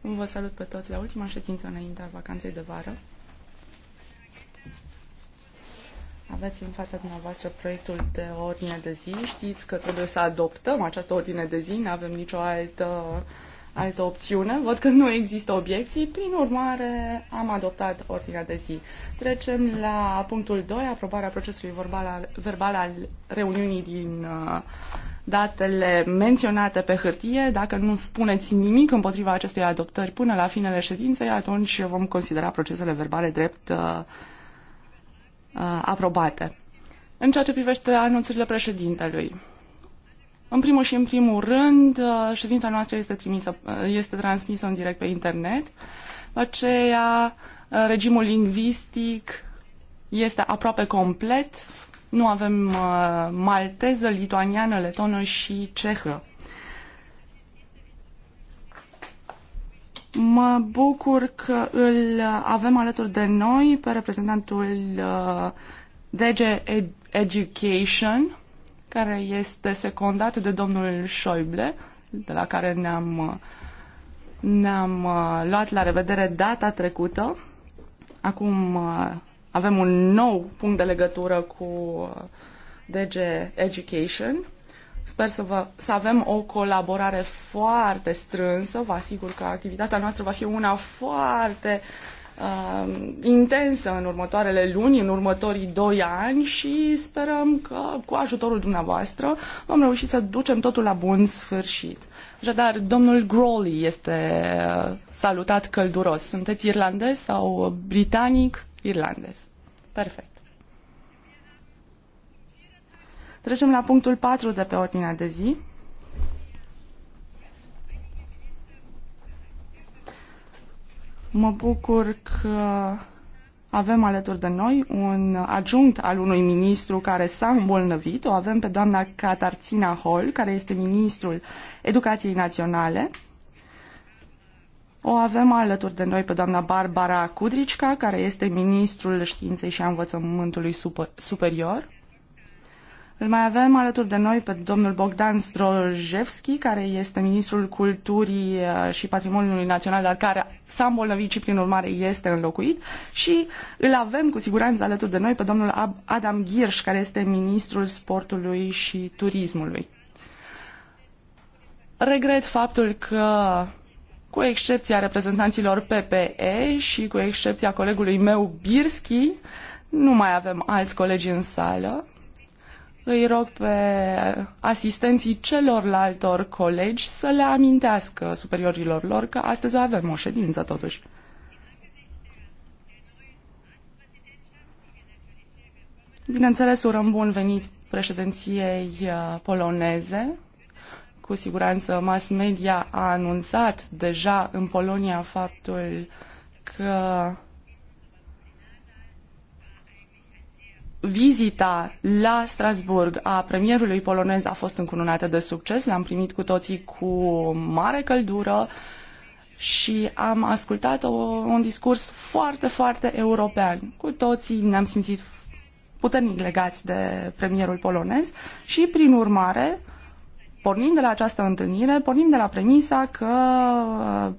Vă salut pe toți la ultima ședință înaintea vacanței de vară. Aveți în fața dumneavoastră proiectul de ordine de zi. Știți că trebuie să adoptăm această ordine de zi, nu avem nicio altă, altă opțiune. Văd că nu există obiecții, prin urmare am adoptat ordinea de zi. Trecem la punctul 2, aprobarea procesului verbal al, verbal al reuniunii din uh, datele menționate pe hârtie. Dacă nu spuneți nimic împotriva acestei adoptări până la finele ședinței, atunci vom considera procesele verbale drept uh, uh aprobate. În ceea ce privește anunțurile președintelui, în primul și în primul rând, uh, ședința noastră este, trimisă, uh, este transmisă în direct pe internet, aceea regimul lingvistic este aproape complet, nu avem uh, malteză, lituaniană, letonă și cehă. Mă bucur că îl avem alături de noi pe reprezentantul uh, DG Education, care este secondat de domnul Schäuble, de la care ne-am ne uh, luat la revedere data trecută, acum uh, avem un nou punct de legătură cu uh, DG Education. Sper să, vă, să avem o colaborare foarte strânsă. Vă asigur că activitatea noastră va fi una foarte uh, intensă în următoarele luni, în următorii doi ani și sperăm că cu ajutorul dumneavoastră vom reuși să ducem totul la bun sfârșit. Așadar, domnul Grawley este uh, salutat călduros. Sunteți irlandez sau britanic? Irlandez. Perfect. Trecem la punctul 4 de pe ordinea de zi. Mă bucur că avem alături de noi un adjunct al unui ministru care s-a îmbolnăvit. O avem pe doamna Catarțina Hol care este ministrul Educației Naționale. O avem alături de noi pe doamna Barbara Kudricica, care este ministrul Științei și a Învățământului Superior. Îl mai avem alături de noi pe domnul Bogdan Strojevski, care este ministrul culturii uh, și patrimoniului național, dar care s-a îmbolnăvit și prin urmare este înlocuit. Și îl avem cu siguranță alături de noi pe domnul Adam Girș, care este ministrul sportului și turismului. Regret faptul că cu excepția reprezentanților PPE și cu excepția colegului meu Birski, nu mai avem alți colegi în sală îi rog pe asistenții celorlaltor colegi să le amintească superiorilor lor că astăzi avem o ședință totuși. Bineînțeles, urăm bun venit președinției uh, poloneze. Cu siguranță mass media a anunțat deja în Polonia faptul că vizita la Strasburg a premierului polonez a fost încununată de succes. L-am primit cu toții cu mare căldură și am ascultat o, un discurs foarte, foarte european. Cu toții ne-am simțit puternic legați de premierul polonez și, prin urmare, pornind de la această întâlnire, pornim de la premisa că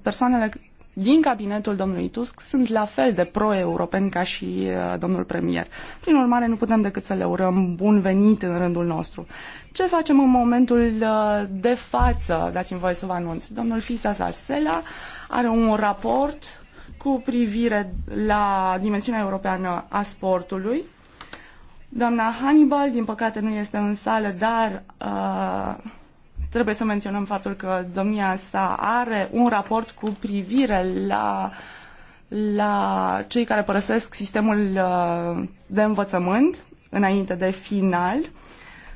persoanele din cabinetul domnului Tusk sunt la fel de pro-europeni ca și uh, domnul premier. Prin urmare, nu putem decât să le urăm bun venit în rândul nostru. Ce facem în momentul uh, de față? Dați-mi voie să vă anunț. Domnul Fisa Sasela are un raport cu privire la dimensiunea europeană a sportului. Doamna Hannibal, din păcate, nu este în sală, dar uh, Trebuie să menționăm faptul că domnia sa are un raport cu privire la la cei care părăsesc sistemul uh, de învățământ înainte de final.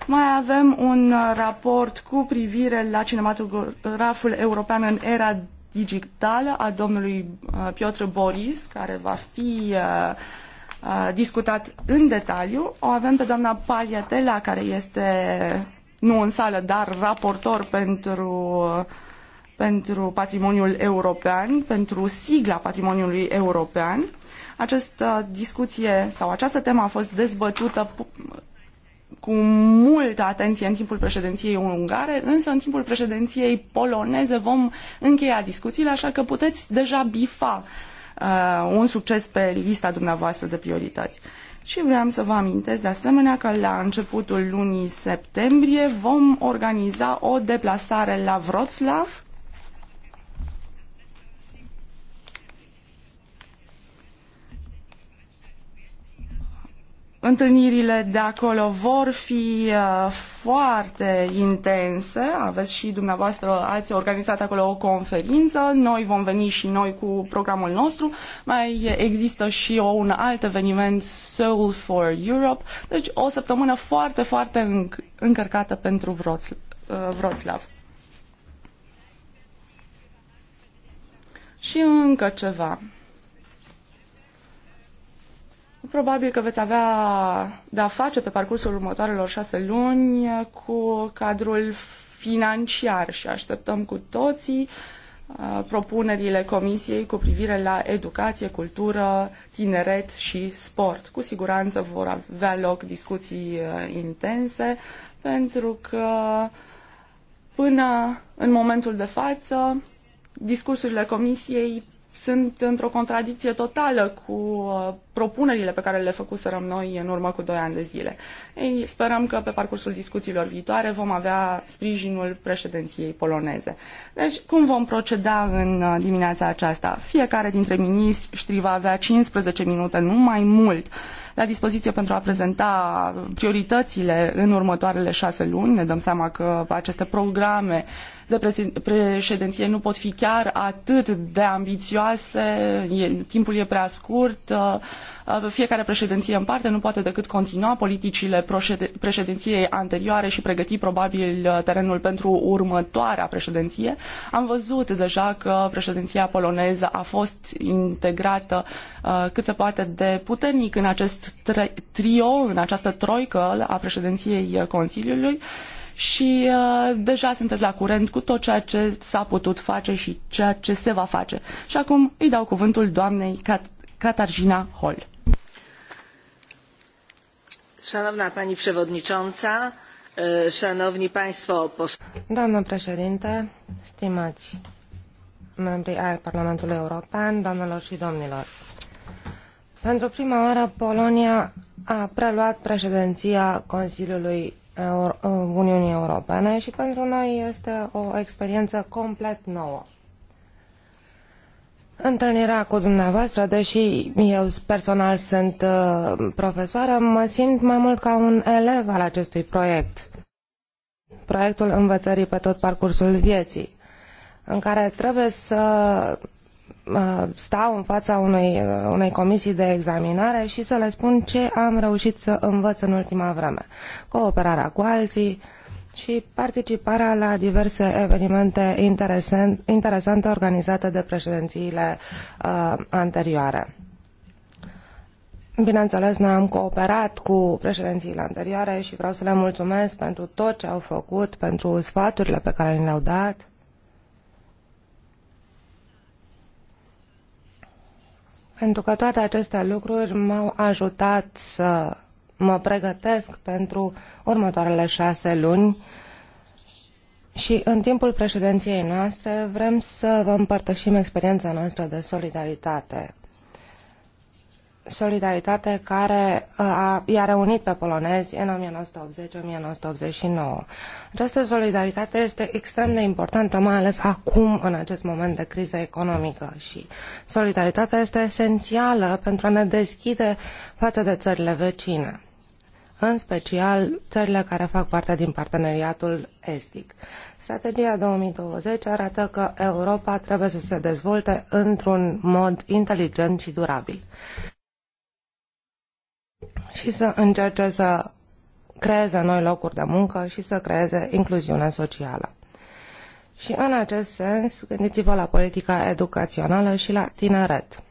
Mai avem un uh, raport cu privire la cinematograful european în era digitală a domnului uh, Piotr Boris, care va fi discutat în detaliu. O avem pe doamna Paliatela, care este nu în sală, dar raportor pentru, pentru patrimoniul european, pentru sigla patrimoniului european. Această discuție sau această temă a fost dezbătută cu multă atenție în timpul președinției ungare, însă în timpul președinției poloneze vom încheia discuțiile, așa că puteți deja bifa uh, un succes pe lista dumneavoastră de priorități. Uh, și vreau să vă amintesc de asemenea că la începutul lunii septembrie vom organiza o deplasare la Wroclaw Întâlnirile de acolo vor fi uh, foarte intense. Aveți și dumneavoastră, ați organizat acolo o conferință. Noi vom veni și noi cu programul nostru. Mai există și o, un alt eveniment, Soul for Europe. Deci o săptămână foarte, foarte încărcată pentru Wroclaw. Uh, și încă ceva. Probabil că veți avea de-a face pe parcursul următoarelor șase luni cu cadrul financiar și așteptăm cu toții uh, propunerile Comisiei cu privire la educație, cultură, tineret și sport. Cu siguranță vor avea loc discuții uh, intense pentru că până în momentul de față discursurile Comisiei sunt într-o contradicție totală cu uh, propunerile pe care le făcuserăm noi în urmă cu doi ani de zile. Ei, sperăm că pe parcursul discuțiilor viitoare vom avea sprijinul președinției poloneze. Deci, cum vom proceda în uh, dimineața aceasta? Fiecare dintre miniștri va avea 15 minute, nu mai mult, la dispoziție pentru a prezenta prioritățile în următoarele șase luni. Ne dăm seama că aceste programe de președinție nu pot fi chiar atât de ambițioase, e, timpul e prea scurt. Uh, Uh, fiecare președinție în parte nu poate decât continua politicile președinției anterioare și pregăti probabil uh, terenul pentru următoarea președinție. Am văzut deja că președinția poloneză a fost integrată uh, cât se poate de puternic în acest trio, în această troică a președinției Consiliului și uh, deja sunteți la curent cu tot ceea ce s-a putut face și ceea ce se va face. Și acum îi dau cuvântul doamnei Cat- Catargina Hall. Szanowna Pani Przewodnicząca, Szanowni Państwo posłowie. Doamnă președinte, stimați membrii ai Parlamentului European, doamnelor și domnilor. Pentru prima oară, Polonia a preluat președinția Consiliului Uniunii Europene și pentru noi este o experiență complet nouă. Întâlnirea cu dumneavoastră, deși eu personal sunt uh, profesoară, mă simt mai mult ca un elev al acestui proiect. Proiectul învățării pe tot parcursul vieții, în care trebuie să uh, stau în fața unei, uh, unei comisii de examinare și să le spun ce am reușit să învăț în ultima vreme. Cooperarea cu alții, și participarea la diverse evenimente interesante organizate de președințiile uh, anterioare. Bineînțeles, noi am cooperat cu președințiile anterioare și vreau să le mulțumesc pentru tot ce au făcut, pentru sfaturile pe care ni le-au dat. Pentru că toate aceste lucruri m-au ajutat să mă pregătesc pentru următoarele șase luni și în timpul președinției noastre vrem să vă împărtășim experiența noastră de solidaritate solidaritate care uh, i-a reunit pe polonezi în 1980-1989. Această solidaritate este extrem de importantă, mai ales acum, în acest moment de criză economică și solidaritatea este esențială pentru a ne deschide față de țările vecine în special țările care fac parte din parteneriatul estic. Strategia 2020 arată că Europa trebuie să se dezvolte într-un mod inteligent și durabil și să încerce să creeze noi locuri de muncă și să creeze incluziune socială. Și în acest sens, gândiți-vă la politica educațională și la tineret.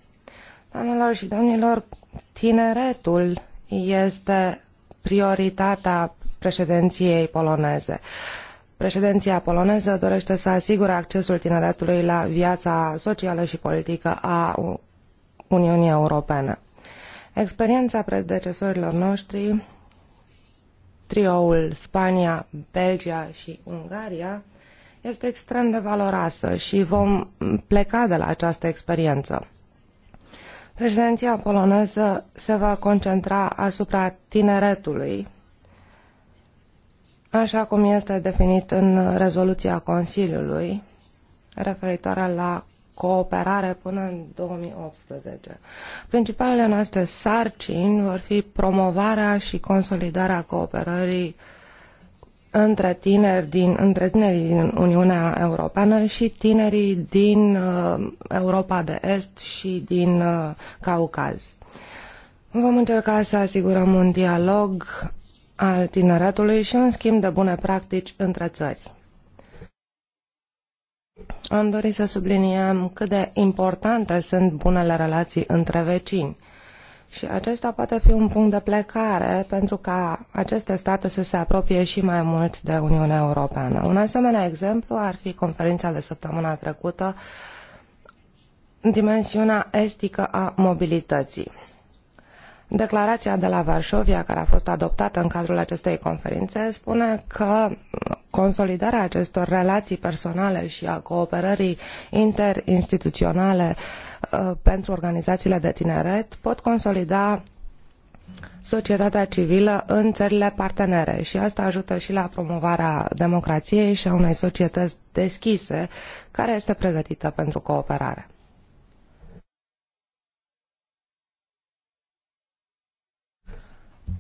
Doamnelor și domnilor, tineretul este prioritatea președinției poloneze. Președinția poloneză dorește să asigure accesul tineretului la viața socială și politică a Uniunii Europene. Experiența predecesorilor noștri, trioul Spania, Belgia și Ungaria, este extrem de valoroasă și vom pleca de la această experiență. Președinția poloneză se va concentra asupra tineretului, așa cum este definit în rezoluția Consiliului referitoare la cooperare până în 2018. Principalele noastre sarcini vor fi promovarea și consolidarea cooperării între tineri din, între tinerii din Uniunea Europeană și tinerii din uh, Europa de Est și din uh, Caucaz. Vom încerca să asigurăm un dialog al tineretului și un schimb de bune practici între țări. Am dorit să subliniem cât de importante sunt bunele relații între vecini. Și acesta poate fi un punct de plecare pentru ca aceste state să se apropie și mai mult de Uniunea Europeană. Un asemenea exemplu ar fi conferința de săptămâna trecută dimensiunea estică a mobilității. Declarația de la Varșovia, care a fost adoptată în cadrul acestei conferințe, spune că consolidarea acestor relații personale și a cooperării interinstituționale uh, pentru organizațiile de tineret pot consolida societatea civilă în țările partenere și asta ajută și la promovarea democrației și a unei societăți deschise care este pregătită pentru cooperare.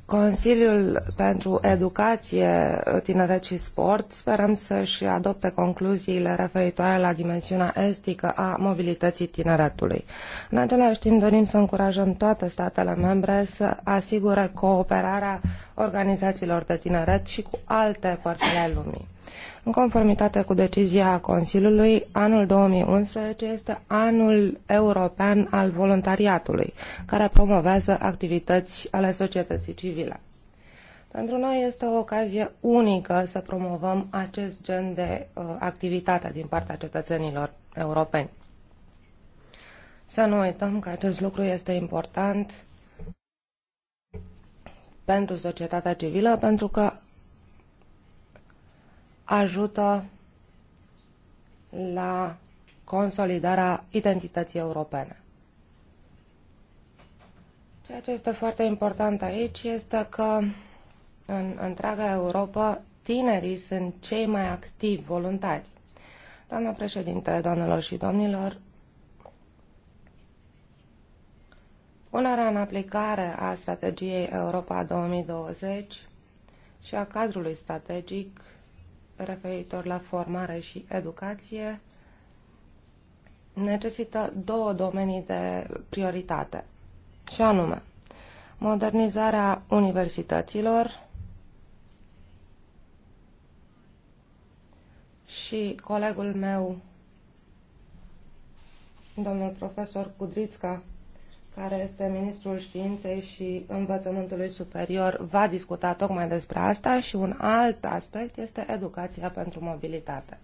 Consiliul pentru Educație, Tineret și Sport sperăm să-și adopte concluziile referitoare la dimensiunea estică a mobilității tineretului. În același timp dorim să încurajăm toate statele membre să asigure cooperarea organizațiilor de tineret și cu alte părți ale lumii. În conformitate cu decizia Consiliului, anul 2011 este anul european al voluntariatului, care promovează activități ale societății civile. Pentru noi este o ocazie unică să promovăm acest gen de uh, activitate din partea cetățenilor europeni. Să nu uităm că acest lucru este important pentru societatea civilă, pentru că ajută la consolidarea identității europene. Ceea ce este foarte important aici este că în întreaga Europa tinerii sunt cei mai activi voluntari. Doamna președinte, doamnelor și domnilor, punerea în aplicare a strategiei Europa 2020 și a cadrului strategic referitor la formare și educație necesită două domenii de prioritate, și anume modernizarea universităților și colegul meu, domnul profesor Cudrițca, care este ministrul științei și învățământului superior, va discuta tocmai despre asta și un alt aspect este educația pentru mobilitate.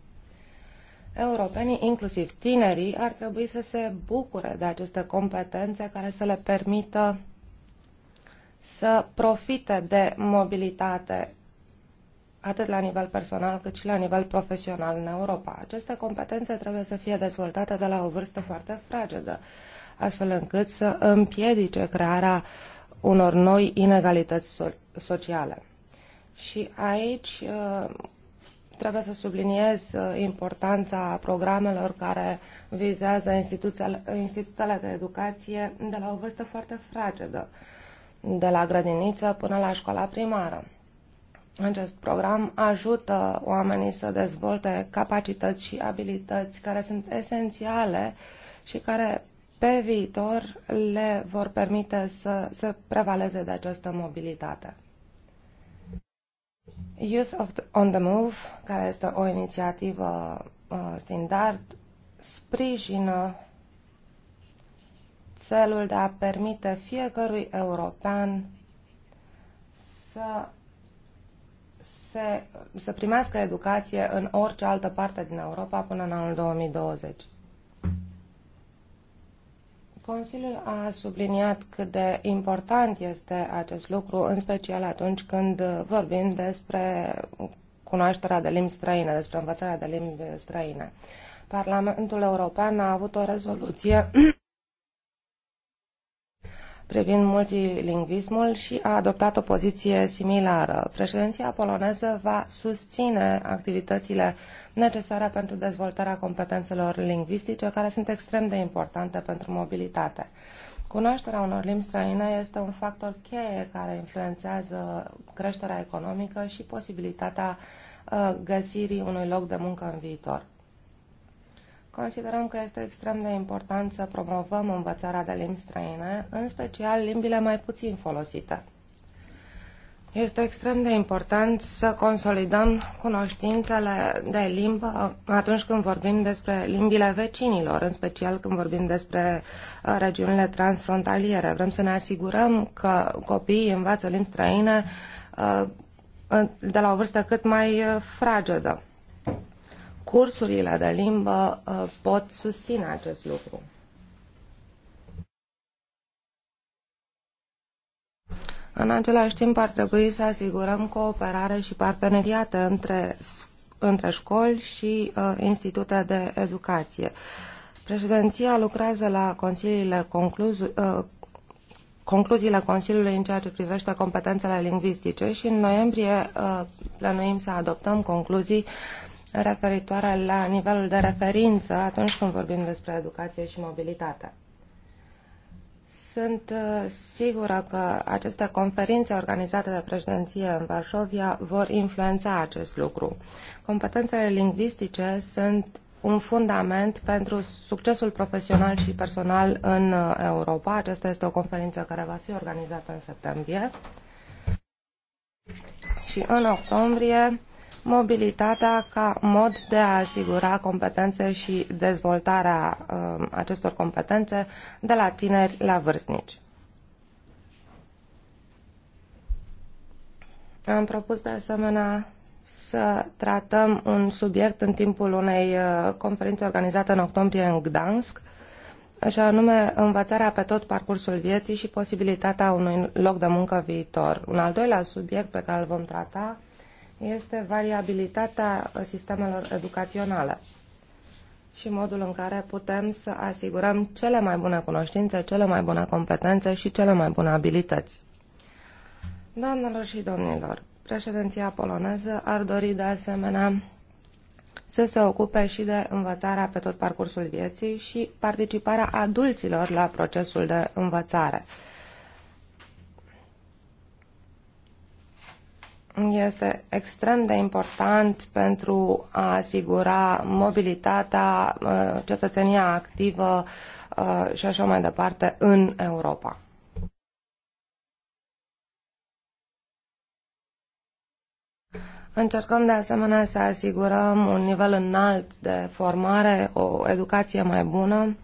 Europenii, inclusiv tinerii, ar trebui să se bucure de aceste competențe care să le permită să profite de mobilitate atât la nivel personal cât și la nivel profesional în Europa. Aceste competențe trebuie să fie dezvoltate de la o vârstă foarte fragedă astfel încât să împiedice crearea unor noi inegalități sociale. Și aici uh, trebuie să subliniez uh, importanța programelor care vizează institutele de educație de la o vârstă foarte fragedă, de la grădiniță până la școala primară. Acest program ajută oamenii să dezvolte capacități și abilități care sunt esențiale și care pe viitor le vor permite să să prevaleze de această mobilitate. Youth of the, on the Move, care este o inițiativă uh, standard, sprijină celul de a permite fiecărui european să, se, să primească educație în orice altă parte din Europa până în anul 2020. Consiliul a subliniat cât de important este acest lucru, în special atunci când vorbim despre cunoașterea de limbi străine, despre învățarea de limbi străine. Parlamentul European a avut o rezoluție privind multilingvismul și a adoptat o poziție similară. Președinția poloneză va susține activitățile necesare pentru dezvoltarea competențelor lingvistice, care sunt extrem de importante pentru mobilitate. Cunoașterea unor limbi străine este un factor cheie care influențează creșterea economică și posibilitatea uh, găsirii unui loc de muncă în viitor considerăm că este extrem de important să promovăm învățarea de limbi străine, în special limbile mai puțin folosite. Este extrem de important să consolidăm cunoștințele de limbă atunci când vorbim despre limbile vecinilor, în special când vorbim despre uh, regiunile transfrontaliere. Vrem să ne asigurăm că copiii învață limbi străine uh, de la o vârstă cât mai uh, fragedă cursurile de limbă uh, pot susține acest lucru. În același timp ar trebui să asigurăm cooperare și parteneriate între, între școli și uh, institute de educație. Președinția lucrează la consiliile concluz, uh, concluziile Consiliului în ceea ce privește competențele lingvistice și în noiembrie uh, plănuim să adoptăm concluzii referitoare la nivelul de referință atunci când vorbim despre educație și mobilitate. Sunt uh, sigură că aceste conferințe organizate de președinție în Varșovia vor influența acest lucru. Competențele lingvistice sunt un fundament pentru succesul profesional și personal în uh, Europa. Aceasta este o conferință care va fi organizată în septembrie. Și în octombrie mobilitatea ca mod de a asigura competențe și dezvoltarea um, acestor competențe de la tineri la vârstnici. Am propus de asemenea să tratăm un subiect în timpul unei uh, conferințe organizate în octombrie în Gdansk, și anume învățarea pe tot parcursul vieții și posibilitatea unui loc de muncă viitor. Un al doilea subiect pe care îl vom trata este variabilitatea sistemelor educaționale și modul în care putem să asigurăm cele mai bune cunoștințe, cele mai bune competențe și cele mai bune abilități. Doamnelor și domnilor, președinția poloneză ar dori de asemenea să se ocupe și de învățarea pe tot parcursul vieții și participarea adulților la procesul de învățare este extrem de important pentru a asigura mobilitatea, uh, cetățenia activă uh, și așa mai departe în Europa. Încercăm de asemenea să asigurăm un nivel înalt de formare, o educație mai bună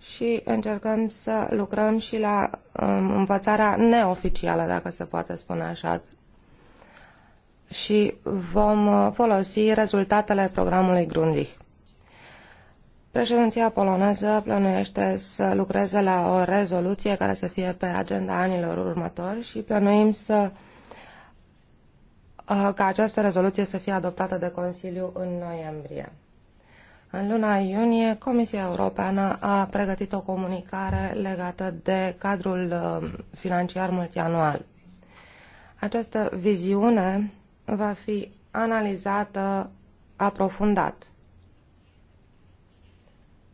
și încercăm să lucrăm și la um, învățarea neoficială, dacă se poate spune așa, și vom uh, folosi rezultatele programului Grundig. Președinția poloneză plănuiește să lucreze la o rezoluție care să fie pe agenda anilor următori și plănuim să uh, ca această rezoluție să fie adoptată de Consiliu în noiembrie. În luna iunie, Comisia Europeană a pregătit o comunicare legată de cadrul uh, financiar multianual. Această viziune va fi analizată aprofundat.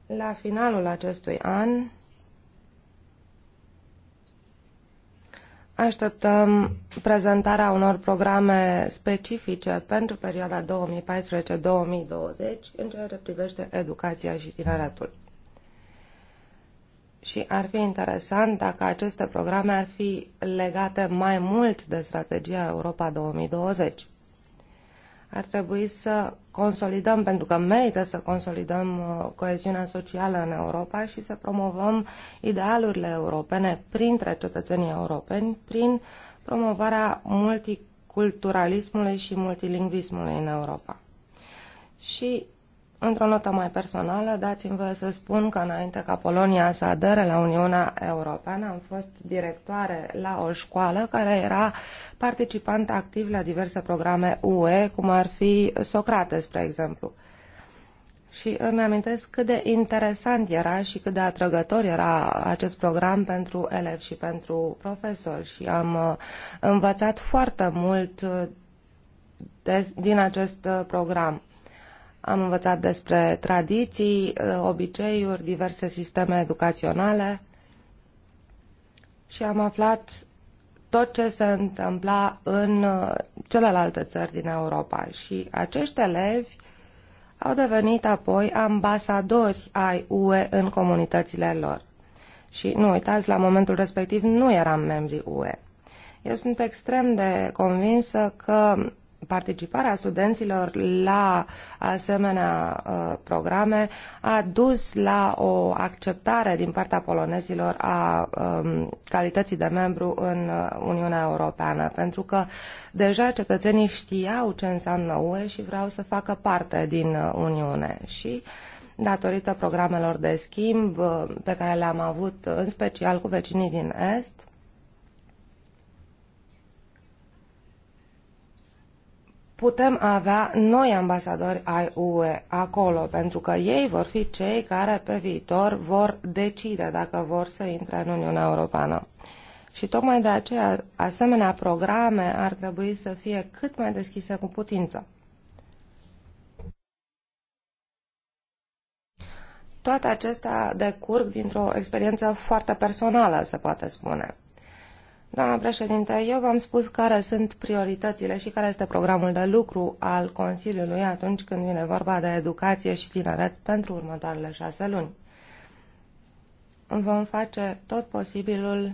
La finalul acestui an, Așteptăm prezentarea unor programe specifice pentru perioada 2014-2020 în ceea ce privește educația și tineretul. Și ar fi interesant dacă aceste programe ar fi legate mai mult de strategia Europa 2020 ar trebui să consolidăm, pentru că merită să consolidăm uh, coeziunea socială în Europa și să promovăm idealurile europene printre cetățenii europeni, prin promovarea multiculturalismului și multilingvismului în Europa. Și Într-o notă mai personală, dați-mi vă să spun că înainte ca Polonia să adere la Uniunea Europeană, am fost directoare la o școală care era participant activ la diverse programe UE, cum ar fi Socrate, spre exemplu. Și îmi amintesc cât de interesant era și cât de atrăgător era acest program pentru elevi și pentru profesori. Și am uh, învățat foarte mult uh, de, din acest uh, program am învățat despre tradiții, obiceiuri, diverse sisteme educaționale și am aflat tot ce se întâmpla în uh, celelalte țări din Europa. Și acești elevi au devenit apoi ambasadori ai UE în comunitățile lor. Și nu uitați, la momentul respectiv nu eram membri UE. Eu sunt extrem de convinsă că participarea studenților la asemenea uh, programe a dus la o acceptare din partea polonezilor a um, calității de membru în uh, Uniunea Europeană, pentru că deja cetățenii știau ce înseamnă UE și vreau să facă parte din uh, Uniune și datorită programelor de schimb pe care le-am avut în special cu vecinii din Est, putem avea noi ambasadori ai UE acolo, pentru că ei vor fi cei care pe viitor vor decide dacă vor să intre în Uniunea Europeană. Și tocmai de aceea, asemenea programe ar trebui să fie cât mai deschise cu putință. Toate acestea decurg dintr-o experiență foarte personală, se poate spune. Doamna președinte, eu v-am spus care sunt prioritățile și care este programul de lucru al Consiliului atunci când vine vorba de educație și tineret pentru următoarele șase luni. Vom face tot posibilul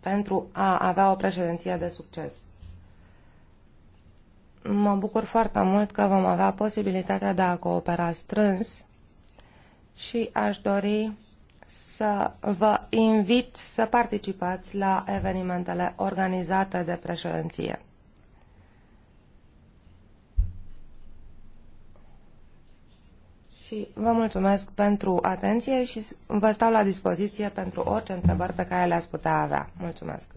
pentru a avea o președinție de succes. Mă bucur foarte mult că vom avea posibilitatea de a coopera strâns și aș dori să vă invit să participați la evenimentele organizate de președinție. Și vă mulțumesc pentru atenție și vă stau la dispoziție pentru orice întrebări pe care le-ați putea avea. Mulțumesc!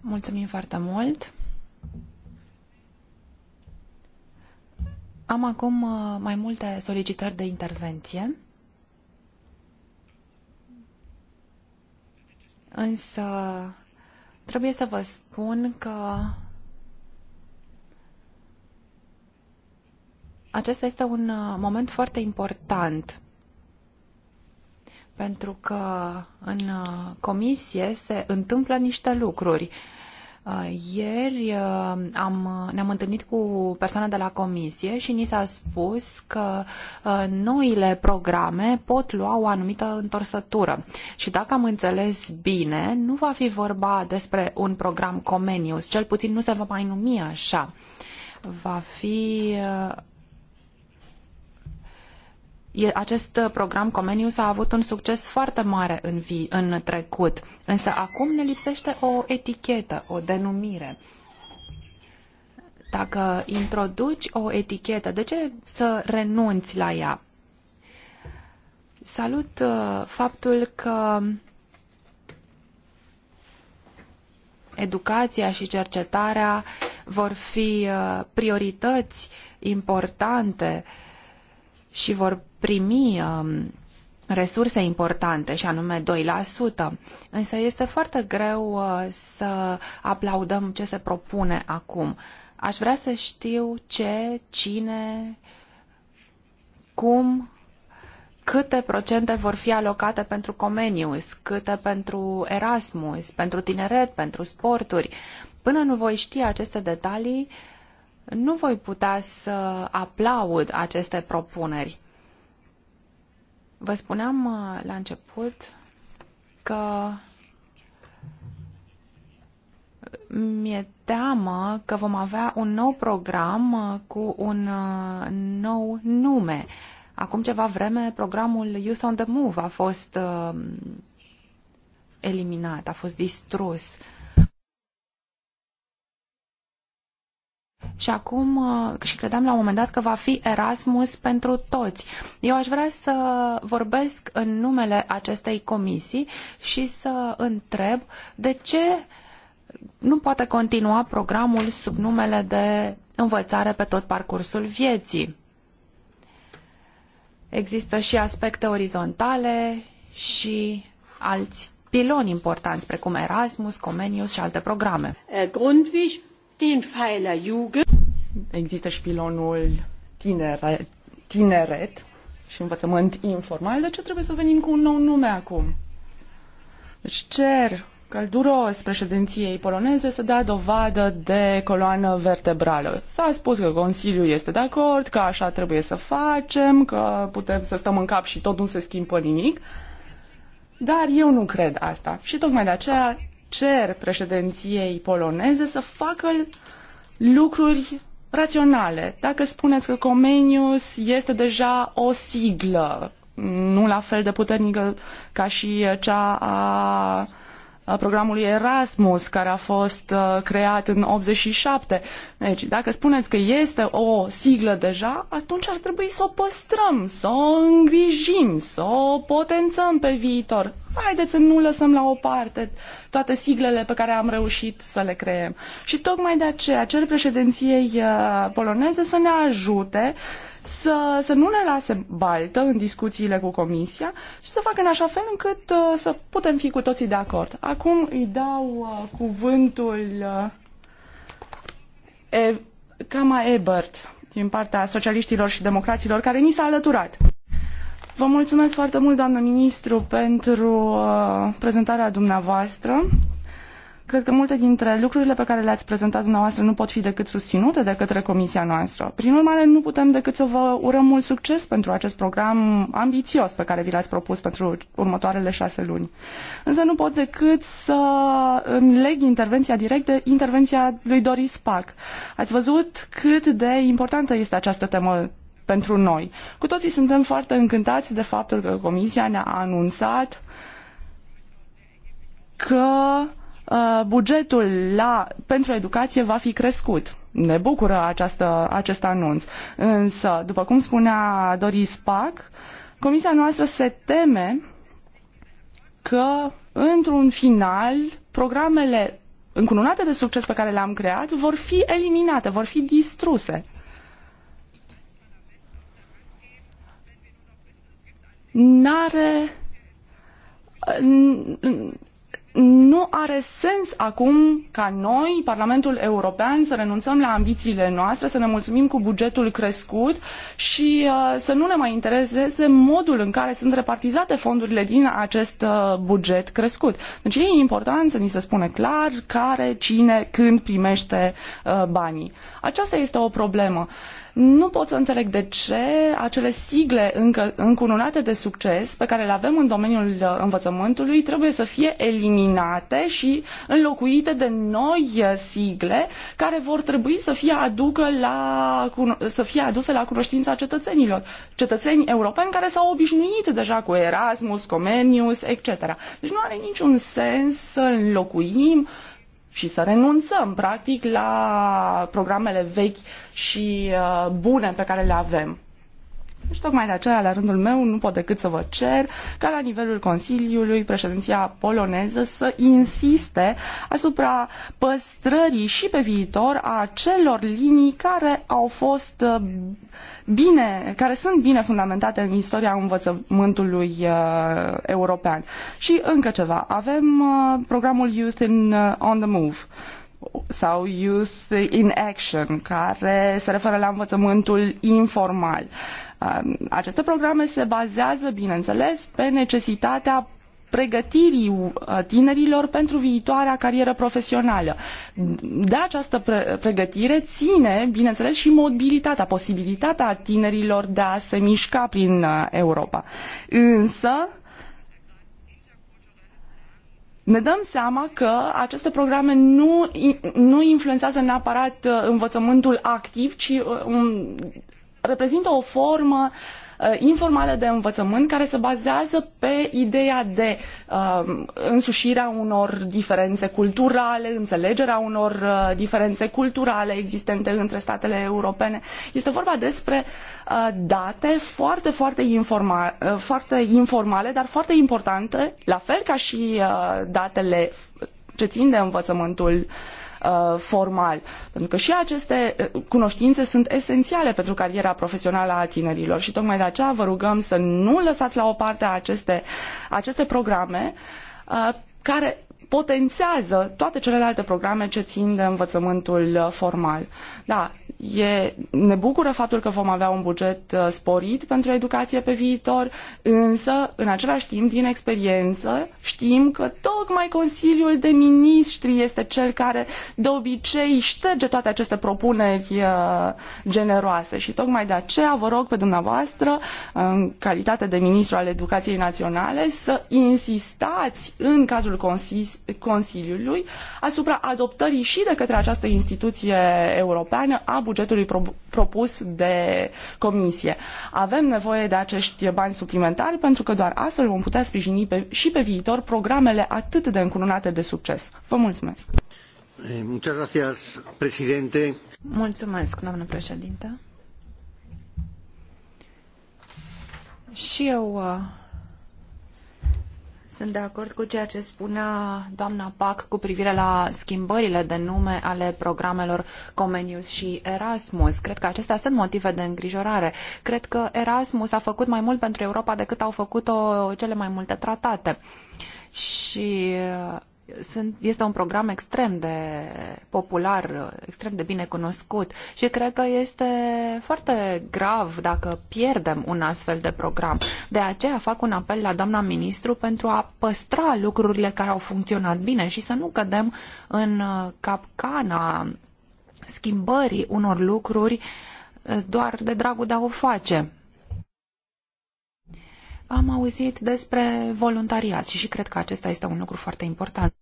Mulțumim foarte mult! Am acum uh, mai multe solicitări de intervenție. Însă trebuie să vă spun că acesta este un uh, moment foarte important pentru că în uh, comisie se întâmplă niște lucruri Uh, ieri uh, am, uh, ne-am întâlnit cu persoane de la comisie și ni s-a spus că noile programe pot lua o anumită întorsătură. Și dacă am înțeles bine, nu va fi vorba despre un program Comenius, cel puțin nu se va mai numi așa. Va fi acest program Comenius a avut un succes foarte mare în, vi- în trecut, însă acum ne lipsește o etichetă, o denumire. Dacă introduci o etichetă, de ce să renunți la ea? Salut uh, faptul că educația și cercetarea vor fi uh, priorități importante și vor primi um, resurse importante, și anume 2%, însă este foarte greu uh, să aplaudăm ce se propune acum. Aș vrea să știu ce, cine, cum, câte procente vor fi alocate pentru Comenius, câte pentru Erasmus, pentru tineret, pentru sporturi. Până nu voi ști aceste detalii, nu voi putea să aplaud aceste propuneri. Vă spuneam uh, la început că mi-e teamă că vom avea un nou program uh, cu un uh, nou nume. Acum ceva vreme, programul Youth on the Move a fost eliminat, a fost distrus. Uh, și acum uh, și credeam la un moment dat că va fi Erasmus pentru toți. Eu aș vrea să vorbesc în numele acestei comisii și să întreb de ce nu poate continua programul sub numele de învățare pe tot parcursul vieții. Există și aspecte orizontale și alți piloni importanți, precum Erasmus, Comenius și alte programe. Grundvig den Pfeiler Jugend. Există și pilonul tineret, tineret și învățământ informal, de deci ce trebuie să venim cu un nou nume acum? Deci cer călduros președinției poloneze să dea dovadă de coloană vertebrală. S-a spus că Consiliul este de acord, că așa trebuie să facem, că putem să stăm în cap și tot nu se schimbă nimic. Dar eu nu cred asta. Și tocmai de aceea cer președinției poloneze să facă lucruri raționale. Dacă spuneți că Comenius este deja o siglă, nu la fel de puternică ca și cea a programului Erasmus, care a fost uh, creat în 87. Deci, dacă spuneți că este o siglă deja, atunci ar trebui să o păstrăm, să o îngrijim, să o potențăm pe viitor. Haideți să nu lăsăm la o parte toate siglele pe care am reușit să le creăm. Și tocmai de aceea cer președinției uh, poloneze să ne ajute să, să nu ne lase baltă în discuțiile cu Comisia și să facă în așa fel încât uh, să putem fi cu toții de acord. Acum îi dau uh, cuvântul uh, e, Cama Ebert din partea socialiștilor și democraților care ni s-a alăturat. Vă mulțumesc foarte mult, doamnă ministru, pentru uh, prezentarea dumneavoastră. Cred că multe dintre lucrurile pe care le-ați prezentat dumneavoastră nu pot fi decât susținute de către comisia noastră. Prin urmare, nu putem decât să vă urăm mult succes pentru acest program ambițios pe care vi l-ați propus pentru următoarele șase luni. Însă nu pot decât să îmi leg intervenția direct intervenția lui Doris Pac. Ați văzut cât de importantă este această temă pentru noi. Cu toții suntem foarte încântați de faptul că Comisia ne-a anunțat că Uh, bugetul la, pentru educație va fi crescut. Ne bucură această, acest anunț. Însă, după cum spunea Doris Pac, comisia noastră se teme că, într-un final, programele încununate de succes pe care le-am creat vor fi eliminate, vor fi distruse. N-are nu are sens acum ca noi, Parlamentul European, să renunțăm la ambițiile noastre, să ne mulțumim cu bugetul crescut și uh, să nu ne mai intereseze modul în care sunt repartizate fondurile din acest uh, buget crescut. Deci e important să ni se spune clar care, cine, când primește uh, banii. Aceasta este o problemă. Nu pot să înțeleg de ce acele sigle încă, încununate de succes pe care le avem în domeniul uh, învățământului trebuie să fie eliminate și înlocuite de noi uh, sigle care vor trebui să fie, aducă la, să fie aduse la cunoștința cetățenilor. Cetățeni europeni care s-au obișnuit deja cu Erasmus, Comenius, etc. Deci nu are niciun sens să înlocuim uh, și să renunțăm, practic, la programele vechi și uh, bune pe care le avem. Deci tocmai de aceea, la rândul meu, nu pot decât să vă cer ca la nivelul Consiliului președinția poloneză să insiste asupra păstrării și pe viitor a celor linii care au fost uh, bine, care sunt bine fundamentate în istoria învățământului uh, european. Și încă ceva, avem uh, programul Youth in, uh, on the Move sau Youth in Action, care se referă la învățământul informal. Uh, aceste programe se bazează, bineînțeles, pe necesitatea pregătirii uh, tinerilor pentru viitoarea carieră profesională. De această pregătire ține, bineînțeles, și mobilitatea, posibilitatea tinerilor de a se mișca prin uh, Europa. Însă, ne dăm seama că aceste programe nu, nu influențează neapărat uh, învățământul activ, ci reprezintă o formă uh, informală de învățământ care se bazează pe ideea de uh, însușirea unor diferențe culturale, înțelegerea unor uh, diferențe culturale existente între statele europene. Este vorba despre uh, date foarte, foarte, informa, uh, foarte informale, dar foarte importante, la fel ca și uh, datele ce țin de învățământul uh, Uh, formal. Pentru că și aceste uh, cunoștințe sunt esențiale pentru cariera profesională a tinerilor și tocmai de aceea vă rugăm să nu lăsați la o parte aceste, aceste programe uh, care potențează toate celelalte programe ce țin de învățământul uh, formal. Da, e, ne bucură faptul că vom avea un buget uh, sporit pentru educație pe viitor, însă, în același timp, din experiență, știm că tocmai Consiliul de Ministri este cel care de obicei șterge toate aceste propuneri uh, generoase și tocmai de aceea vă rog pe dumneavoastră, în calitate de ministru al educației naționale, să insistați în cadrul Consiliului Consiliului asupra adoptării și de către această instituție europeană a bugetului pro propus de Comisie. Avem nevoie de acești bani suplimentari pentru că doar astfel vom putea sprijini pe, și pe viitor programele atât de încununate de succes. Vă mulțumesc! Eh, muchas președinte. Mulțumesc, doamnă președinte. Și eu uh, sunt de acord cu ceea ce spunea doamna Pac cu privire la schimbările de nume ale programelor Comenius și Erasmus. Cred că acestea sunt motive de îngrijorare. Cred că Erasmus a făcut mai mult pentru Europa decât au făcut-o cele mai multe tratate. Și sunt, este un program extrem de popular, extrem de bine cunoscut și cred că este foarte grav dacă pierdem un astfel de program. De aceea fac un apel la doamna ministru pentru a păstra lucrurile care au funcționat bine și să nu cădem în uh, capcana schimbării unor lucruri uh, doar de dragul de a o face am auzit despre voluntariat și, și cred că acesta este un lucru foarte important.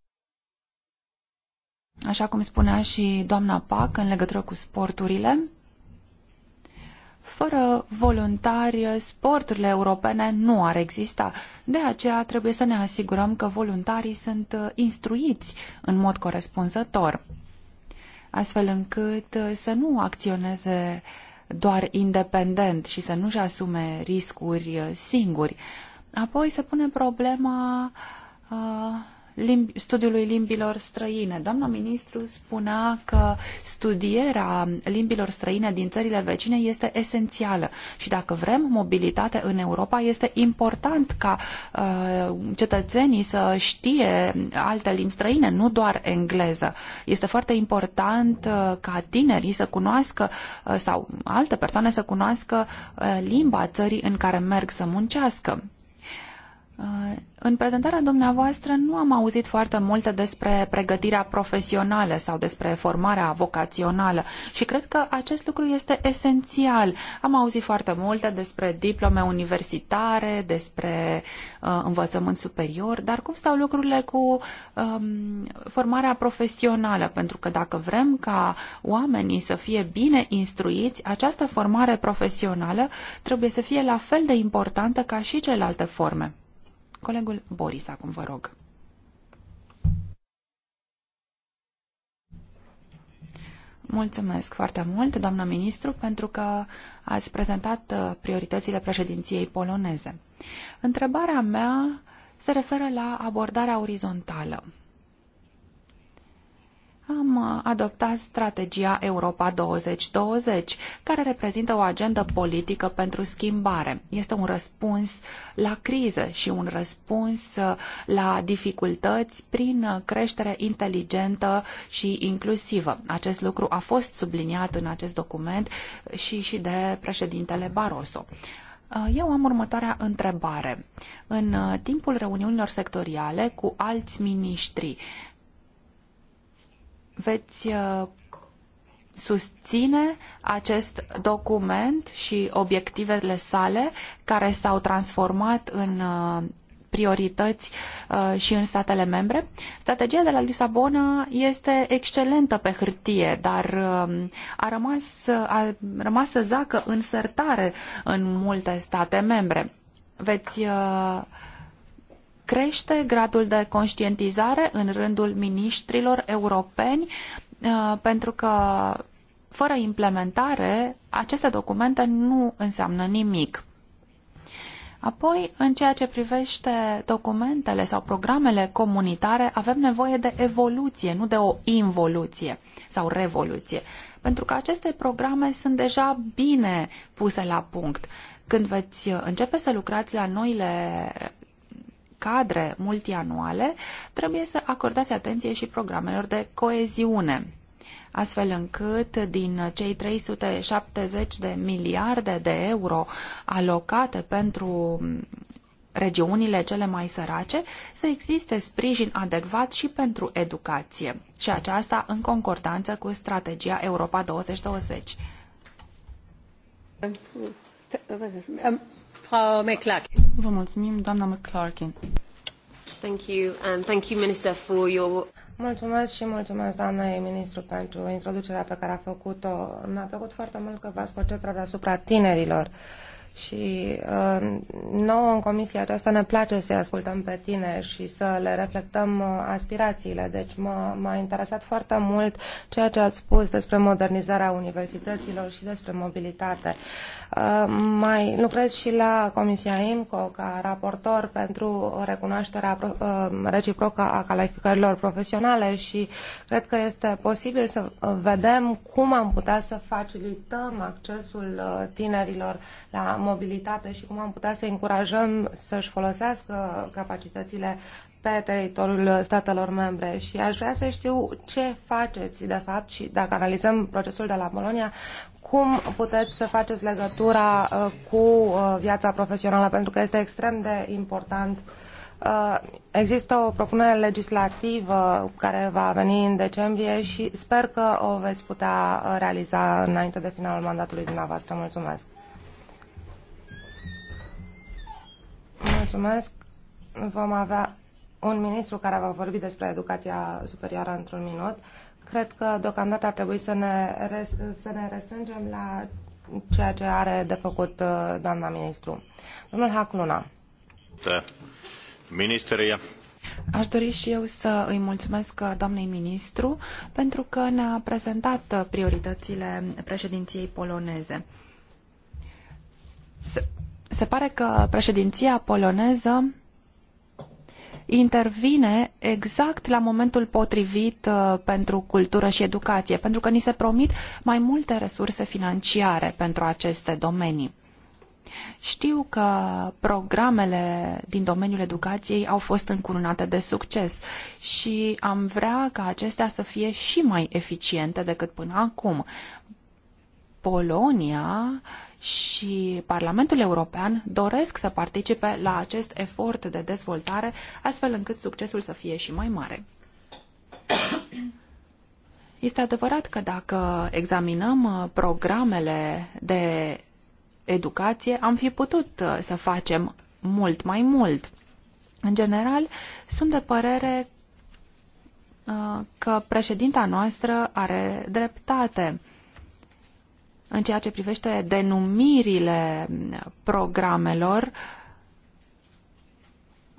Așa cum spunea și doamna Pac în legătură cu sporturile, fără voluntari, sporturile europene nu ar exista. De aceea trebuie să ne asigurăm că voluntarii sunt instruiți în mod corespunzător, astfel încât să nu acționeze uh, doar independent și să nu-și asume riscuri singuri. Apoi se pune problema uh, limbi, studiului limbilor străine. Doamna ministru spunea că studierea limbilor străine din țările vecine este esențială și dacă vrem mobilitate în Europa, este important ca uh, cetățenii să știe alte limbi străine, nu doar engleză. Este foarte important uh, ca tinerii să cunoască uh, sau alte persoane să cunoască uh, limba țării în care merg să muncească în prezentarea dumneavoastră nu am auzit foarte multe despre pregătirea profesională sau despre formarea vocațională și cred că acest lucru este esențial. Am auzit foarte multe despre diplome universitare, despre uh, învățământ superior, dar cum stau lucrurile cu um, formarea profesională? Pentru că dacă vrem ca oamenii să fie bine instruiți, această formare profesională trebuie să fie la fel de importantă ca și celelalte forme. Colegul Boris, acum vă rog. Mulțumesc foarte mult, doamnă ministru, pentru că ați prezentat uh, prioritățile președinției poloneze. Întrebarea mea se referă la abordarea orizontală am uh, adoptat strategia Europa 2020, care reprezintă o agendă politică pentru schimbare. Este un răspuns la criză și un răspuns uh, la dificultăți prin uh, creștere inteligentă și inclusivă. Acest lucru a fost subliniat în acest document și, și de președintele Barroso. Eu am următoarea întrebare. În timpul reuniunilor sectoriale cu alți miniștri, veți uh, susține acest document și obiectivele sale care s-au transformat în uh, priorități uh, și în statele membre. Strategia de la Lisabona este excelentă pe hârtie, dar um, a rămas, a rămas să zacă în sărtare în multe state membre. Veți crește gradul de conștientizare în rândul miniștrilor europeni, uh, pentru că fără implementare, aceste documente nu înseamnă nimic. Apoi, în ceea ce privește documentele sau programele comunitare, avem nevoie de evoluție, nu de o involuție sau revoluție, pentru că aceste programe sunt deja bine puse la punct. Când veți începe să lucrați la noile cadre multianuale, trebuie să acordați atenție și programelor de coeziune astfel încât din cei 370 de miliarde de euro alocate pentru mm, regiunile cele mai sărace să existe sprijin adecvat și pentru educație și aceasta în concordanță cu strategia Europa 2020. Vă mulțumim, doamna McClarkin. Thank you and um, thank you, Minister, for your Mulțumesc și mulțumesc, doamnei ministru, pentru introducerea pe care a făcut-o. Mi-a plăcut foarte mult că v-ați concentrat asupra tinerilor. Uh, și uh, nouă în comisia aceasta ne place să ascultăm pe tine și să le reflectăm uh, aspirațiile. Deci m-a interesat foarte mult ceea ce ați spus despre modernizarea universităților și despre mobilitate. Uh, mai lucrez și la Comisia IMCO ca raportor pentru recunoașterea uh, reciprocă a calificărilor profesionale și cred că este posibil să uh, vedem cum am putea să facilităm accesul uh, tinerilor la mobilitate și cum am putea să încurajăm să-și folosească capacitățile pe teritoriul statelor membre și aș vrea să știu ce faceți de fapt și dacă analizăm procesul de la Bolonia, cum puteți să faceți legătura uh, cu uh, viața profesională, pentru că este extrem de important. Uh, există o propunere legislativă care va veni în decembrie și sper că o veți putea realiza înainte de finalul mandatului dumneavoastră. Mulțumesc! Mulțumesc. Vom avea un ministru care va vorbi despre educația superioară într-un minut. Cred că deocamdată ar trebui să ne, să ne restrângem la ceea ce are de făcut uh, doamna ministru. Domnul Hacluna. Da. Ministeria. Aș dori și eu să îi mulțumesc uh, doamnei ministru pentru că ne-a prezentat uh, prioritățile președinției poloneze se pare că președinția poloneză intervine exact la momentul potrivit uh, pentru cultură și educație, pentru că ni se promit mai multe resurse financiare pentru aceste domenii. Știu că programele din domeniul educației au fost încununate de succes și am vrea ca acestea să fie și mai eficiente decât până acum. Polonia uh, și Parlamentul European doresc să participe la acest efort de dezvoltare, astfel încât succesul să fie și mai mare. Este adevărat că dacă examinăm uh, programele de educație, am fi putut uh, să facem mult mai mult. În general, sunt de părere uh, că președinta noastră are dreptate în ceea ce privește denumirile programelor uh,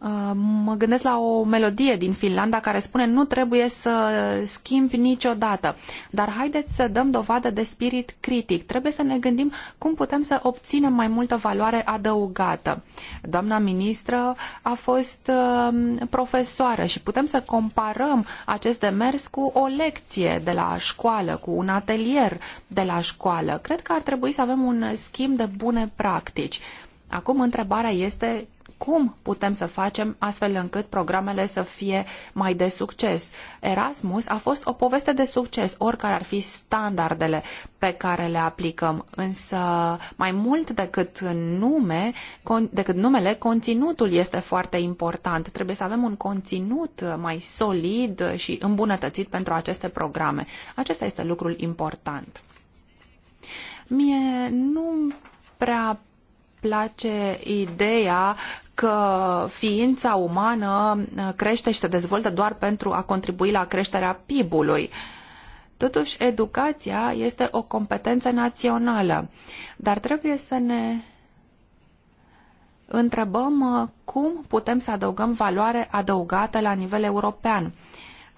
Uh, mă gândesc la o melodie din Finlanda care spune nu trebuie să schimbi niciodată. Dar haideți să dăm dovadă de spirit critic. Trebuie să ne gândim cum putem să obținem mai multă valoare adăugată. Doamna ministră a fost um, profesoară și putem să comparăm acest demers cu o lecție de la școală, cu un atelier de la școală. Cred că ar trebui să avem un schimb de bune practici. Acum întrebarea este cum putem să facem astfel încât programele să fie mai de succes. Erasmus a fost o poveste de succes, oricare ar fi standardele pe care le aplicăm, însă mai mult decât, nume, decât numele, conținutul este foarte important. Trebuie să avem un conținut mai solid și îmbunătățit pentru aceste programe. Acesta este lucrul important. Mie nu prea place ideea că ființa umană uh, crește și se dezvoltă doar pentru a contribui la creșterea PIB-ului. Totuși, educația este o competență națională, dar trebuie să ne întrebăm uh, cum putem să adăugăm valoare adăugată la nivel european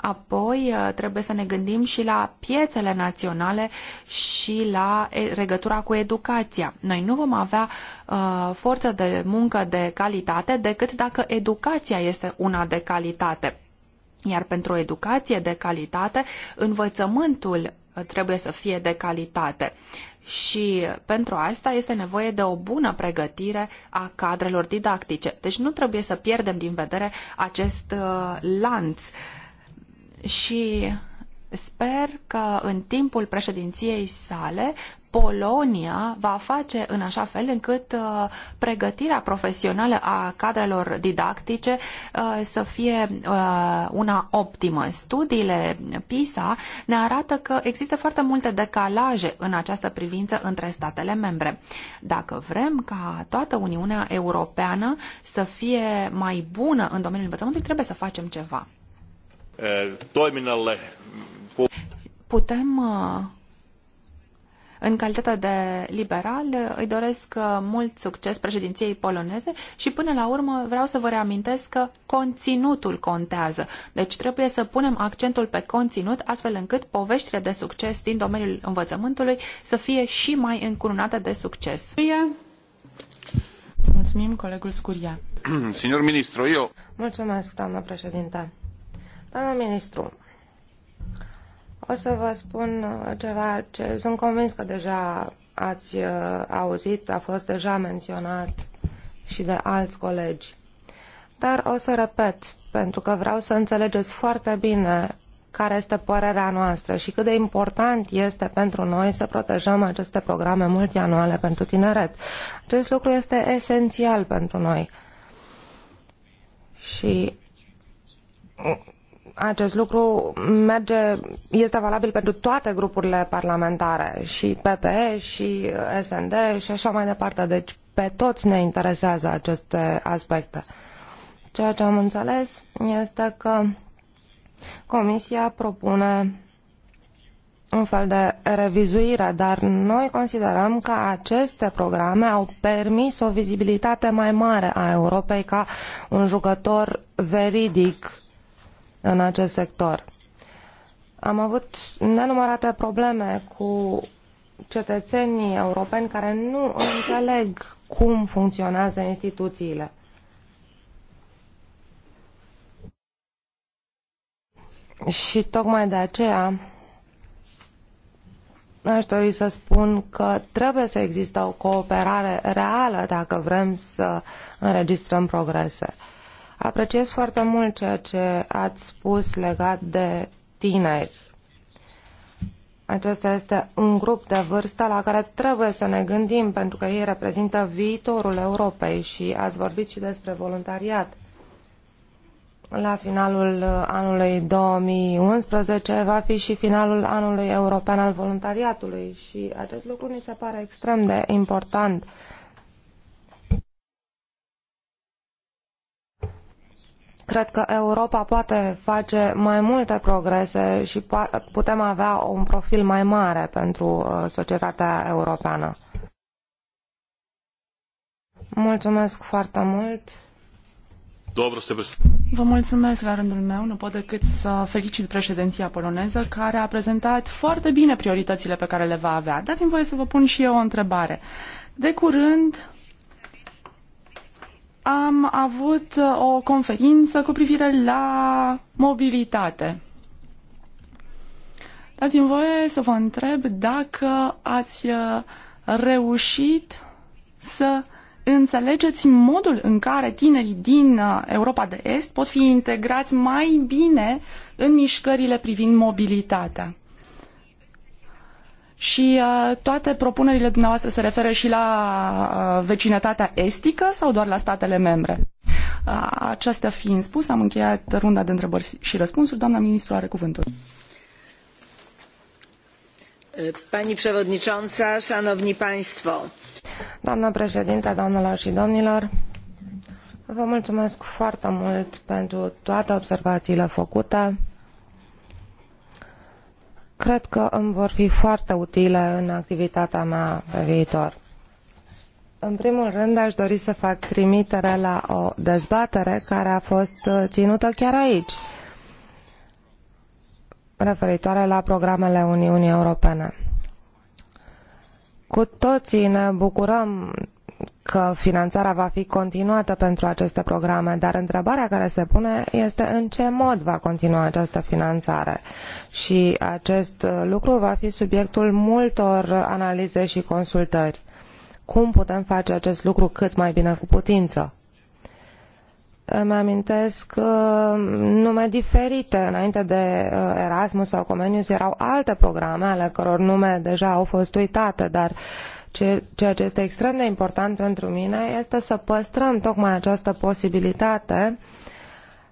Apoi uh, trebuie să ne gândim și la piețele naționale și la regătura cu educația. Noi nu vom avea uh, forță de muncă de calitate decât dacă educația este una de calitate. Iar pentru o educație de calitate, învățământul uh, trebuie să fie de calitate. Și pentru asta este nevoie de o bună pregătire a cadrelor didactice. Deci nu trebuie să pierdem din vedere acest uh, lanț și sper că în timpul președinției sale Polonia va face în așa fel încât uh, pregătirea profesională a cadrelor didactice uh, să fie uh, una optimă. Studiile PISA ne arată că există foarte multe decalaje în această privință între statele membre. Dacă vrem ca toată Uniunea Europeană să fie mai bună în domeniul învățământului, trebuie să facem ceva toiminnalle. Putem, uh, în calitate de liberal, îi doresc uh, mult succes președinției poloneze și până la urmă vreau să vă reamintesc că conținutul contează. Deci trebuie să punem accentul pe conținut astfel încât poveștile de succes din domeniul învățământului să fie și mai încununate de succes. Mulțumim, colegul Scuria. Signor ministru, eu... Mulțumesc, doamnă președinte. Doamna ministru, o să vă spun uh, ceva ce sunt convins că deja ați uh, auzit, a fost deja menționat și de alți colegi. Dar o să repet, pentru că vreau să înțelegeți foarte bine care este părerea noastră și cât de important este pentru noi să protejăm aceste programe multianuale pentru tineret. Acest lucru este esențial pentru noi. Și acest lucru merge, este valabil pentru toate grupurile parlamentare, și PPE, și SND, și așa mai departe. Deci pe toți ne interesează aceste aspecte. Ceea ce am înțeles este că Comisia propune un fel de revizuire, dar noi considerăm că aceste programe au permis o vizibilitate mai mare a Europei ca un jucător veridic în acest sector. Am avut nenumărate probleme cu cetățenii europeni care nu înțeleg cum funcționează instituțiile. Și tocmai de aceea aș dori să spun că trebuie să existe o cooperare reală dacă vrem să înregistrăm progrese. Apreciez foarte mult ceea ce ați spus legat de tineri. Acesta este un grup de vârstă la care trebuie să ne gândim, pentru că ei reprezintă viitorul Europei și ați vorbit și despre voluntariat. La finalul anului 2011 va fi și finalul anului european al voluntariatului și acest lucru ni se pare extrem de important Cred că Europa poate face mai multe progrese și putem avea un profil mai mare pentru uh, societatea europeană. Mulțumesc foarte mult! Vă mulțumesc la rândul meu. Nu pot decât să felicit președinția poloneză care a prezentat foarte bine prioritățile pe care le va avea. Dați-mi voie să vă pun și eu o întrebare. De curând am avut uh, o conferință cu privire la mobilitate. Dați-mi voie să vă întreb dacă ați uh, reușit să înțelegeți modul în care tinerii din uh, Europa de Est pot fi integrați mai bine în mișcările privind mobilitatea. Și uh, toate propunerile dumneavoastră se referă și la uh, vecinătatea estică sau doar la statele membre? Uh, aceasta fiind spus, am încheiat runda de întrebări și răspunsuri. Doamna ministru are cuvântul. Pani przewodnicząca, szanowni państwo. Doamna președinte, doamnelor și domnilor, vă mulțumesc foarte mult pentru toate observațiile făcute cred că îmi vor fi foarte utile în activitatea mea pe viitor. În primul rând, aș dori să fac trimitere la o dezbatere care a fost ținută chiar aici, referitoare la programele Uniunii Europene. Cu toții ne bucurăm că finanțarea va fi continuată pentru aceste programe, dar întrebarea care se pune este în ce mod va continua această finanțare. Și acest uh, lucru va fi subiectul multor analize și consultări. Cum putem face acest lucru cât mai bine cu putință? îmi amintesc uh, nume diferite. Înainte de uh, Erasmus sau Comenius erau alte programe ale căror nume deja au fost uitate, dar Ceea ce este extrem de important pentru mine este să păstrăm tocmai această posibilitate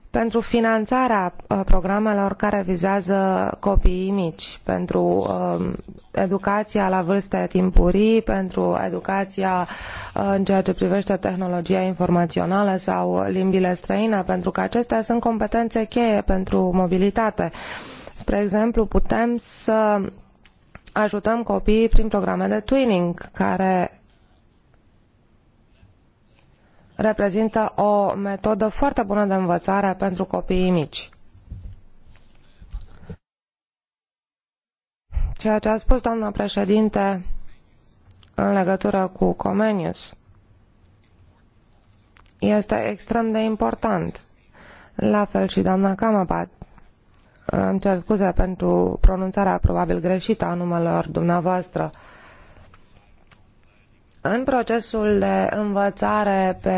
pentru finanțarea uh, programelor care vizează copiii mici, pentru um, educația la vârste timpurii, pentru educația uh, în ceea ce privește tehnologia informațională sau limbile străine, pentru că acestea sunt competențe cheie pentru mobilitate. Spre exemplu, putem să ajutăm copiii prin programe de twinning, care reprezintă o metodă foarte bună de învățare pentru copiii mici. Ceea ce a spus doamna președinte în legătură cu Comenius este extrem de important. La fel și doamna Camabat. Îmi cer scuze pentru pronunțarea probabil greșită a numelor dumneavoastră. În procesul de învățare pe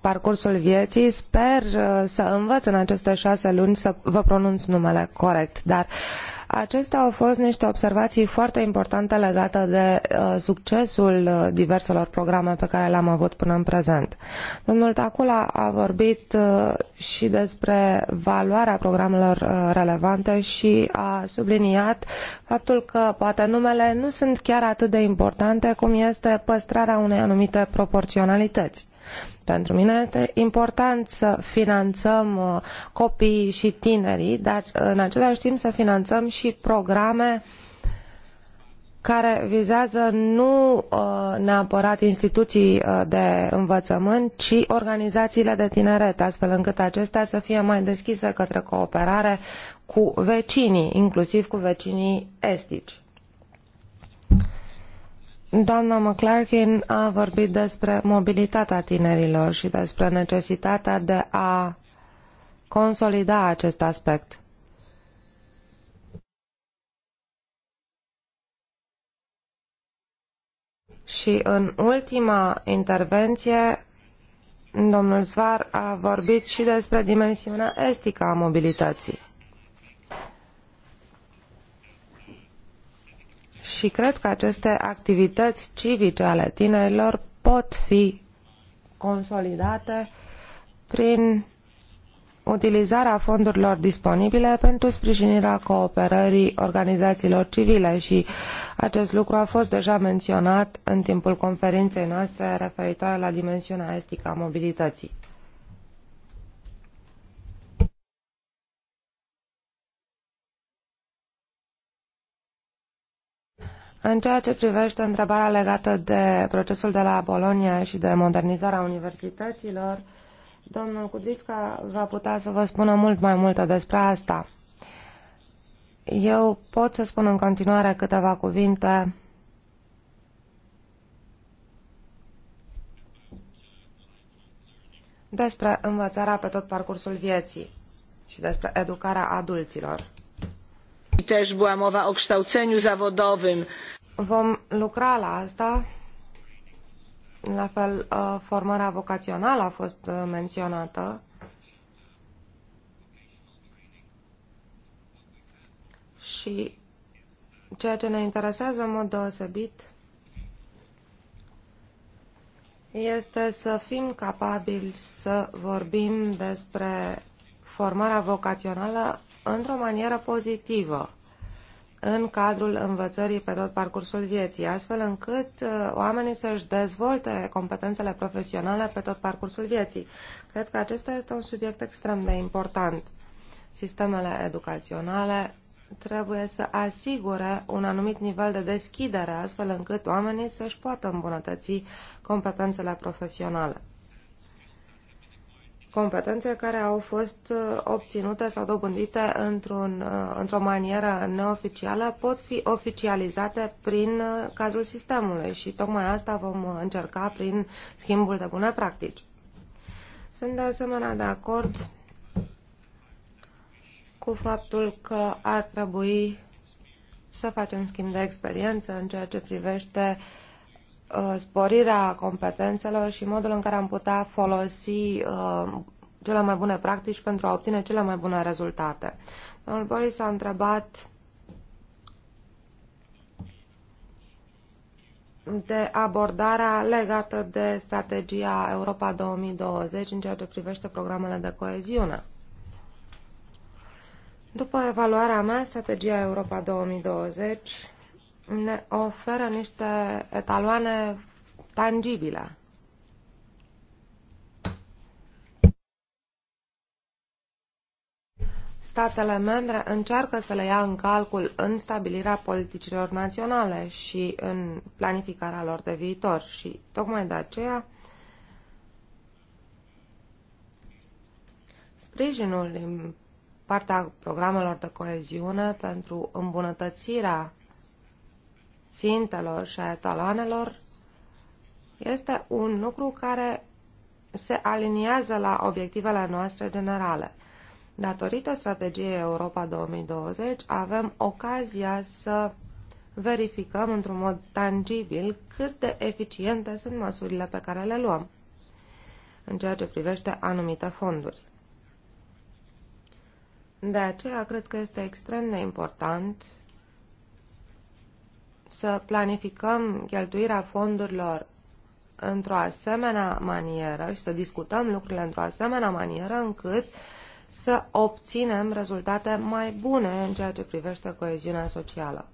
parcursul vieții, sper uh, să învăț în aceste șase luni să vă pronunț numele corect, dar uh, Acestea au fost niște observații foarte importante legate de uh, succesul uh, diverselor programe pe care le-am avut până în prezent. Domnul Tacula a vorbit uh, și despre valoarea programelor relevante și a subliniat faptul că poate numele nu sunt chiar atât de importante cum este păstrarea unei anumite proporționalități. Pentru mine este important să finanțăm uh, copiii și tinerii, dar uh, în același timp să finanțăm și programe care vizează nu uh, neapărat instituții de învățământ, ci organizațiile de tineret, astfel încât acestea să fie mai deschise către cooperare cu vecinii, inclusiv cu vecinii estici. Doamna McClarkin a vorbit despre mobilitatea tinerilor și despre necesitatea de a consolida acest aspect. Și în ultima intervenție, domnul Svar a vorbit și despre dimensiunea estică a mobilității. și cred că aceste activități civice ale tinerilor pot fi consolidate prin utilizarea fondurilor disponibile pentru sprijinirea cooperării organizațiilor civile și acest lucru a fost deja menționat în timpul conferinței noastre referitoare la dimensiunea estică a mobilității. În ceea ce privește întrebarea legată de procesul de la Bolonia și de modernizarea universităților, domnul Cudrisca va putea să vă spună mult mai multe despre asta. Eu pot să spun în continuare câteva cuvinte despre învățarea pe tot parcursul vieții și despre educarea adulților też była mowa o kształceniu zawodowym. Vom lucra la asta. La fel, formarea vocațională a fost menționată. Și ceea ce ne interesează în mod deosebit este să fim capabili să vorbim despre formarea vocațională într-o manieră pozitivă în cadrul învățării pe tot parcursul vieții, astfel încât uh, oamenii să-și dezvolte competențele profesionale pe tot parcursul vieții. Cred că acesta este un subiect extrem de important. Sistemele educaționale trebuie să asigure un anumit nivel de deschidere, astfel încât oamenii să-și poată îmbunătăți competențele profesionale competențe care au fost uh, obținute sau dobândite într-un, uh, într-o manieră neoficială pot fi oficializate prin uh, cadrul sistemului și tocmai asta vom încerca prin schimbul de bune practici. Sunt de asemenea de acord cu faptul că ar trebui să facem schimb de experiență în ceea ce privește uh, Uh, sporirea competențelor și modul în care am putea folosi uh, cele mai bune practici pentru a obține cele mai bune rezultate. Domnul Boris a întrebat de abordarea legată de strategia Europa 2020 în ceea ce privește programele de coeziune. După evaluarea mea, strategia Europa 2020 ne oferă niște etaloane tangibile. Statele membre încearcă să le ia în calcul în stabilirea politicilor naționale și în planificarea lor de viitor și tocmai de aceea sprijinul din partea programelor de coeziune pentru îmbunătățirea țintelor și a etaloanelor este un lucru care se aliniază la obiectivele noastre generale. Datorită strategiei Europa 2020 avem ocazia să verificăm într-un mod tangibil cât de eficiente sunt măsurile pe care le luăm în ceea ce privește anumite fonduri. De aceea cred că este extrem de important să planificăm cheltuirea fondurilor într-o asemenea manieră și să discutăm lucrurile într-o asemenea manieră încât să obținem rezultate mai bune în ceea ce privește coeziunea socială.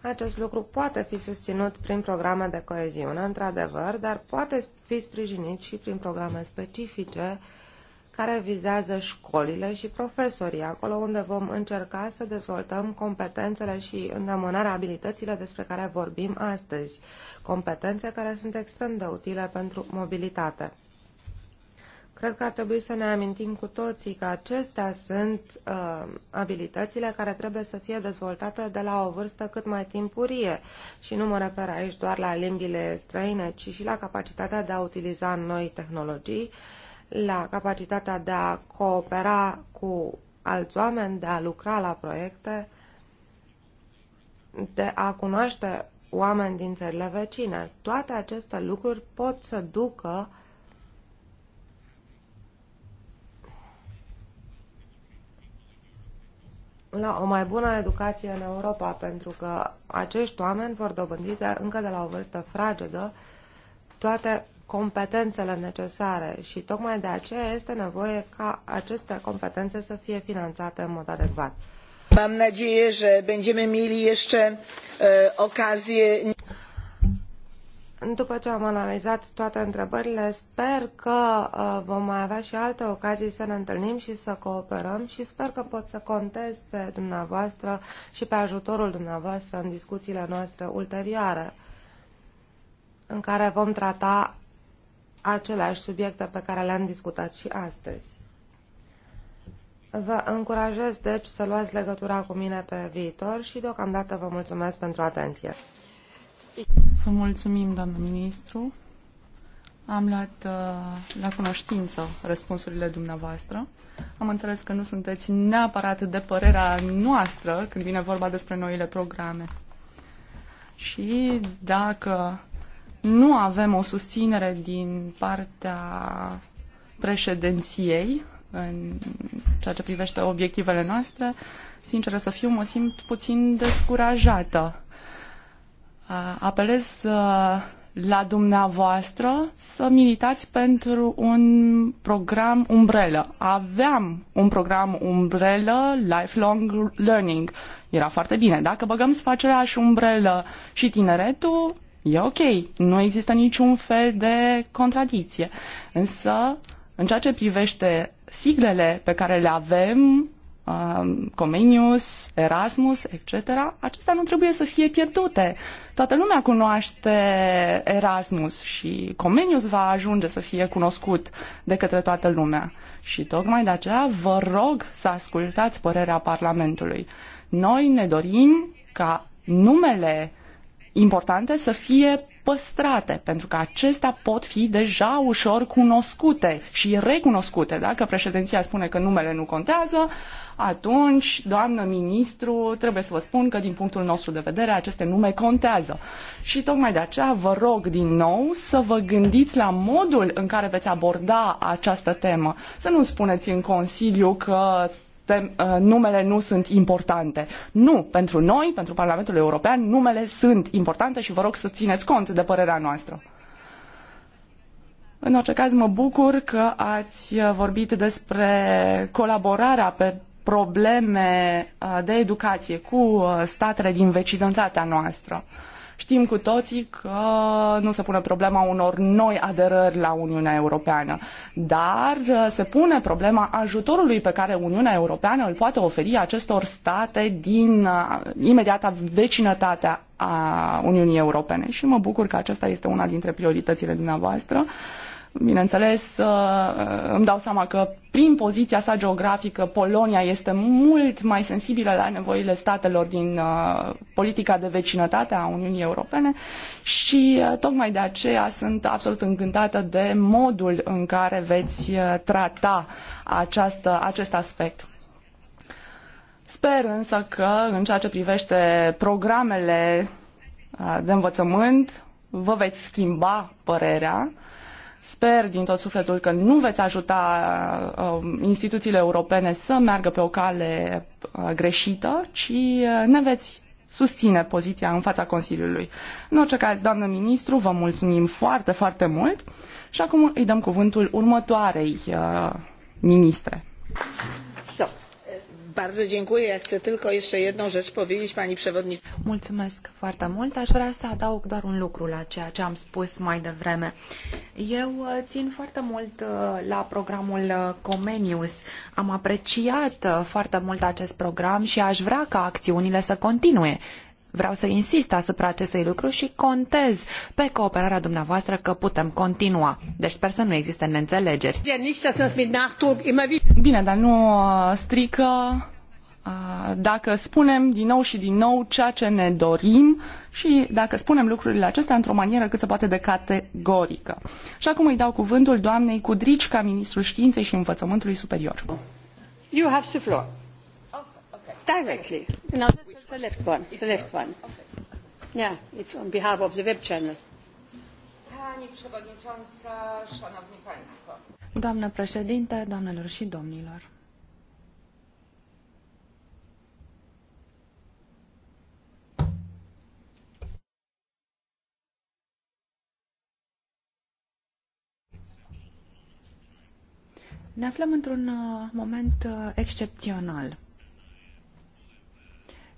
Acest lucru poate fi susținut prin programe de coeziune, într-adevăr, dar poate fi sprijinit și prin programe specifice uh, care vizează școlile și profesorii, acolo unde vom încerca să dezvoltăm competențele și îndemânarea abilitățile despre care vorbim astăzi, competențe care sunt extrem de utile pentru mobilitate. Cred că ar trebui să ne amintim cu toții că acestea sunt uh, abilitățile care trebuie să fie dezvoltate de la o vârstă cât mai timpurie și nu mă refer aici doar la limbile străine, ci și la capacitatea de a utiliza noi tehnologii uh, la capacitatea de a coopera cu alți oameni, de a lucra la proiecte, de a cunoaște oameni din țările vecine. Toate aceste lucruri pot să ducă la o mai bună educație în Europa, pentru că acești oameni vor dobândi de, încă de la o vârstă fragedă toate competențele necesare și tocmai de aceea este nevoie ca aceste competențe să fie finanțate în mod adecvat. Mam nadzieję, że będziemy mieli jeszcze okazję după ce am analizat toate întrebările, sper că vom mai avea și alte ocazii să ne întâlnim și să cooperăm și sper că pot să contez pe dumneavoastră și pe ajutorul dumneavoastră în discuțiile noastre ulterioare, în care vom trata aceleași subiecte pe care le-am discutat și astăzi. Vă încurajez, deci, să luați legătura cu mine pe viitor și deocamdată vă mulțumesc pentru atenție. Vă mulțumim, doamnă ministru. Am luat uh, la cunoștință răspunsurile dumneavoastră. Am înțeles că nu sunteți neapărat de părerea noastră când vine vorba despre noile programe. Și dacă nu avem o susținere din partea președinției în ceea ce privește obiectivele noastre, sinceră să fiu, mă simt puțin descurajată. Apelez la dumneavoastră să militați pentru un program umbrelă. Aveam un program umbrelă, Lifelong Learning. Era foarte bine. Dacă băgăm sub și umbrelă și tineretul, E ok, nu există niciun fel de contradicție. Însă, în ceea ce privește siglele pe care le avem, um, Comenius, Erasmus, etc., acestea nu trebuie să fie pierdute. Toată lumea cunoaște Erasmus și Comenius va ajunge să fie cunoscut de către toată lumea. Și tocmai de aceea vă rog să ascultați părerea Parlamentului. Noi ne dorim ca numele importante să fie păstrate, pentru că acestea pot fi deja ușor cunoscute și recunoscute. Dacă președinția spune că numele nu contează, atunci, doamnă ministru, trebuie să vă spun că din punctul nostru de vedere aceste nume contează. Și tocmai de aceea vă rog din nou să vă gândiți la modul în care veți aborda această temă. Să nu spuneți în Consiliu că tem, uh, numele nu sunt importante. Nu, pentru noi, pentru Parlamentul European, numele sunt importante și vă rog să țineți cont de părerea noastră. În orice caz, mă bucur că ați uh, vorbit despre colaborarea pe probleme uh, de educație cu statele din vecinătatea noastră. Știm cu toții că nu se pune problema unor noi aderări la Uniunea Europeană, dar uh, se pune problema ajutorului pe care Uniunea Europeană îl poate oferi acestor state din uh, imediata vecinătatea a Uniunii Europene. Și mă bucur că aceasta este una dintre prioritățile dumneavoastră. Bineînțeles, uh, îmi dau seama că prin poziția sa geografică, Polonia este mult mai sensibilă la nevoile statelor din uh, politica de vecinătate a Uniunii Europene și uh, tocmai de aceea sunt absolut încântată de modul în care veți trata această, acest aspect. Sper însă că în ceea ce privește programele de învățământ, vă veți schimba părerea Sper din tot sufletul că nu veți ajuta uh, instituțiile europene să meargă pe o cale uh, greșită, ci uh, ne veți susține poziția în fața Consiliului. În orice caz, doamnă ministru, vă mulțumim foarte, foarte mult și acum îi dăm cuvântul următoarei uh, ministre. So. Bardzo dziękuję. Chcę tylko jeszcze jedną rzecz powiedzieć pani przewodnicząca. Mulțumesc foarte mult. Aș vrea să adaug doar un lucru la ceea ce am spus mai devreme. Eu uh, țin foarte mult uh, la programul uh, Comenius. Am apreciat foarte mult acest program și aș vrea ca acțiunile să continue Vreau să insist asupra acestui lucru și contez pe cooperarea dumneavoastră că putem continua. Deci sper să nu existe neînțelegeri. Bine, dar nu uh, strică uh, dacă spunem din nou și din nou ceea ce ne dorim și dacă spunem lucrurile acestea într-o manieră cât se poate de categorică. Și acum îi dau cuvântul doamnei Cudrici ca ministrul științei și învățământului superior. You have the floor directly. No, that's the left one. The left one. Yeah, it's on behalf of the web channel. Pani Doamnă președinte, doamnelor și domnilor. Ne aflăm într-un uh, moment uh, excepțional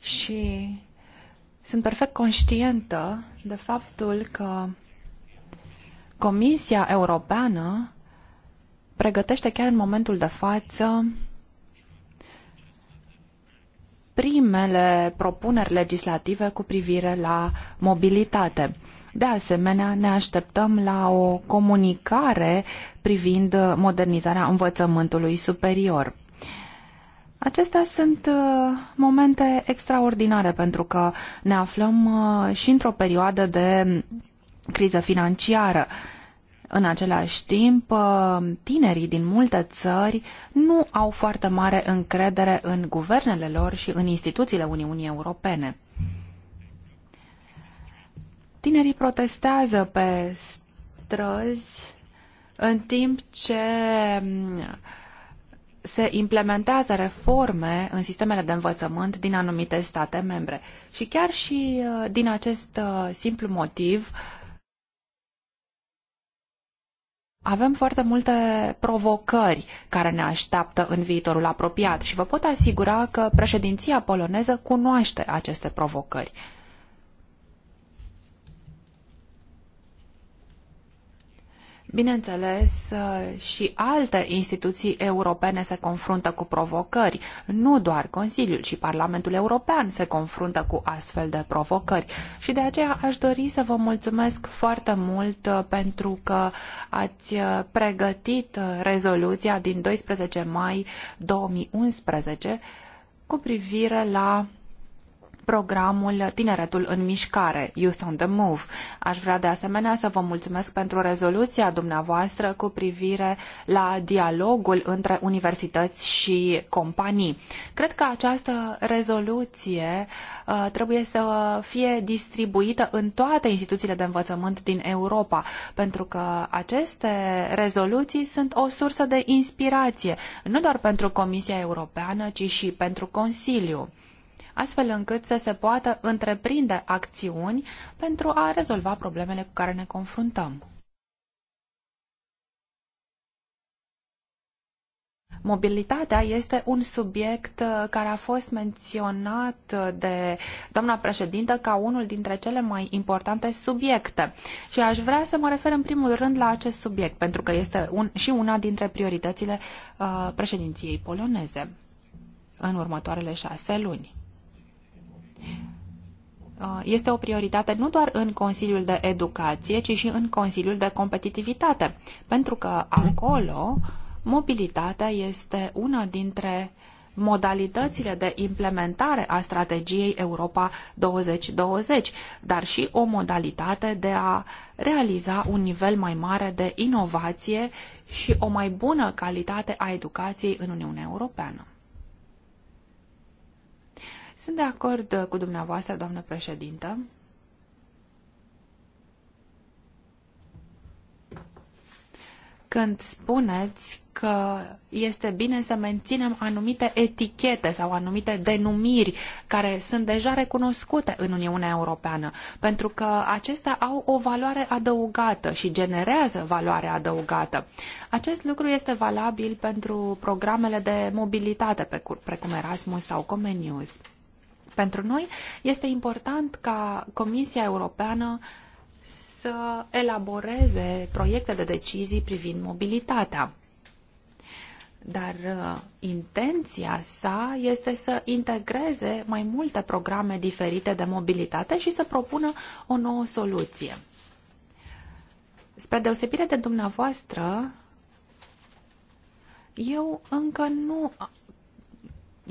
și sunt perfect conștientă de faptul că Comisia Europeană pregătește chiar în momentul de față primele propuneri legislative cu privire la mobilitate. De asemenea, ne așteptăm la o comunicare privind modernizarea învățământului superior. Acestea sunt uh, momente extraordinare pentru că ne aflăm uh, și într-o perioadă de criză financiară. În același timp, uh, tinerii din multe țări nu au foarte mare încredere în guvernele lor și în instituțiile Uniunii Europene. Tinerii protestează pe străzi în timp ce mm, se implementează reforme în sistemele de învățământ din anumite state membre. Și chiar și uh, din acest uh, simplu motiv, avem foarte multe provocări care ne așteaptă în viitorul apropiat și vă pot asigura că președinția poloneză cunoaște aceste provocări. Bineînțeles, uh, și alte instituții europene se confruntă cu provocări. Nu doar Consiliul și Parlamentul European se confruntă cu astfel de provocări. Și de aceea aș dori să vă mulțumesc foarte mult uh, pentru că ați uh, pregătit rezoluția din 12 mai 2011 cu privire la programul Tineretul în Mișcare, Youth on the Move. Aș vrea de asemenea să vă mulțumesc pentru rezoluția dumneavoastră cu privire la dialogul între universități și companii. Cred că această rezoluție uh, trebuie să fie distribuită în toate instituțiile de învățământ din Europa, pentru că aceste rezoluții sunt o sursă de inspirație, nu doar pentru Comisia Europeană, ci și pentru Consiliu astfel încât să se poată întreprinde acțiuni pentru a rezolva problemele cu care ne confruntăm. Mobilitatea este un subiect uh, care a fost menționat uh, de doamna președintă ca unul dintre cele mai importante subiecte. Și aș vrea să mă refer în primul rând la acest subiect, pentru că este un, și una dintre prioritățile uh, președinției poloneze în următoarele șase luni. Uh, este o prioritate nu doar în Consiliul de Educație, ci și în Consiliul de Competitivitate, pentru că acolo mobilitatea este una dintre modalitățile de implementare a strategiei Europa 2020, dar și o modalitate de a realiza un nivel mai mare de inovație și o mai bună calitate a educației în Uniunea Europeană. Sunt de acord cu dumneavoastră, doamnă președintă. Când spuneți că este bine să menținem anumite etichete sau anumite denumiri care sunt deja recunoscute în Uniunea Europeană, pentru că acestea au o valoare adăugată și generează valoare adăugată. Acest lucru este valabil pentru programele de mobilitate, precum Erasmus sau Comenius. Pentru noi este important ca Comisia Europeană să elaboreze proiecte de decizii privind mobilitatea. Dar uh, intenția sa este să integreze mai multe programe diferite de mobilitate și să propună o nouă soluție. Spre deosebire de dumneavoastră, eu încă nu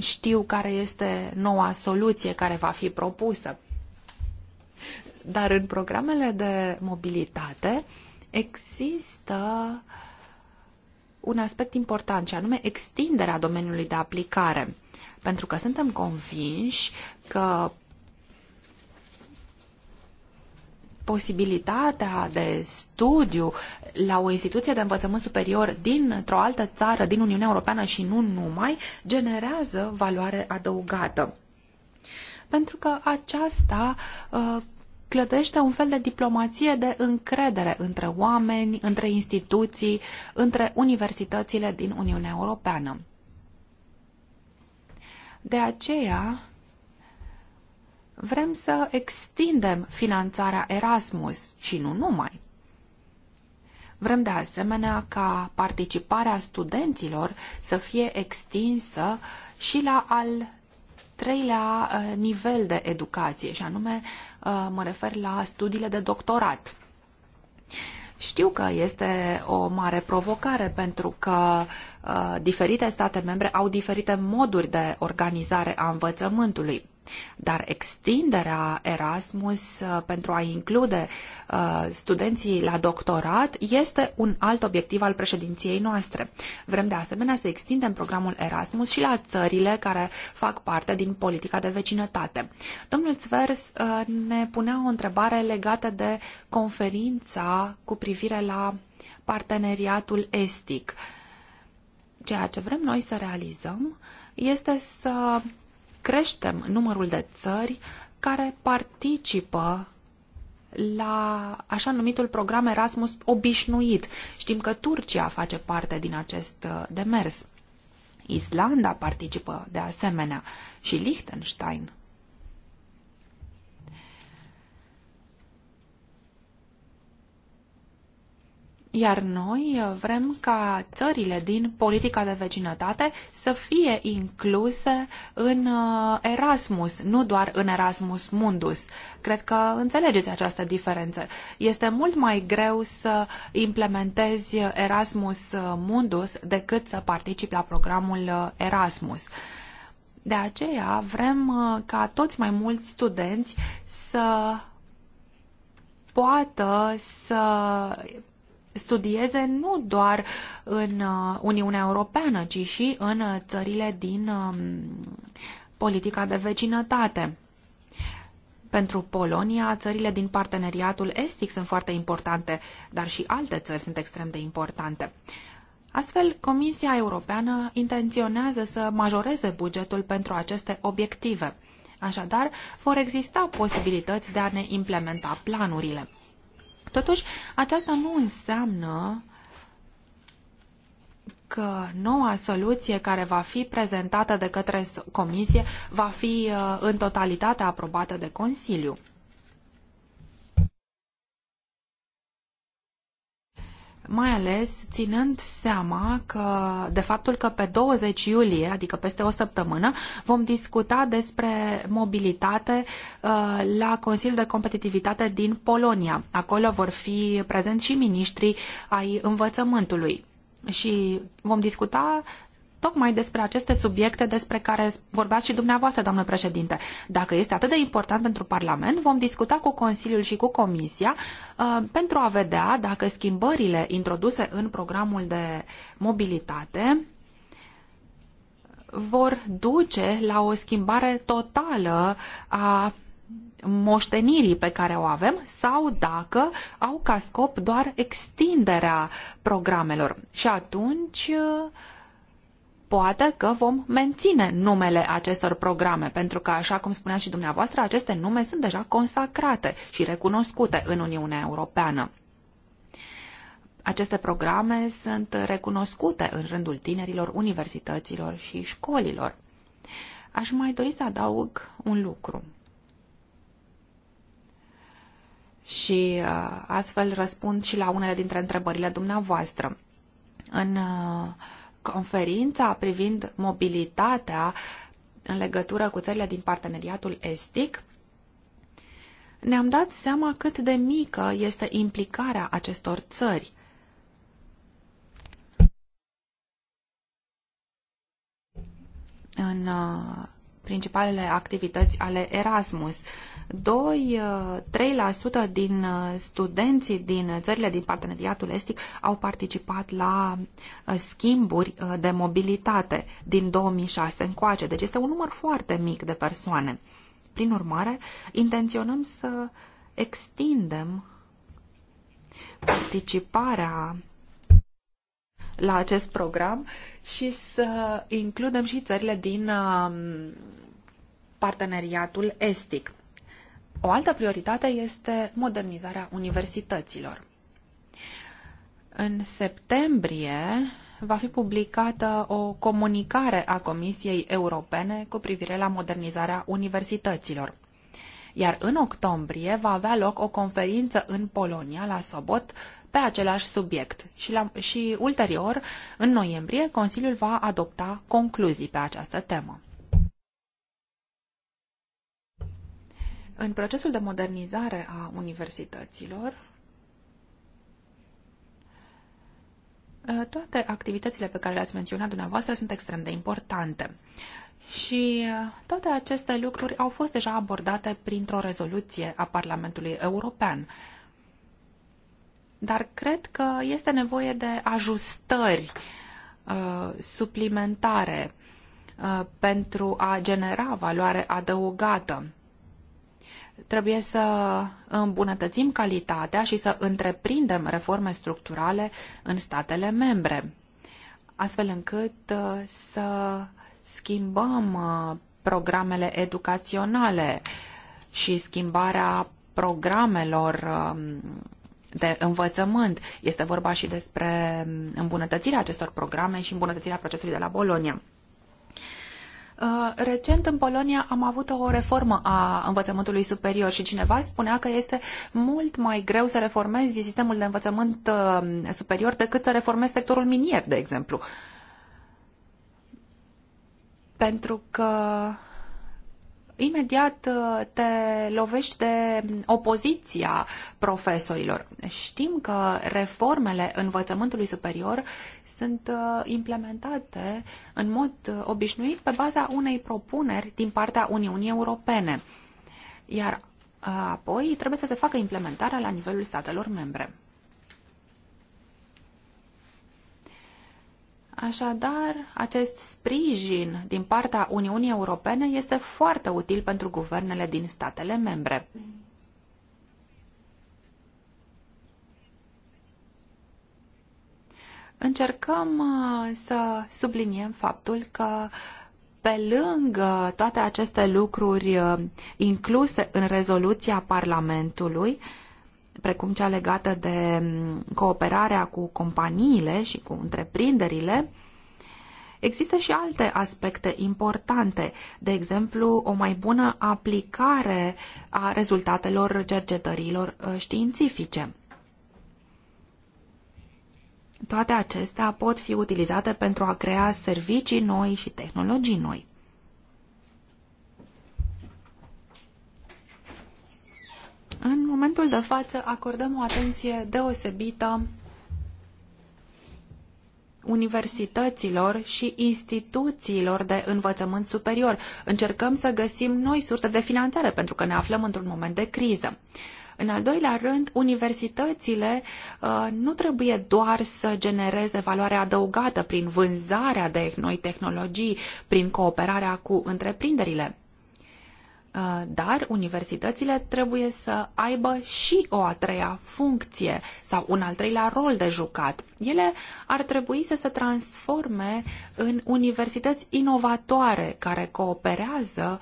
știu care este noua soluție care va fi propusă. Dar în programele de mobilitate există un aspect important, și anume extinderea domeniului de aplicare. Pentru că suntem convinși că posibilitatea de studiu la o instituție de învățământ superior dintr-o altă țară din Uniunea Europeană și nu numai, generează valoare adăugată. Pentru că aceasta uh, clădește un fel de diplomație de încredere între oameni, între instituții, între universitățile din Uniunea Europeană. De aceea, Vrem să extindem finanțarea Erasmus și nu numai. Vrem de asemenea ca participarea studenților să fie extinsă și la al treilea uh, nivel de educație, și anume uh, mă refer la studiile de doctorat. Știu că este o mare provocare pentru că uh, diferite state membre au diferite moduri de organizare a învățământului dar extinderea Erasmus uh, pentru a include uh, studenții la doctorat este un alt obiectiv al președinției noastre. Vrem de asemenea să extindem programul Erasmus și la țările care fac parte din politica de vecinătate. Domnul Zvers uh, ne punea o întrebare legată de conferința cu privire la parteneriatul estic. Ceea ce vrem noi să realizăm este să creștem numărul de țări care participă la așa numitul program Erasmus obișnuit. Știm că Turcia face parte din acest uh, demers. Islanda participă de asemenea și Liechtenstein. Iar noi vrem ca țările din politica de vecinătate să fie incluse în uh, Erasmus, nu doar în Erasmus Mundus. Cred că înțelegeți această diferență. Este mult mai greu să implementezi Erasmus uh, Mundus decât să participi la programul uh, Erasmus. De aceea vrem ca toți mai mulți studenți să poată să studieze nu doar în uh, Uniunea Europeană, ci și în uh, țările din um, politica de vecinătate. Pentru Polonia, țările din parteneriatul estic sunt foarte importante, dar și alte țări sunt extrem de importante. Astfel, Comisia Europeană intenționează să majoreze bugetul pentru aceste obiective. Așadar, vor exista posibilități de a ne implementa planurile. Totuși, aceasta nu înseamnă că noua soluție care va fi prezentată de către Comisie va fi uh, în totalitate aprobată de Consiliu. mai ales ținând seama că, de faptul că pe 20 iulie, adică peste o săptămână, vom discuta despre mobilitate uh, la Consiliul de Competitivitate din Polonia. Acolo vor fi prezenți și miniștrii ai învățământului și vom discuta tocmai despre aceste subiecte despre care vorbeați și dumneavoastră, doamnă președinte. Dacă este atât de important pentru Parlament, vom discuta cu Consiliul și cu Comisia uh, pentru a vedea dacă schimbările introduse în programul de mobilitate vor duce la o schimbare totală a moștenirii pe care o avem sau dacă au ca scop doar extinderea programelor. Și atunci uh, poate că vom menține numele acestor programe, pentru că, așa cum spuneați și dumneavoastră, aceste nume sunt deja consacrate și recunoscute în Uniunea Europeană. Aceste programe sunt recunoscute în rândul tinerilor, universităților și școlilor. Aș mai dori să adaug un lucru. Și uh, astfel răspund și la unele dintre întrebările dumneavoastră. În uh, conferința privind mobilitatea în legătură cu țările din parteneriatul estic, ne-am dat seama cât de mică este implicarea acestor țări. În uh, principalele activități ale Erasmus. 2-3% uh, din uh, studenții din țările din parteneriatul estic au participat la uh, schimburi de mobilitate din 2006 încoace, deci este un număr foarte mic de persoane. Prin urmare, intenționăm să extindem participarea la acest program și să includem și țările din um, parteneriatul estic. O altă prioritate este modernizarea universităților. În septembrie va fi publicată o comunicare a Comisiei Europene cu privire la modernizarea universităților. Iar în octombrie va avea loc o conferință în Polonia, la Sobot, pe același subiect și, la, și ulterior, în noiembrie, Consiliul va adopta concluzii pe această temă. În procesul de modernizare a universităților, toate activitățile pe care le-ați menționat dumneavoastră sunt extrem de importante. Și uh, toate aceste lucruri au fost deja abordate printr-o rezoluție a Parlamentului European. Dar cred că este nevoie de ajustări uh, suplimentare uh, pentru a genera valoare adăugată trebuie să îmbunătățim calitatea și să întreprindem reforme structurale în statele membre, astfel încât uh, să schimbăm uh, programele educaționale și schimbarea programelor um, de învățământ. Este vorba și despre um, îmbunătățirea acestor programe și îmbunătățirea procesului de la Bolonia. Uh, recent în Polonia am avut o reformă a învățământului superior și cineva spunea că este mult mai greu să reformezi sistemul de învățământ uh, superior decât să reformezi sectorul minier, de exemplu. Uh, pentru că imediat uh, te lovești de opoziția profesorilor. Știm că reformele învățământului superior sunt uh, implementate în mod uh, obișnuit pe baza unei propuneri din partea Uniunii Europene, iar apoi trebuie să se facă implementarea la nivelul statelor membre. Așadar, acest sprijin din partea Uniunii Europene este foarte util pentru guvernele din statele membre. Încercăm uh, să subliniem faptul că pe lângă toate aceste lucruri uh, incluse în rezoluția Parlamentului, precum cea legată de mm, cooperarea cu companiile și cu întreprinderile, Există și alte aspecte importante, de exemplu o mai bună aplicare a rezultatelor cercetărilor uh, științifice. Toate acestea pot fi utilizate pentru a crea servicii noi și tehnologii noi. În momentul de față acordăm o atenție deosebită universităților și instituțiilor de învățământ superior. Încercăm să găsim noi surse de finanțare pentru că ne aflăm într-un moment de criză. În al doilea rând, universitățile uh, nu trebuie doar să genereze valoare adăugată prin vânzarea de noi tehnologii, prin cooperarea cu întreprinderile. Uh, dar universitățile trebuie să aibă și o a treia funcție sau un al treilea rol de jucat. Ele ar trebui să se transforme în universități inovatoare care cooperează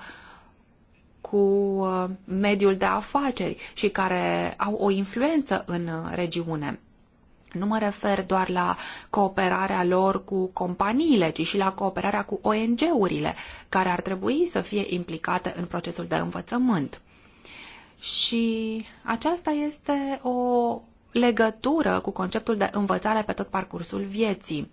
cu uh, mediul de afaceri și care au o influență în uh, regiune. Nu mă refer doar la cooperarea lor cu companiile, ci și la cooperarea cu ONG-urile, care ar trebui să fie implicate în procesul de învățământ. Și aceasta este o legătură cu conceptul de învățare pe tot parcursul vieții,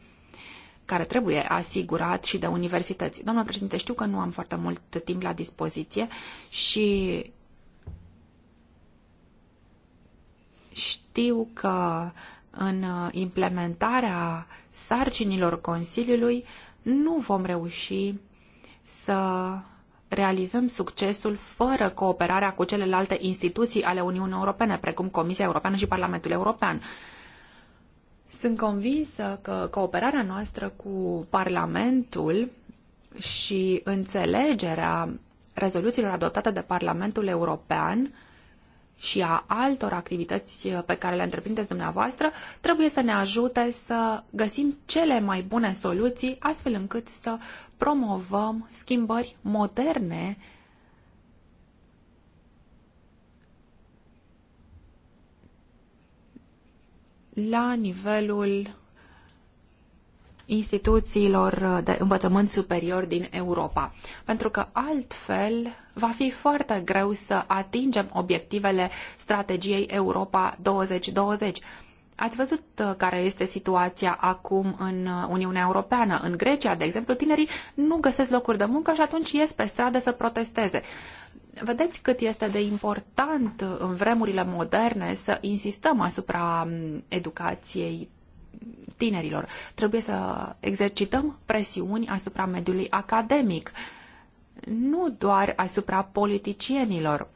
care trebuie asigurat și de universități. Doamna președinte, știu că nu am foarte mult timp la dispoziție și știu că în uh, implementarea sarcinilor Consiliului nu vom reuși să realizăm succesul fără cooperarea cu celelalte instituții ale Uniunii Europene, precum Comisia Europeană și Parlamentul European. Sunt convinsă că cooperarea noastră cu Parlamentul și înțelegerea rezoluțiilor adoptate de Parlamentul European și a altor activități uh, pe care le întreprindeți dumneavoastră trebuie să ne ajute să găsim cele mai bune soluții astfel încât să promovăm schimbări moderne la nivelul instituțiilor de învățământ superior din Europa. Pentru că altfel va fi foarte greu să atingem obiectivele strategiei Europa 2020. Ați văzut uh, care este situația acum în uh, Uniunea Europeană. În Grecia, de exemplu, tinerii nu găsesc locuri de muncă și atunci ies pe stradă să protesteze. Vedeți cât este de important uh, în vremurile moderne să insistăm asupra um, educației tinerilor. Trebuie să exercităm presiuni asupra mediului academic nu doar asupra politicienilor.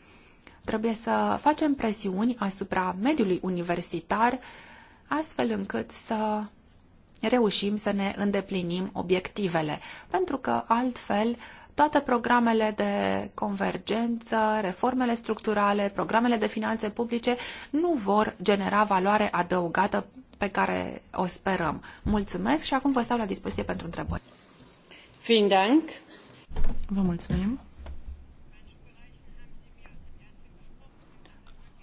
Trebuie să facem presiuni asupra mediului universitar, astfel încât să reușim să ne îndeplinim obiectivele, pentru că altfel toate programele de convergență, reformele structurale, programele de finanțe publice nu vor genera valoare adăugată pe care o sperăm. Mulțumesc și acum vă stau la dispoziție pentru întrebări. Vielen Dank. Vă mulțumim.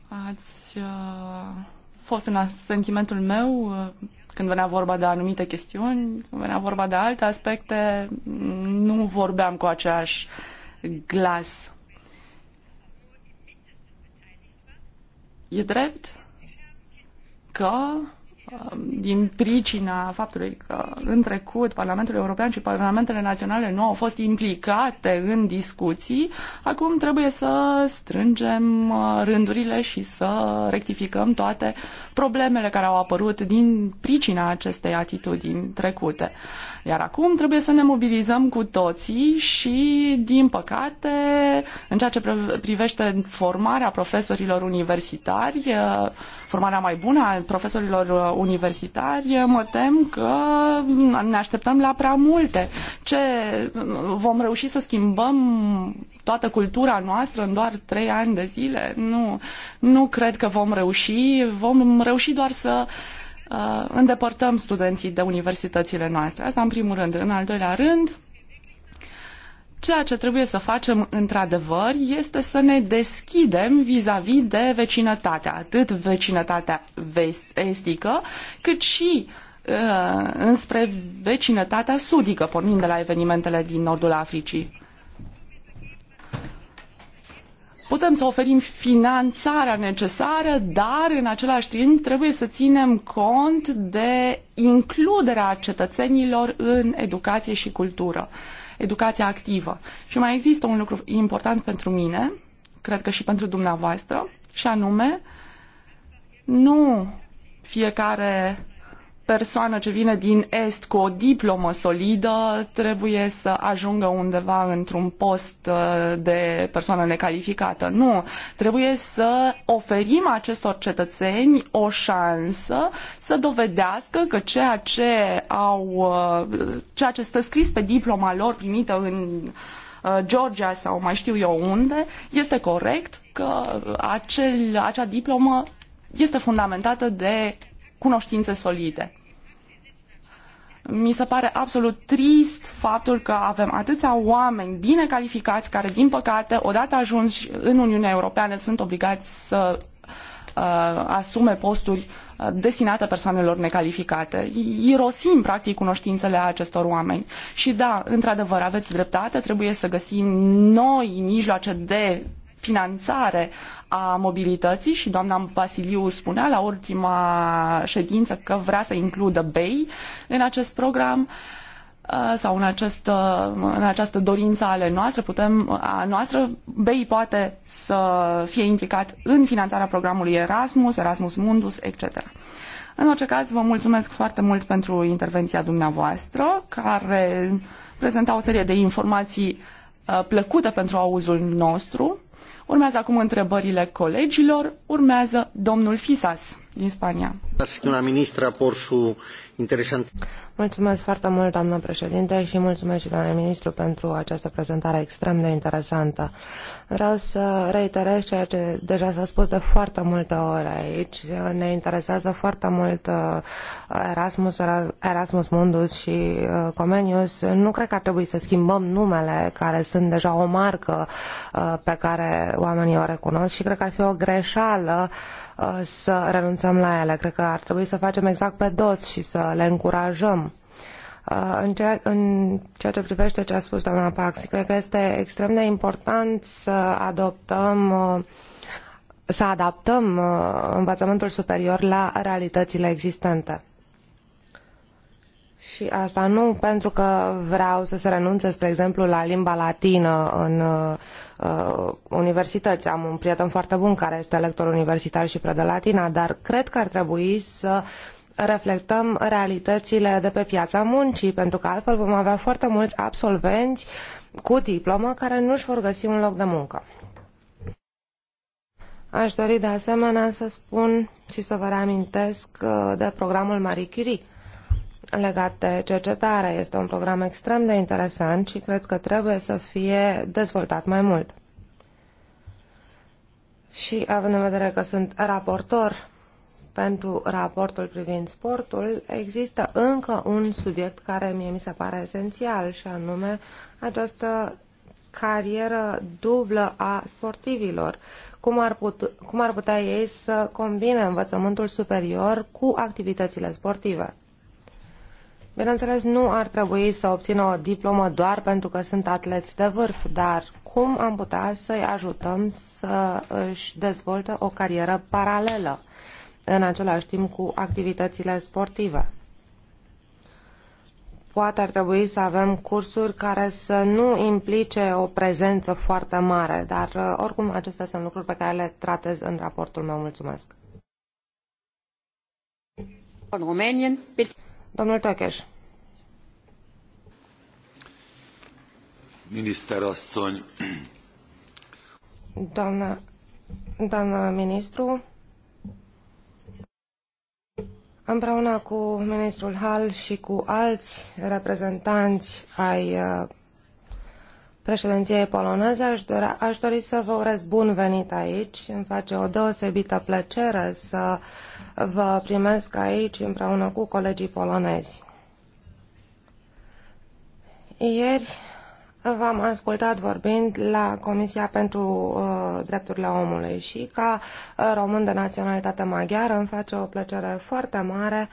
Ați uh, fost în sentimentul meu uh, când venea vorba de anumite chestiuni, când venea vorba de alte aspecte, nu vorbeam cu aceeași glas. E drept că Um, din pricina faptului că în trecut Parlamentul European și Parlamentele Naționale nu au fost implicate în discuții, acum trebuie să strângem uh, rândurile și să rectificăm toate uh, problemele care au apărut din pricina acestei atitudini trecute. Iar acum trebuie să ne mobilizăm cu toții și, din păcate, în ceea ce privește formarea profesorilor universitari, eh, formarea mai bună a profesorilor eh, universitari, eh, mă tem că ne așteptăm la prea multe. Ce mm, vom reuși să schimbăm toată cultura noastră în doar trei ani de zile. Nu, nu cred că vom reuși. Vom reuși doar să uh, îndepărtăm studenții de universitățile noastre. Asta în primul rând. În al doilea rând, ceea ce trebuie să facem într-adevăr este să ne deschidem vis-a-vis -vis de vecinătatea, atât vecinătatea estică, cât și uh, înspre vecinătatea sudică, pornind de la evenimentele din nordul Africii. Putem să oferim finanțarea necesară, dar în același timp trebuie să ținem cont de includerea cetățenilor în educație și cultură, educația activă. Și mai există un lucru important pentru mine, cred că și pentru dumneavoastră, și anume, nu fiecare persoană ce vine din Est cu o diplomă solidă trebuie să ajungă undeva într-un post uh, de persoană necalificată. Nu, trebuie să oferim acestor cetățeni o șansă să dovedească că ceea ce au, uh, ceea ce stă scris pe diploma lor primită în uh, Georgia sau mai știu eu unde, este corect că acel, acea diplomă este fundamentată de cunoștințe solide. Mi se pare absolut trist faptul că avem atâția oameni bine calificați care, din păcate, odată ajunși în Uniunea Europeană, sunt obligați să uh, asume posturi uh, destinate persoanelor necalificate. Irosim, practic, cunoștințele acestor oameni. Și da, într-adevăr, aveți dreptate, trebuie să găsim noi mijloace de finanțare a mobilității și doamna Vasiliu spunea la ultima ședință că vrea să includă BEI în acest program uh, sau în, această în această dorință ale noastre, putem, a noastră, BEI poate să fie implicat în finanțarea programului Erasmus, Erasmus Mundus, etc. În orice caz, vă mulțumesc foarte mult pentru intervenția dumneavoastră, care prezenta o serie de informații uh, plăcute pentru auzul nostru. Urmează acum întrebările colegilor, urmează domnul Fisas din Spania. Da, ministra, porșu interesant. Mulțumesc foarte mult, doamnă președinte, și mulțumesc și doamne ministru pentru această prezentare extrem de interesantă. Vreau să reiterez ceea ce deja s-a spus de foarte multe ori aici. Ne interesează foarte mult uh, Erasmus, Erasmus Mundus și uh, Comenius. Nu cred că ar trebui să schimbăm numele care sunt deja o marcă uh, pe care oamenii o recunosc și cred că ar fi o greșeală Uh, să renunțăm la ele. Cred că ar trebui să facem exact pe dos și să le încurajăm. Uh, în ceea, ce privește ce a spus doamna Paxi, cred că este extrem de important să adoptăm uh, să adaptăm învățământul superior la realitățile existente. Și asta nu pentru că vreau să se renunțe, spre exemplu, la limba latină în uh, universități. Am un prieten foarte bun care este lector universitar și predă latina, dar cred că ar trebui să reflectăm realitățile de pe piața muncii, pentru că altfel vom avea foarte mulți absolvenți cu diplomă care nu își vor găsi un loc de muncă. Aș dori de asemenea să spun și să vă reamintesc uh, de programul Marie Curie legat de cercetare. Este un program extrem de interesant și cred că trebuie să fie dezvoltat mai mult. Și având în vedere că sunt raportor pentru raportul privind sportul, există încă un subiect care mie mi se pare esențial și anume această carieră dublă a sportivilor. Cum ar, put- cum ar putea ei să combine învățământul superior cu activitățile sportive? Bineînțeles, nu ar trebui să obțină o diplomă doar pentru că sunt atleți de vârf, dar cum am putea să-i ajutăm să își dezvolte o carieră paralelă în același timp cu activitățile sportive? Poate ar trebui să avem cursuri care să nu implice o prezență foarte mare, dar uh, oricum acestea sunt lucruri pe care le tratez în raportul meu. Mulțumesc! România, Domnul Tăcheș. Miniszterasszony. Doamna, doamna ministru, împreună cu ministrul Hall și cu alți reprezentanți ai uh, președinției poloneze, aș, dorea, aș dori să vă urez bun venit aici. Îmi face o deosebită plăcere să uh, vă primesc aici împreună cu colegii polonezi. Ieri v-am ascultat vorbind la Comisia pentru uh, Drepturile Omului și ca uh, român de naționalitate maghiară îmi face o plăcere foarte mare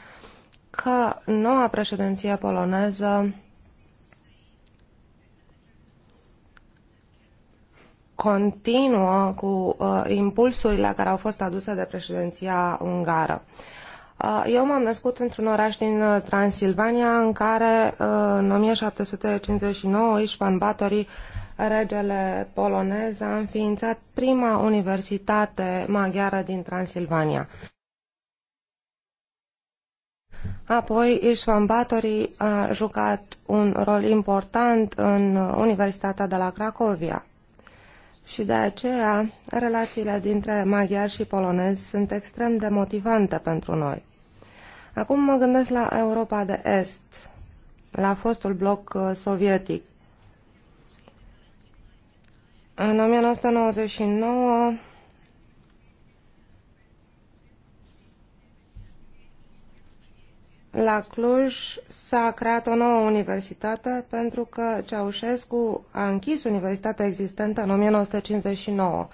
că noua președinție poloneză continuă cu uh, impulsurile care au fost aduse de președinția ungară. Uh, eu m-am născut într-un oraș din uh, Transilvania în care uh, în 1759 Istvan Batory, regele polonez, a înființat prima universitate maghiară din Transilvania. Apoi, Istvan Batory a jucat un rol important în Universitatea de la Cracovia și de aceea relațiile dintre maghiari și polonezi sunt extrem de motivante pentru noi. Acum mă gândesc la Europa de Est, la fostul bloc uh, sovietic. În 1999 La Cluj s-a creat o nouă universitate pentru că Ceaușescu a închis universitatea existentă în 1959.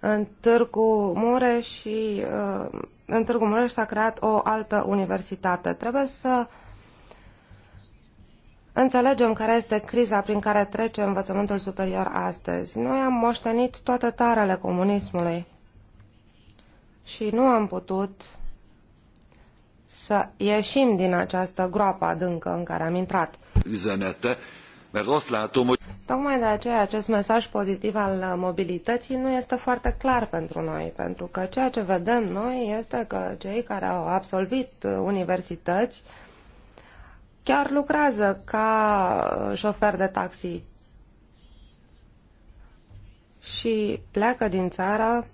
În Târgu Mureș și uh, în Târgu Mureș s-a creat o altă universitate. Trebuie să Înțelegem care este criza prin care trece învățământul superior astăzi. Noi am moștenit toate tarele comunismului și nu am putut să ieșim din această groapă adâncă în care am intrat. Tocmai de aceea acest mesaj pozitiv al mobilității nu este foarte clar pentru noi, pentru că ceea ce vedem noi este că cei care au absolvit universități chiar lucrează ca șofer de taxi și pleacă din țară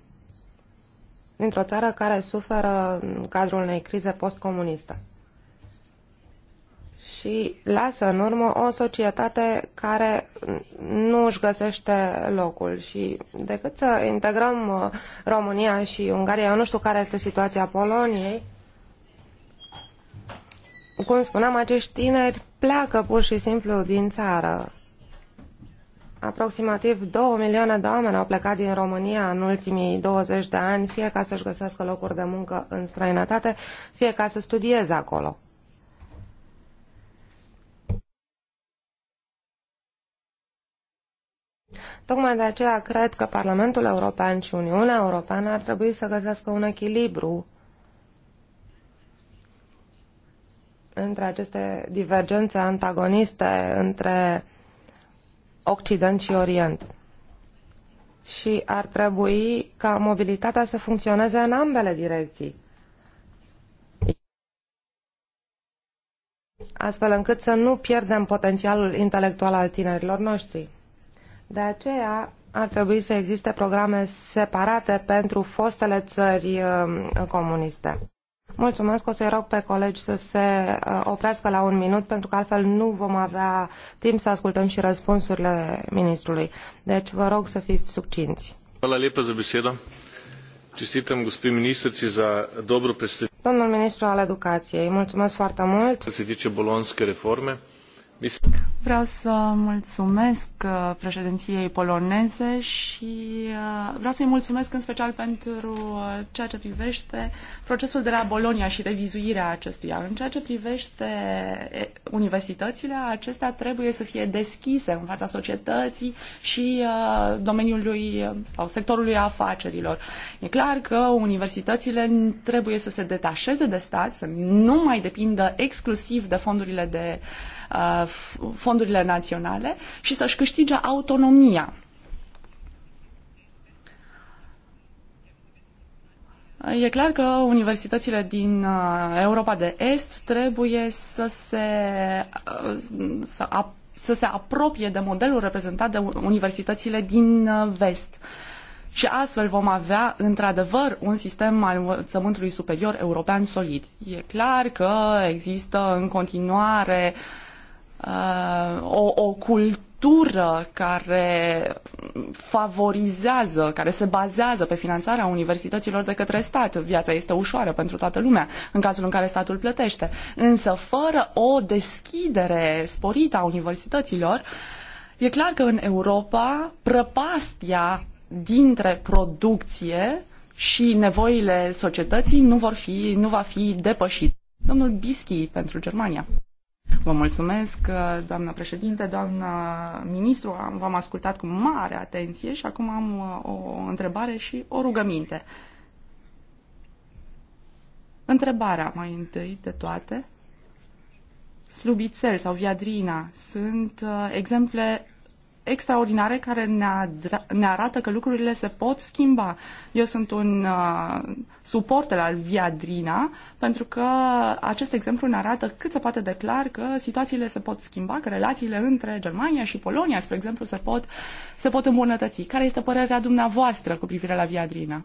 dintr-o țară care suferă în cadrul unei crize postcomuniste și lasă în urmă o societate care nu își găsește locul. Și decât să integrăm uh, România și Ungaria, eu nu știu care este situația Poloniei, cum spuneam, acești tineri pleacă pur și simplu din țară Aproximativ 2 milioane de oameni au plecat din România în ultimii 20 de ani, fie ca să-și găsească locuri de muncă în străinătate, fie ca să studieze acolo. Tocmai de aceea cred că Parlamentul European și Uniunea Europeană ar trebui să găsească un echilibru între aceste divergențe antagoniste între Occident și Orient. Și ar trebui ca mobilitatea să funcționeze în ambele direcții. Astfel încât să nu pierdem potențialul intelectual al tinerilor noștri. De aceea ar trebui să existe programe separate pentru fostele țări uh, comuniste. Mulțumesc, o să-i rog pe colegi să se uh, oprească la un minut, pentru că altfel nu vom avea timp să ascultăm și răspunsurile ministrului. Deci vă rog să fiți succinți. Hvala lepa za besedo. Čestitam gospe ministrici za dobro predstavitev. Domnul ministru al educației, mulțumesc foarte mult. Se tiče bolonske reforme. Vreau să mulțumesc uh, președinției poloneze și uh, vreau să-i mulțumesc în special pentru uh, ceea ce privește procesul de la Bolonia și revizuirea acestuia. În ceea ce privește universitățile, acestea trebuie să fie deschise în fața societății și domeniului sau sectorului afacerilor. E clar că universitățile trebuie să se detașeze de stat, să nu mai depindă exclusiv de fondurile de uh, Uh, fondurile naționale și să-și câștige autonomia. E clar că universitățile din uh, Europa de Est trebuie să se, uh, să, să se apropie de modelul reprezentat de universitățile din Vest. Și astfel vom avea, într-adevăr, un sistem al învățământului superior european solid. E clar că există în continuare uh, Uh, o, o cultură care favorizează, care se bazează pe finanțarea universităților de către stat. Viața este ușoară pentru toată lumea în cazul în care statul plătește. Însă fără o deschidere sporită a universităților, e clar că în Europa prăpastia dintre producție și nevoile societății nu, vor fi, nu va fi depășită. Domnul Bischi pentru Germania. Vă mulțumesc, uh, doamnă președinte, doamnă ministru. V-am ascultat cu mare atenție și acum am uh, o întrebare și o rugăminte. Întrebarea mai întâi de toate. Slubițel sau Viadrina sunt uh, exemple extraordinare care ne, adra- ne arată că lucrurile se pot schimba. Eu sunt un uh, suporter al Viadrina pentru că acest exemplu ne arată cât se poate de clar că situațiile se pot schimba, că relațiile între Germania și Polonia, spre exemplu, se pot, se pot îmbunătăți. Care este părerea dumneavoastră cu privire la Viadrina?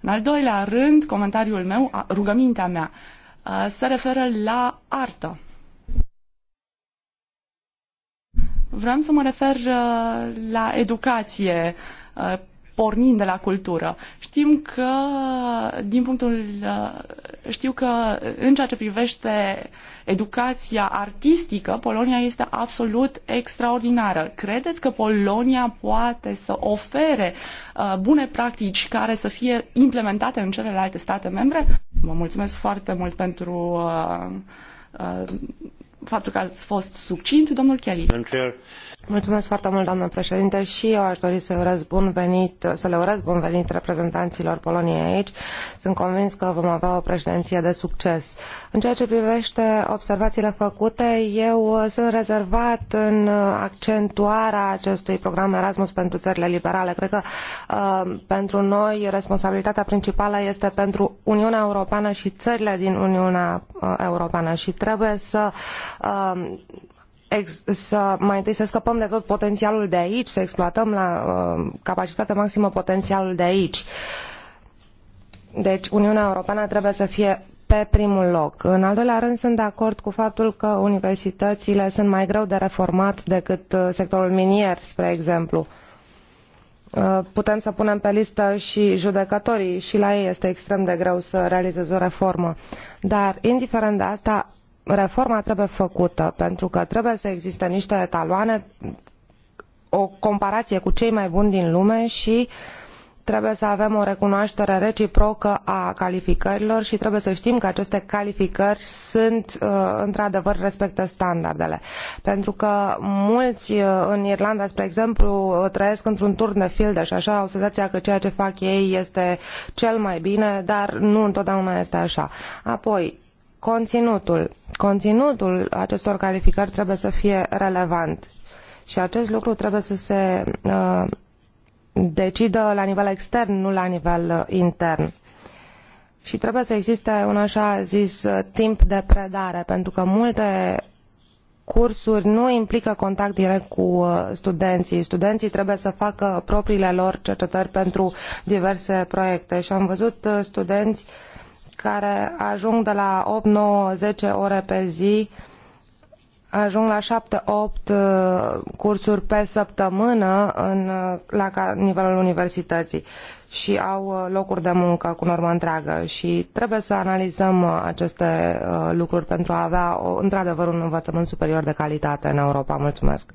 În al doilea rând, comentariul meu, rugămintea mea, uh, se referă la artă. Vreau să mă refer uh, la educație, uh, pornind de la cultură. Știm că, din punctul, uh, știu că în ceea ce privește educația artistică, Polonia este absolut extraordinară. Credeți că Polonia poate să ofere bune practici care să fie implementate în celelalte state membre? Vă mulțumesc foarte mult pentru faptul că ați fost succint, domnul Kelly. Mulțumesc foarte mult, președinte, și eu aș dori să, urez bun venit, să le urez bun venit reprezentanților Poloniei aici. Sunt convins că vom avea o președinție de succes. În ceea ce privește observațiile făcute, eu sunt rezervat în accentuarea acestui program Erasmus pentru țările liberale. Cred că uh, pentru noi responsabilitatea principală este pentru Uniunea Europeană și țările din Uniunea uh, Europeană și trebuie să uh, să mai întâi să scăpăm de tot potențialul de aici, să exploatăm la uh, capacitate maximă potențialul de aici. Deci Uniunea Europeană trebuie să fie pe primul loc. În al doilea rând sunt de acord cu faptul că universitățile sunt mai greu de reformat decât uh, sectorul minier, spre exemplu. Uh, putem să punem pe listă și judecătorii și la ei este extrem de greu să realizeze o reformă. Dar, indiferent de asta, reforma trebuie făcută pentru că trebuie să existe niște etaloane, o comparație cu cei mai buni din lume și trebuie să avem o recunoaștere reciprocă a calificărilor și trebuie să știm că aceste calificări sunt uh, într-adevăr respectă standardele. Pentru că mulți uh, în Irlanda, spre exemplu, trăiesc într-un turn de filde și așa au senzația că ceea ce fac ei este cel mai bine, dar nu întotdeauna este așa. Apoi, conținutul. Conținutul acestor calificări trebuie să fie relevant și acest lucru trebuie să se uh, decidă la nivel extern, nu la nivel uh, intern. Și trebuie să existe un așa zis uh, timp de predare, pentru că multe cursuri nu implică contact direct cu studenții. Studenții trebuie să facă propriile lor cercetări pentru diverse proiecte și am văzut studenți uh, care ajung de la 8, 9, 10 ore pe zi ajung la 7-8 uh, cursuri pe săptămână în, uh, la nivelul universității și au uh, locuri de muncă cu normă întreagă și trebuie să analizăm aceste lucruri pentru a avea într-adevăr un învățământ superior de calitate în Europa. Mulțumesc!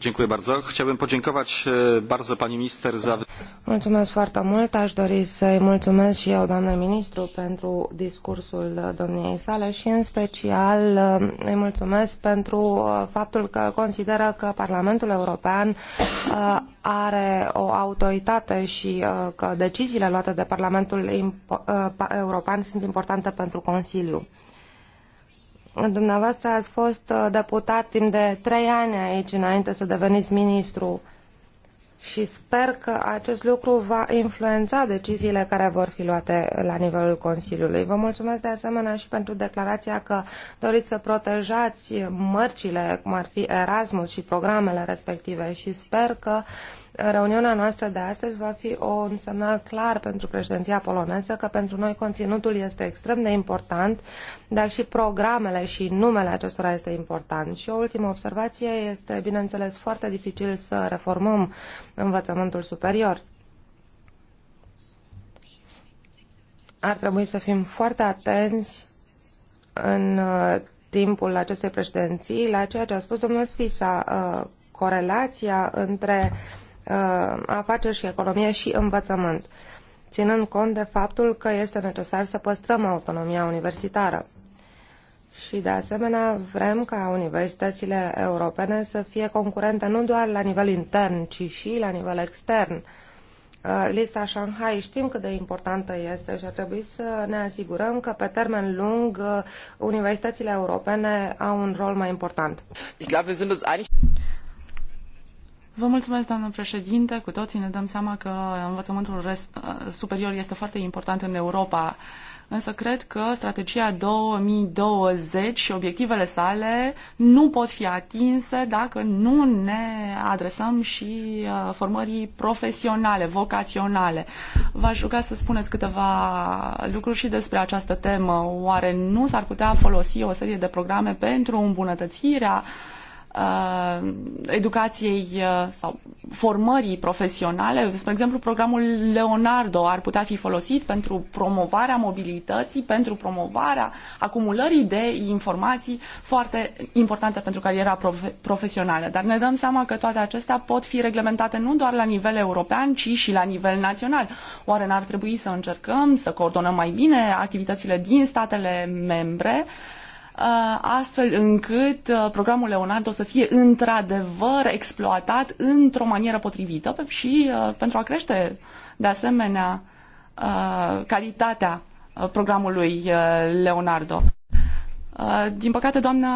Dziękuję bardzo. Chciałbym podziękować bardzo pani minister za... Mulțumesc foarte mult. Aș dori să-i mulțumesc și eu, doamnă ministru, pentru discursul domniei sale și în special îi mulțumesc pentru faptul că consideră că Parlamentul European are o autoritate și că deciziile luate de Parlamentul European sunt importante pentru Consiliu. Dumneavoastră ați fost uh, deputat timp de trei ani aici înainte să deveniți ministru și sper că acest lucru va influența deciziile care vor fi luate la nivelul Consiliului. Vă mulțumesc de asemenea și pentru declarația că doriți să protejați mărcile, cum ar fi Erasmus și programele respective și sper că uh, reuniunea noastră de astăzi va fi un semnal clar pentru președinția poloneză că pentru noi conținutul este extrem de important, dar și programele și numele acestora este important. Și o ultimă observație este, bineînțeles, foarte dificil să reformăm învățământul superior. Ar trebui să fim foarte atenți în uh, timpul acestei președinții la ceea ce a spus domnul Fisa, uh, corelația între Uh, afaceri și economie și învățământ, ținând cont de faptul că este necesar să păstrăm autonomia universitară. Și, de asemenea, vrem ca universitățile europene să fie concurente nu doar la nivel intern, ci și la nivel extern. Uh, lista Shanghai știm cât de importantă este și ar trebui să ne asigurăm că pe termen lung uh, universitățile europene au un rol mai important. Vă mulțumesc, doamnă președinte. Cu toții ne dăm seama că învățământul ă, superior este foarte important în Europa. Însă cred că strategia 2020 și obiectivele sale nu pot fi atinse dacă nu ne adresăm și ă, formării profesionale, vocaționale. V-aș ruga să spuneți câteva lucruri și despre această temă. Oare nu s-ar putea folosi o serie de programe pentru îmbunătățirea uh, Uh, educației uh, sau formării profesionale. Spre exemplu, programul Leonardo ar putea fi folosit pentru promovarea mobilității, pentru promovarea acumulării de informații foarte importante pentru cariera profe profesională. Dar ne dăm seama că toate acestea pot fi reglementate nu doar la nivel european, ci și la nivel național. Oare n-ar trebui să încercăm să coordonăm mai bine activitățile din statele membre Uh, astfel încât uh, programul Leonardo să fie într-adevăr exploatat într-o manieră potrivită și uh, pentru a crește de asemenea calitatea programului Leonardo. Uh, din păcate, doamna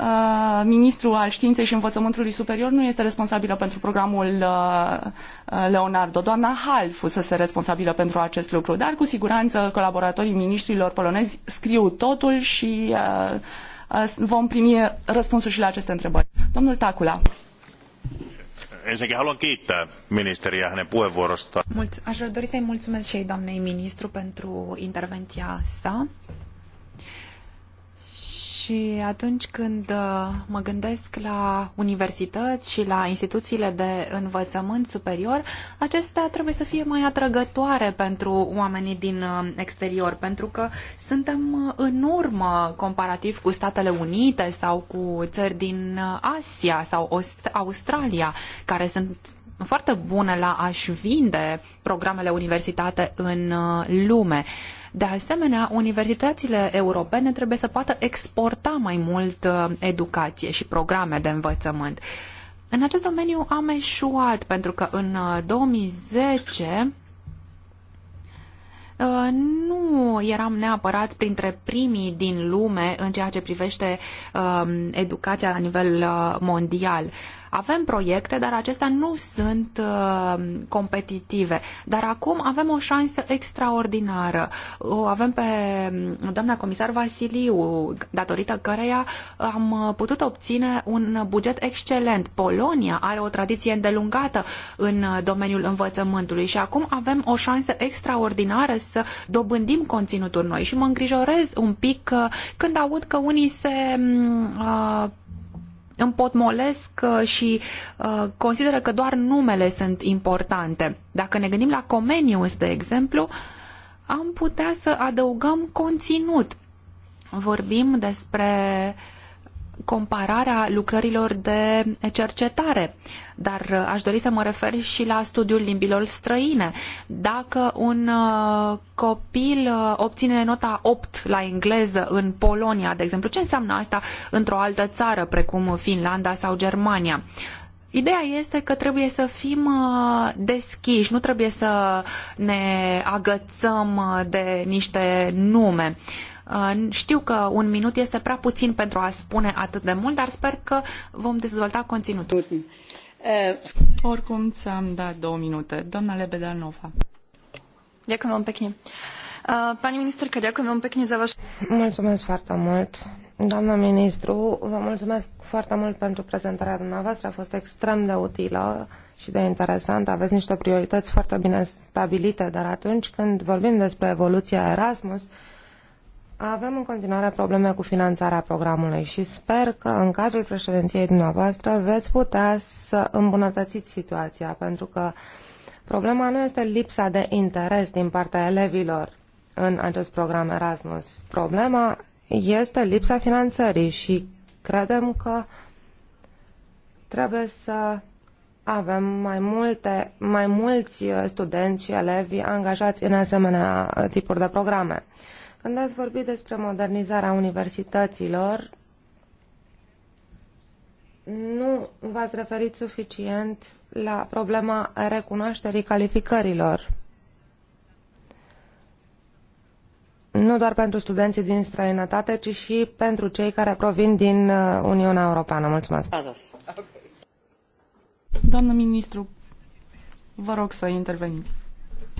uh, ministru al științei și învățământului superior nu este responsabilă pentru programul uh, Leonardo. Doamna Hall fusese responsabilă pentru acest lucru, dar cu siguranță colaboratorii ministrilor polonezi scriu totul și vom primi răspunsuri și la aceste întrebări. Domnul Tacula. Ensinnäkin haluan kiittää ministeriä hänen puheenvuorostaan. Aș dori să-i mulțumesc și doamnei ministru pentru intervenția sa. Și atunci când uh, mă gândesc la universități și la instituțiile de învățământ superior, acestea trebuie să fie mai atrăgătoare pentru oamenii din uh, exterior, pentru că suntem uh, în urmă comparativ cu Statele Unite sau cu țări din Asia sau Australia, care sunt foarte bune la a-și vinde programele universitate în uh, lume. De asemenea, universitățile europene trebuie să poată exporta mai mult uh, educație și programe de învățământ. În acest domeniu am eșuat pentru că în 2010 uh, nu eram neapărat printre primii din lume în ceea ce privește educația la nivel mondial. Avem proiecte, dar acestea nu sunt uh, competitive. Dar acum avem o șansă extraordinară. O avem pe mm, doamna comisar Vasiliu, datorită căreia uh, am uh, putut obține un buget excelent. Polonia are o tradiție îndelungată în uh, domeniul învățământului și acum avem o șansă extraordinară să dobândim conținuturi noi și mă îngrijorez un pic când aud că unii se mm, uh, împotmolesc uh, și uh, consideră că doar numele sunt importante. Dacă ne gândim la Comenius, de exemplu, am putea să adăugăm conținut. Vorbim despre uh, compararea lucrărilor de cercetare, dar uh, aș dori să mă refer și la studiul limbilor străine. Dacă un uh, copil uh, obține nota opt la engleză în Polonia, de exemplu, ce înseamnă asta într-o altă țară, precum Finlanda sau Germania? Ideea este că trebuie să fim deschiși, nu trebuie să ne agățăm de niște nume. Știu că un minut este prea puțin pentru a spune atât de mult, dar sper că vom dezvolta conținutul. Eh. Oricum ți-am dat două minute. Doamna Lebedanova. Ďakujem vám pekne. Eh, pani ministerka, ďakujem vám pekne za vaš... Mulțumesc foarte mult. Doamna ministru, vă mulțumesc foarte mult pentru prezentarea dumneavoastră. A fost extrem de utilă și de interesant. Aveți niște priorități foarte bine stabilite, dar atunci când vorbim despre evoluția Erasmus, uh, avem în continuare probleme cu finanțarea programului și sper că în cadrul președinției dumneavoastră veți putea să îmbunătățiți situația, pentru că problema nu este lipsa de interes din partea elevilor în acest program Erasmus. Problema este lipsa finanțării și credem că trebuie să avem mai, multe, mai mulți studenți și elevi angajați în asemenea tipuri de programe. Când ați vorbit despre modernizarea universităților, nu v-ați referit suficient la problema recunoașterii calificărilor. Nu doar pentru studenții din străinătate, ci și pentru cei care provin din uh, Uniunea Europeană. Mulțumesc. Doamnă ministru, vă rog să interveniți.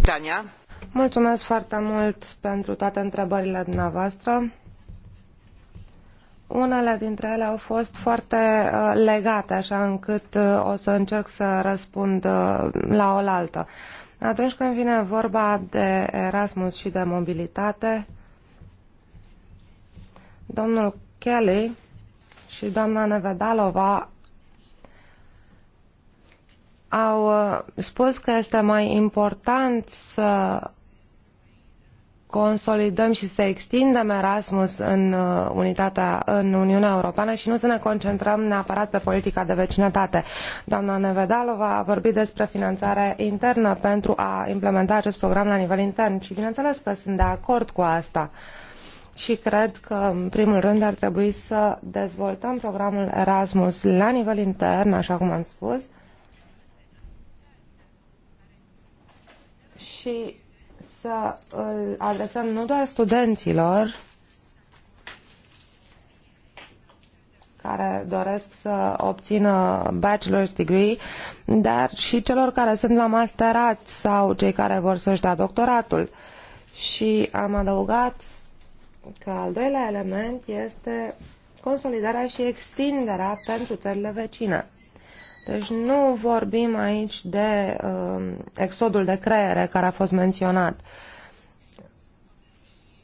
Tania, Mulțumesc foarte mult pentru toate întrebările dumneavoastră. Unele dintre ele au fost foarte uh, legate, așa încât uh, o să încerc să răspund uh, la oaltă. Atunci când vine vorba de Erasmus și de mobilitate, domnul Kelly și doamna Nevedalova au uh, spus că este mai important să consolidăm și să extindem Erasmus în, uh, unitatea, în Uniunea Europeană și nu să ne concentrăm neapărat pe politica de vecinătate. Doamna Nevedalova a vorbit despre finanțarea internă pentru a implementa acest program la nivel intern și bineînțeles că sunt de acord cu asta. Și cred că, în primul rând, ar trebui să dezvoltăm programul Erasmus la nivel intern, așa cum am spus, și să îl adresăm nu doar studenților care doresc să obțină bachelor's degree, dar și celor care sunt la masterat sau cei care vor să-și dea doctoratul. Și am adăugat că al doilea element este consolidarea și extinderea pentru țările vecine. Deci nu vorbim aici de uh, exodul de creiere care a fost menționat.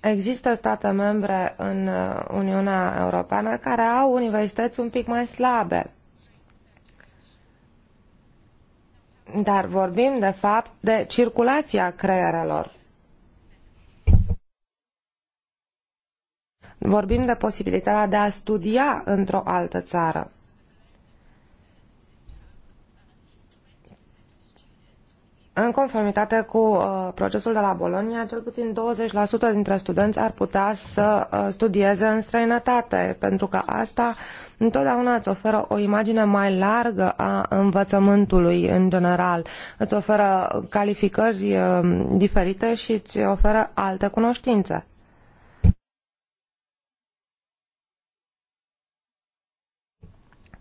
Există state membre în uh, Uniunea Europeană care au universități un pic mai slabe. Dar vorbim, de fapt, de circulația creierelor. Vorbim de posibilitatea de a studia într-o altă țară. În conformitate cu uh, procesul de la Bologna, cel puțin 20% dintre studenți ar putea să uh, studieze în străinătate, pentru că asta întotdeauna îți oferă o imagine mai largă a învățământului în general. Îți oferă calificări uh, diferite și îți oferă alte cunoștințe.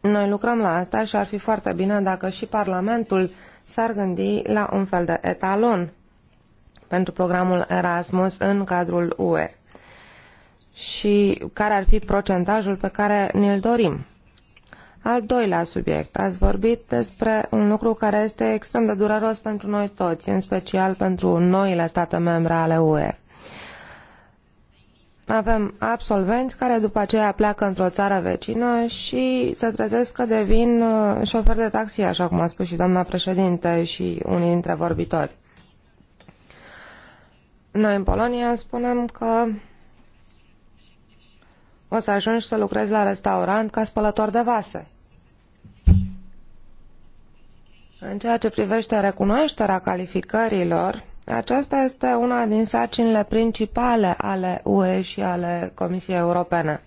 Noi lucrăm la asta și ar fi foarte bine dacă și Parlamentul s-ar gândi la un fel de etalon pentru programul Erasmus în cadrul UE și care ar fi procentajul pe care ne l dorim. Al doilea subiect. Ați vorbit despre un lucru care este extrem de dureros pentru noi toți, în special pentru noile state membre ale UE. Avem absolvenți care după aceea pleacă într-o țară vecină și se trezesc că devin uh, șoferi de taxi, așa cum a spus și doamna președinte și unii dintre vorbitori. Noi în Polonia spunem că o să ajungi să lucrezi la restaurant ca spălător de vase. În ceea ce privește recunoașterea calificărilor, aceasta este una din sarcinile principale ale UE și ale Comisiei Europene.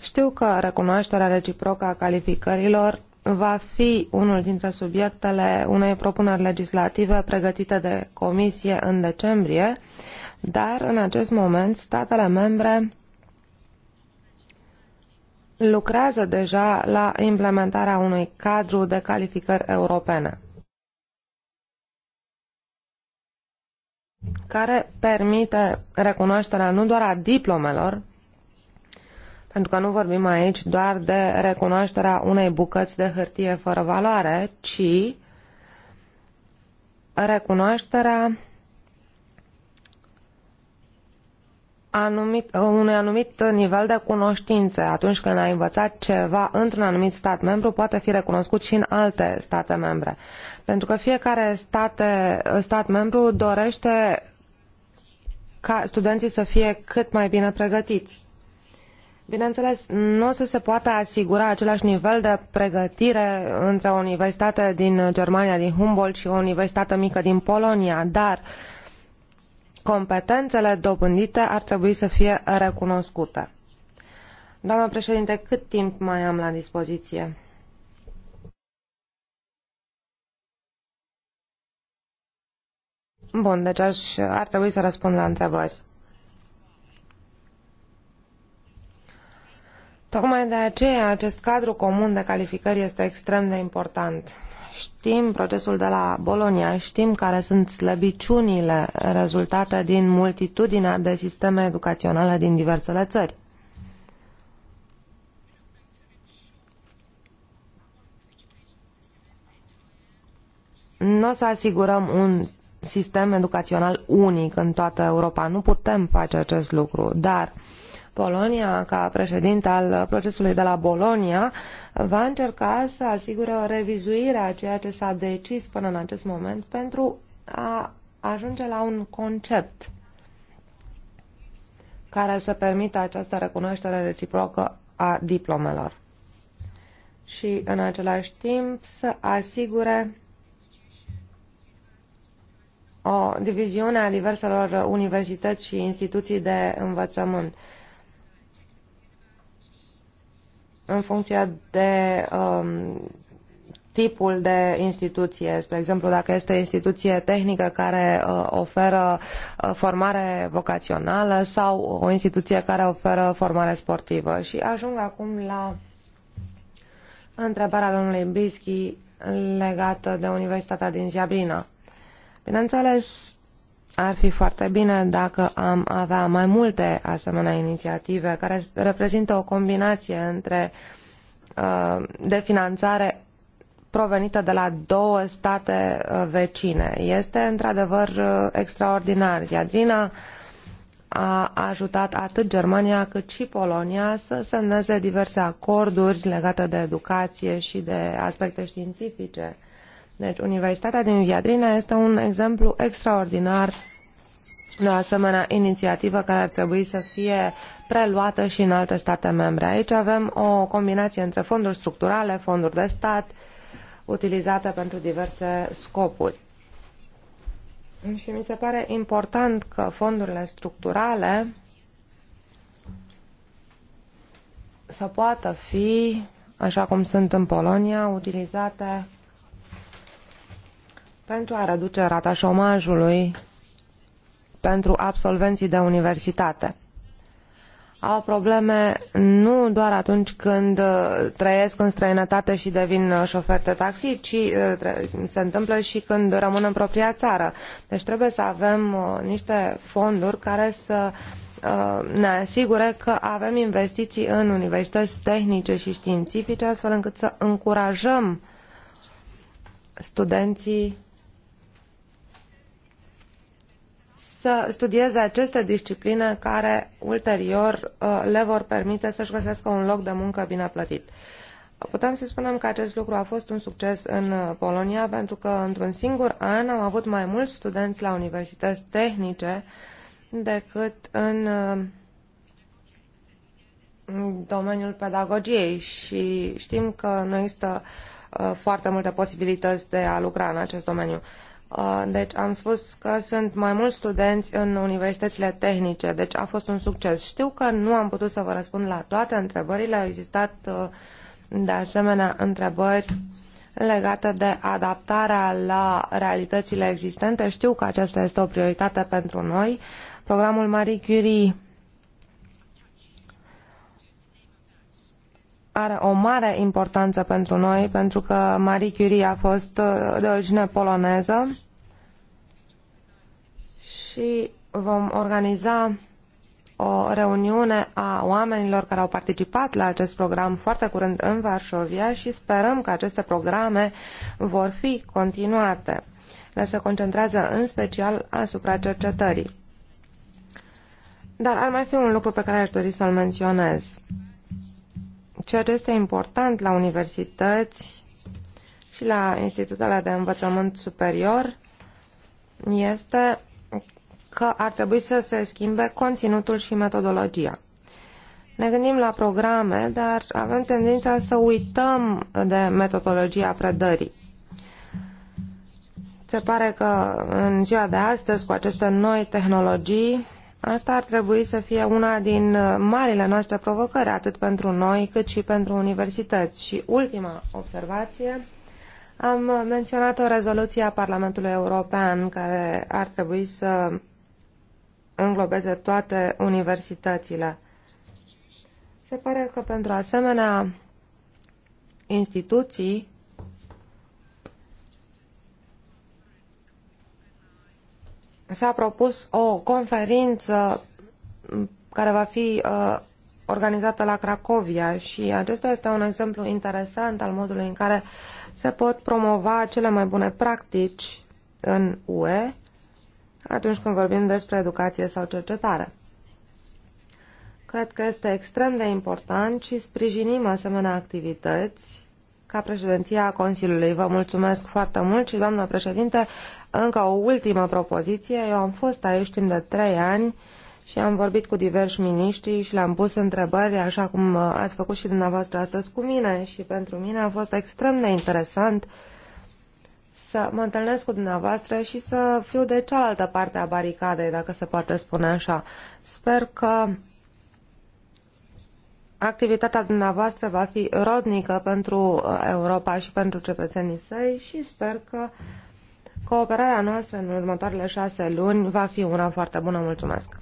Știu că recunoașterea reciprocă a calificărilor va fi unul dintre subiectele unei propuneri legislative pregătite de Comisie în decembrie, dar în acest moment statele membre lucrează deja la implementarea unui cadru de calificări europene. care permite recunoașterea nu doar a diplomelor, pentru că nu vorbim aici doar de recunoașterea unei bucăți de hârtie fără valoare, ci recunoașterea anumit, unui anumit nivel de cunoștințe atunci când ai învățat ceva într-un anumit stat membru poate fi recunoscut și în alte state membre. Pentru că fiecare state, stat membru dorește ca studenții să fie cât mai bine pregătiți. Bineînțeles, nu o să se poată asigura același nivel de pregătire între o universitate din Germania, din Humboldt și o universitate mică din Polonia, dar uh, competențele dobândite ar trebui să fie recunoscute. Doamnă președinte, cât timp mai am la dispoziție? Bun, deci aș, ar trebui să răspund la întrebări. Tocmai de aceea acest cadru comun de calificări este extrem de important. Știm procesul de la Bolonia, știm care sunt slăbiciunile rezultate din multitudinea de sisteme educaționale din diversele țări. Nu o să asigurăm un sistem educațional unic în toată Europa. Nu putem face acest lucru, dar uh, Polonia, ca președinte al procesului de la Bolonia, va încerca să asigure o revizuire a ceea ce s-a decis până în acest moment pentru a ajunge la un concept care să permită această recunoaștere reciprocă a diplomelor și în același timp să asigure o diviziune a diverselor universități și instituții de învățământ. în funcție de um, tipul de instituție, spre exemplu, dacă este o instituție tehnică care uh, oferă uh, formare vocațională sau o instituție care oferă formare sportivă. Și ajung acum la întrebarea domnului Bischi legată de Universitatea din Ziabrina. Bineînțeles, ar fi foarte bine dacă am avea mai multe asemenea inițiative care reprezintă o combinație între uh, de finanțare provenită de la două state uh, vecine. Este într-adevăr uh, extraordinar. Iadrina a ajutat atât Germania cât și Polonia să semneze diverse acorduri legate de educație și de aspecte științifice deci, Universitatea din Viadrina este un exemplu extraordinar de o asemenea inițiativă care ar trebui să fie preluată și în alte state membre. Aici avem o combinație între fonduri structurale, fonduri de stat, utilizate pentru diverse scopuri. Și mi se pare important că fondurile structurale să poată fi, așa cum sunt în Polonia, utilizate pentru a reduce rata șomajului pentru absolvenții de universitate au probleme nu doar atunci când uh, trăiesc în străinătate și devin uh, șofer de taxi, ci uh, se întâmplă și când rămân în propria țară. Deci trebuie să avem niște fonduri care să ne asigure că avem investiții în universități tehnice și științifice, astfel încât să încurajăm studenții să studieze aceste discipline care ulterior uh, le vor permite să îi găsească un loc de muncă bine plătit. Putem să spunem că acest lucru a fost un succes în uh, Polonia pentru că într-un singur an am avut mai mulți studenți la universități tehnice decât în uh, domeniul pedagogiei și știm că nu există foarte multe posibilități de a lucra în acest domeniu. Uh, deci am spus că sunt mai mulți studenți în universitățile tehnice, deci a fost un succes. Știu că nu am putut să vă răspund la toate întrebările, au existat uh, de asemenea întrebări legate de adaptarea la realitățile existente. Știu că aceasta este o prioritate pentru noi. Programul Marie Curie are o mare importanță pentru noi, pentru că Marie Curie a fost uh, de origine poloneză și vom organiza o reuniune a oamenilor care au participat la acest program foarte curând în Varșovia și sperăm că aceste programe vor fi continuate. Le se concentrează în special asupra cercetării. Dar ar mai fi un lucru pe care aș dori să-l menționez. Ceea ce este important la universități și la institutele de învățământ superior este că ar trebui să se schimbe conținutul și metodologia. Ne gândim la programe, dar avem tendința să uităm de metodologia predării. Se pare că în ziua de astăzi, cu aceste noi tehnologii, Asta ar trebui să fie una din uh, marile noastre provocări, atât pentru noi cât și pentru universități. Și ultima observație, am menționat o rezoluție a Parlamentului European care ar trebui să înglobeze toate universitățile. Se pare că pentru asemenea instituții s-a propus o conferință care va fi uh, organizată la Cracovia și acesta este un exemplu interesant al modului în care se pot promova cele mai bune practici în UE atunci când vorbim despre educație sau cercetare. Cred că este extrem de important și sprijinim asemenea activități ca președinția Consiliului. Vă mulțumesc foarte mult și, doamnă președinte, încă o ultimă propoziție. Eu am fost aici timp de trei ani și am vorbit cu diversi miniștri și le-am pus întrebări, așa cum ați făcut și dumneavoastră astăzi cu mine și pentru mine a fost extrem de interesant să mă întâlnesc cu dumneavoastră și să fiu de cealaltă parte a baricadei, dacă se poate spune așa. Sper că activitatea dumneavoastră va fi rodnică pentru Europa și pentru cetățenii săi și sper că uh, Cooperarea noastră în următoarele șase luni va fi una foarte bună. Mulțumesc!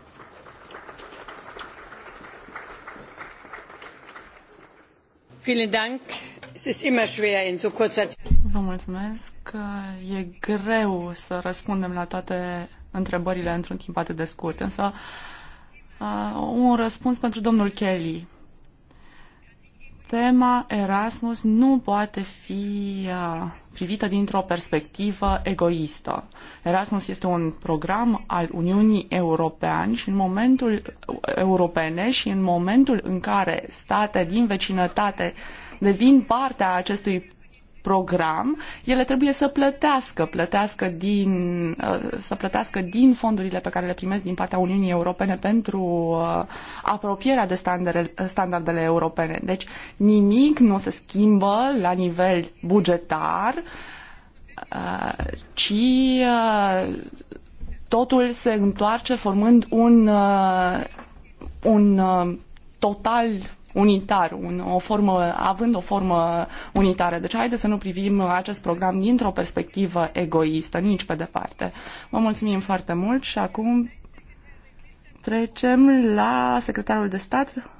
Vă mulțumesc. E greu să răspundem la toate întrebările într-un timp atât de scurt, însă uh, un răspuns pentru domnul Kelly. Tema Erasmus nu poate fi uh, privită dintr-o perspectivă egoistă. Erasmus este un program al Uniunii Europeane și în momentul europene și în momentul în care state din vecinătate devin parte a acestui program, ele trebuie să plătească, plătească din, uh, să plătească din fondurile pe care le primesc din partea Uniunii Europene pentru uh, apropierea de standardele, standardele europene. Deci nimic nu se schimbă la nivel bugetar, uh, ci totul se întoarce formând un, un total unitar, un, o formă, având o formă unitară. Deci haideți să nu privim acest program dintr-o perspectivă egoistă, nici pe departe. Vă mulțumim foarte mult și acum trecem la secretarul de stat,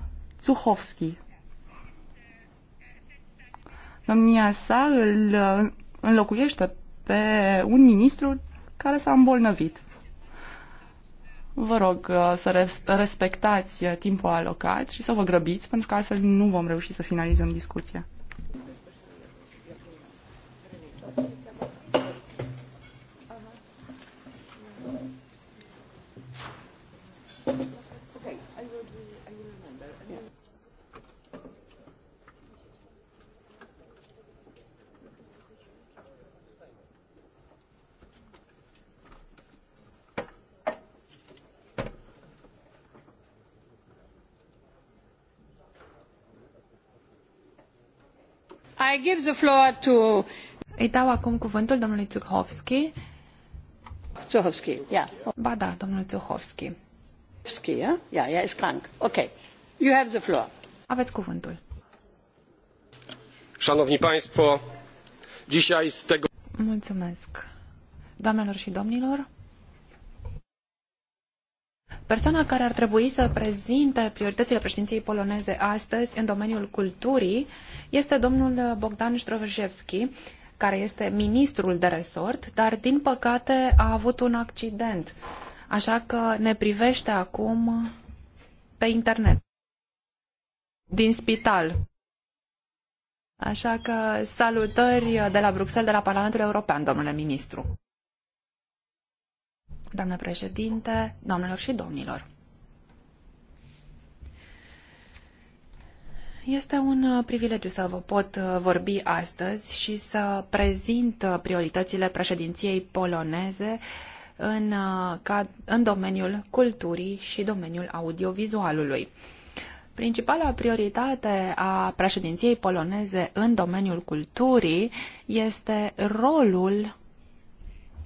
Zuhovski. Domnia sa îl înlocuiește pe un ministru care s-a îmbolnăvit. Vă rog uh, să respectați uh, timpul alocat și să vă grăbiți, pentru că altfel nu vom reuși să finalizăm discuția. I give the floor to... Îi dau acum cuvântul domnului Zuhovski. Zuhovski, yeah. Ba da, domnul Zuhovski. Zuhovski, yeah? Yeah, yeah, is crank. Ok. You have the floor. Aveți cuvântul. Szanowni Państwo, dzisiaj z tego... Mulțumesc. Doamnelor și domnilor, Persoana care ar trebui să prezinte prioritățile președinției poloneze astăzi în domeniul culturii este domnul Bogdan Ștrovjevski, care este ministrul de resort, dar din păcate a avut un accident, așa că ne privește acum pe internet, din spital. Așa că salutări de la Bruxelles, de la Parlamentul European, domnule ministru doamnă președinte, doamnelor și domnilor. Este un privilegiu să vă pot vorbi astăzi și să prezint prioritățile președinției poloneze în, în domeniul culturii și domeniul audiovizualului. Principala prioritate a președinției poloneze în domeniul culturii este rolul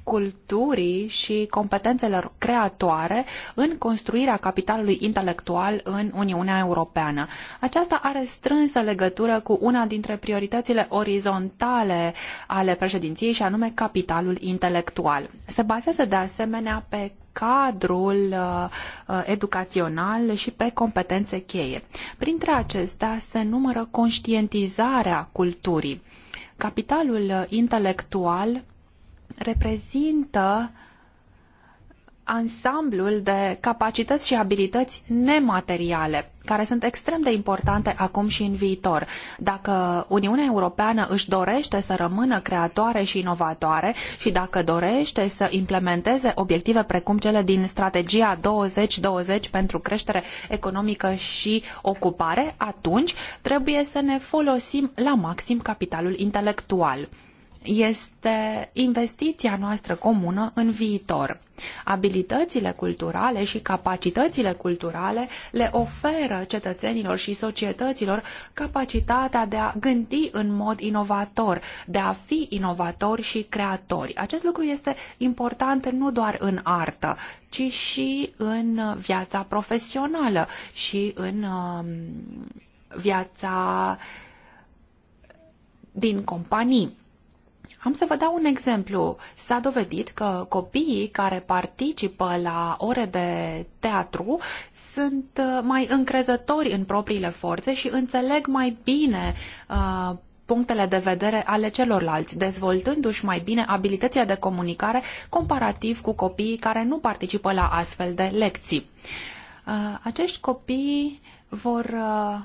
culturii și competențelor creatoare în construirea capitalului intelectual în Uniunea Europeană. Aceasta are strânsă legătură cu una dintre prioritățile orizontale ale președinției și anume capitalul intelectual. Se bazează de asemenea pe cadrul uh, uh, educațional și pe competențe cheie. Printre acestea se numără conștientizarea culturii. Capitalul uh, intelectual reprezintă ansamblul de capacități și abilități nemateriale, care sunt extrem de importante acum și în viitor. Dacă Uniunea Europeană își dorește să rămână creatoare și inovatoare și dacă dorește să implementeze obiective precum cele din strategia 2020 pentru creștere economică și ocupare, atunci trebuie să ne folosim la maxim capitalul intelectual este investiția noastră comună în viitor. Abilitățile culturale și capacitățile culturale le oferă cetățenilor și societăților capacitatea de a gândi în mod inovator, de a fi inovatori și creatori. Acest lucru este important nu doar în artă, ci și în viața profesională și în um, viața din companii am să vă dau un exemplu. S-a dovedit că copiii care participă la ore de teatru sunt uh, mai încrezători în propriile forțe și înțeleg mai bine uh, punctele de vedere ale celorlalți, dezvoltându-și mai bine abilitățile de comunicare comparativ cu copiii care nu participă la astfel de lecții. Uh, acești copii vor uh,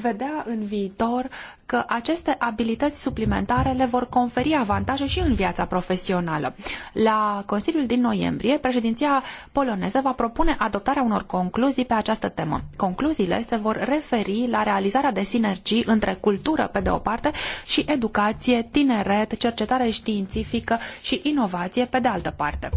vedea în viitor că aceste abilități suplimentare le vor conferi avantaje și în viața profesională. La Consiliul din noiembrie, președinția poloneză va propune adoptarea unor concluzii pe această temă. Concluziile se vor referi la realizarea de sinergii între cultură, pe de o parte, și educație, tineret, cercetare științifică și inovație, pe de altă parte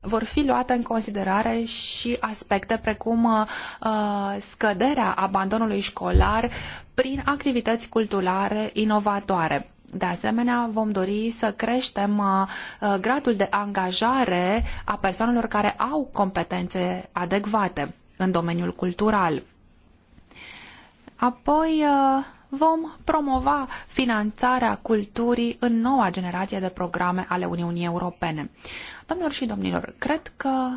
vor fi luate în considerare și aspecte precum uh, uh, scăderea abandonului școlar prin activități culturale inovatoare. De asemenea, vom dori să creștem uh, gradul de angajare a persoanelor care au competențe adecvate în domeniul cultural. Apoi, uh, vom promova finanțarea culturii în noua generație de programe ale Uniunii Europene. Domnilor și domnilor, cred că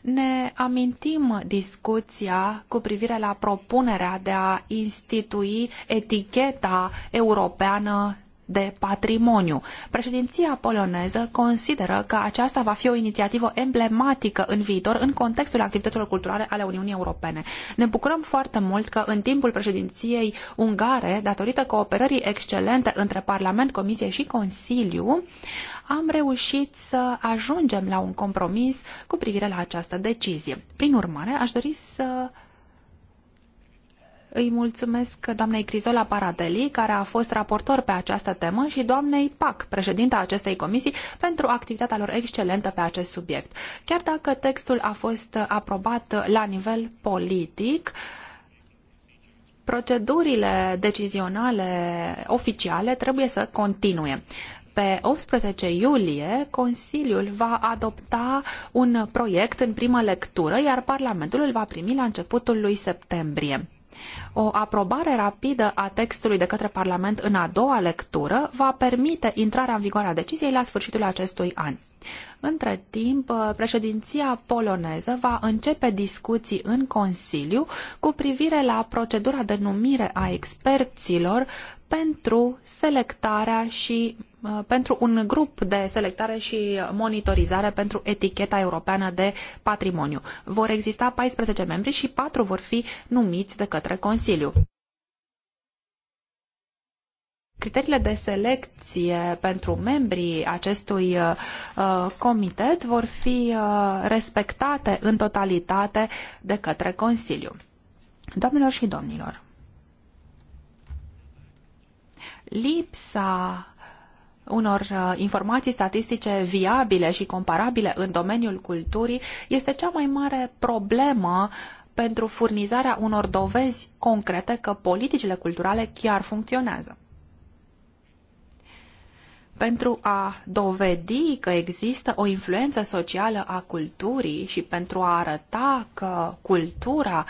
ne amintim discuția cu privire la propunerea de a institui eticheta europeană de patrimoniu. Președinția poloneză consideră că aceasta va fi o inițiativă emblematică în viitor în contextul activităților culturale ale Uniunii Europene. Ne bucurăm foarte mult că în timpul președinției ungare, datorită cooperării excelente între Parlament, Comisie și Consiliu, am reușit să ajungem la un compromis cu privire la această decizie. Prin urmare, aș dori să îi mulțumesc doamnei Crizola Paradeli, care a fost raportor pe această temă, și doamnei PAC, președinta acestei comisii, pentru activitatea lor excelentă pe acest subiect. Chiar dacă textul a fost aprobat la nivel politic, procedurile decizionale oficiale trebuie să continue pe 18 iulie, Consiliul va adopta un proiect în primă lectură, iar Parlamentul îl va primi la începutul lui septembrie. O aprobare rapidă a textului de către Parlament în a doua lectură va permite intrarea în vigoare a deciziei la sfârșitul acestui an. Între timp, președinția poloneză va începe discuții în Consiliu cu privire la procedura de numire a experților pentru selectarea și Uh, pentru un grup de selectare și monitorizare pentru eticheta europeană de patrimoniu. Vor exista 14 membri și 4 vor fi numiți de către Consiliu. Criteriile de selecție pentru membrii acestui uh, comitet vor fi uh, respectate în totalitate de către Consiliu. Doamnelor și domnilor, lipsa unor uh, informații statistice viabile și comparabile în domeniul culturii este cea mai mare problemă pentru furnizarea unor dovezi concrete că politicile culturale chiar funcționează. Pentru a dovedi că există o influență socială a culturii și pentru a arăta că cultura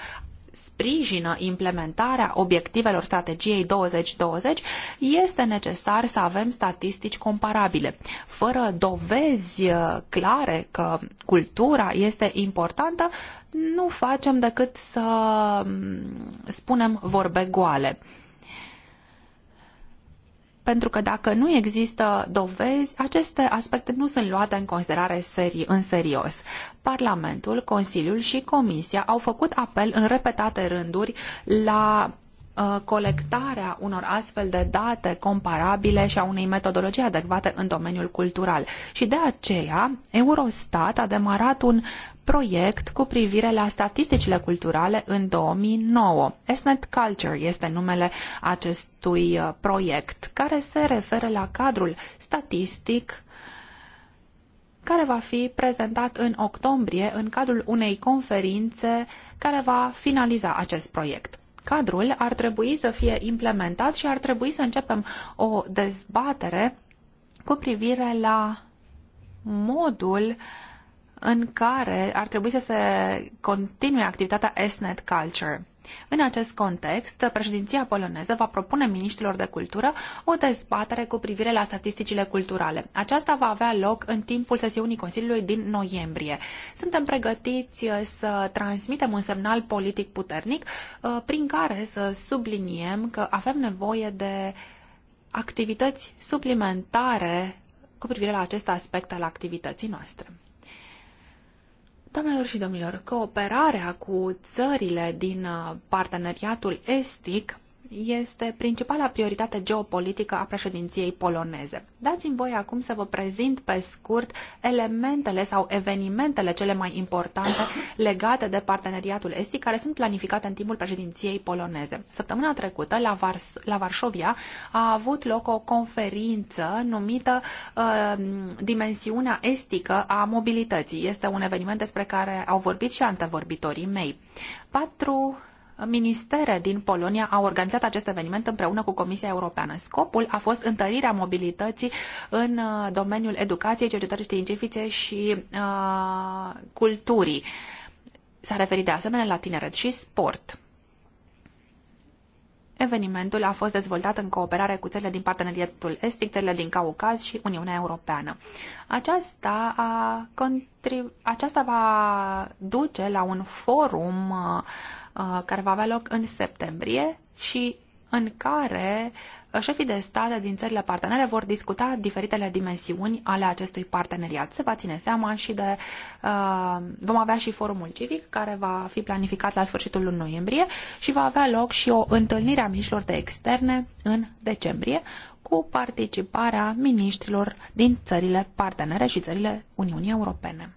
sprijină implementarea obiectivelor strategiei 2020, este necesar să avem statistici comparabile. Fără dovezi uh, clare că cultura este importantă, nu facem decât să mm, spunem vorbe goale pentru că dacă nu există dovezi, aceste aspecte nu sunt luate în considerare seri, în serios. Parlamentul, Consiliul și Comisia au făcut apel în repetate rânduri la uh, colectarea unor astfel de date comparabile și a unei metodologii adecvate în domeniul cultural. Și de aceea, Eurostat a demarat un proiect cu privire la statisticile culturale în 2009. Esnet Culture este numele acestui uh, proiect, care se referă la cadrul statistic care va fi prezentat în octombrie în cadrul unei conferințe care va finaliza acest proiect. Cadrul ar trebui să fie implementat și ar trebui să începem o dezbatere cu privire la modul uh, în care ar trebui să se continue activitatea SNET Culture. În acest context, președinția poloneză va propune miniștrilor de cultură o dezbatere cu privire la statisticile culturale. Aceasta va avea loc în timpul sesiunii Consiliului din noiembrie. Suntem pregătiți uh, să transmitem un semnal politic puternic uh, prin care să subliniem că avem nevoie de activități suplimentare cu privire la acest aspect al activității noastre. Doamnelor și domnilor, cooperarea cu țările din uh, parteneriatul estic este principala prioritate geopolitică a președinției poloneze. Dați-mi voi acum să vă prezint pe scurt elementele sau evenimentele cele mai importante legate de parteneriatul estic care sunt planificate în timpul președinției poloneze. Săptămâna trecută la, Vars- la Varșovia a avut loc o conferință numită uh, Dimensiunea estică a mobilității. Este un eveniment despre care au vorbit și antevorbitorii mei. Patru ministere din Polonia au organizat acest eveniment împreună cu Comisia Europeană. Scopul a fost întărirea mobilității în uh, domeniul educației, cercetării științifice și uh, culturii. S-a referit de asemenea la tineret și sport. Evenimentul a fost dezvoltat în cooperare cu țările din parteneriatul estic, țările din Caucaz și Uniunea Europeană. Aceasta, a aceasta va duce la un forum uh, Uh, care va avea loc în septembrie și în care uh, șefii de state din țările partenere vor discuta diferitele dimensiuni ale acestui parteneriat. Se va ține seama și de... Uh, vom avea și forumul civic care va fi planificat la sfârșitul lui noiembrie și va avea loc și o întâlnire a mișilor de externe în decembrie cu participarea miniștrilor din țările partenere și țările Uniunii Europene.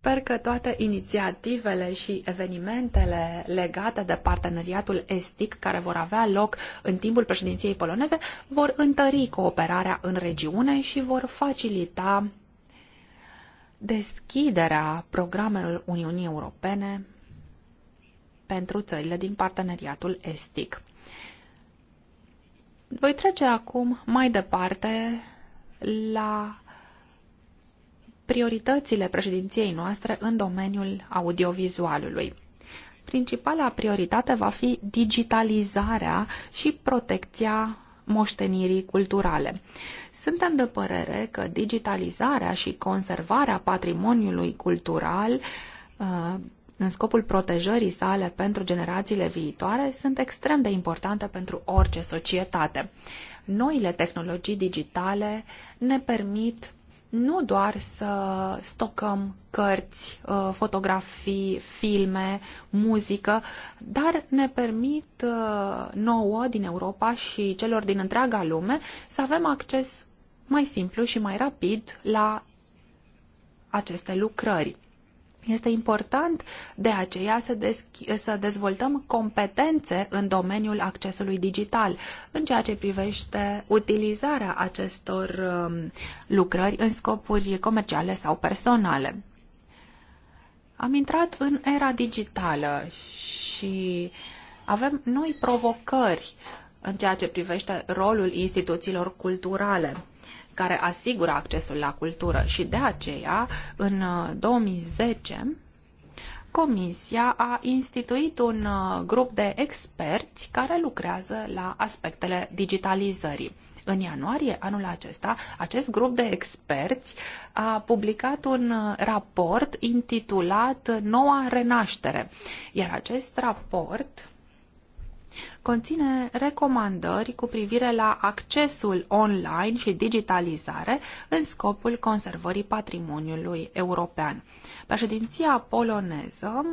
Sper că toate inițiativele și evenimentele legate de parteneriatul estic care vor avea loc în timpul președinției poloneze vor întări cooperarea în regiune și vor facilita deschiderea programelor Uniunii Europene pentru țările din parteneriatul estic. Voi trece acum mai departe la prioritățile președinției noastre în domeniul audiovizualului. Principala prioritate va fi digitalizarea și protecția moștenirii culturale. Suntem de părere că digitalizarea și conservarea patrimoniului cultural uh, în scopul protejării sale pentru generațiile viitoare sunt extrem de importante pentru orice societate. Noile tehnologii digitale ne permit nu doar să stocăm cărți, uh, fotografii, filme, muzică, dar ne permit uh, nouă din Europa și celor din întreaga lume să avem acces mai simplu și mai rapid la aceste lucrări. Este important de aceea să, să dezvoltăm competențe în domeniul accesului digital, în ceea ce privește utilizarea acestor um, lucrări în scopuri comerciale sau personale. Am intrat în era digitală și avem noi provocări în ceea ce privește rolul instituțiilor culturale care asigură accesul la cultură și de aceea, în 2010, uh, Comisia a instituit un uh, grup de experți care lucrează la aspectele digitalizării. În ianuarie anul acesta, acest grup de experți a publicat un uh, raport intitulat Noua Renaștere, iar acest raport conține recomandări cu privire la accesul online și digitalizare în scopul conservării patrimoniului european. Președinția poloneză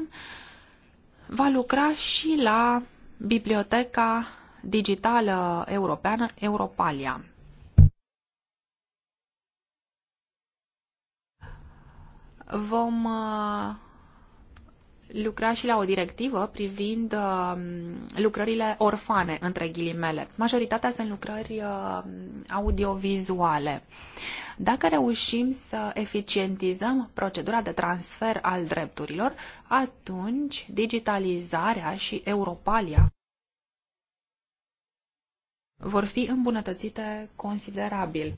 va lucra și la Biblioteca Digitală Europeană Europalia. Vom uh, lucra și la o directivă privind uh, lucrările orfane, între ghilimele. Majoritatea sunt lucrări uh, audiovizuale. Dacă reușim să eficientizăm procedura de transfer al drepturilor, atunci digitalizarea și Europalia vor fi îmbunătățite considerabil.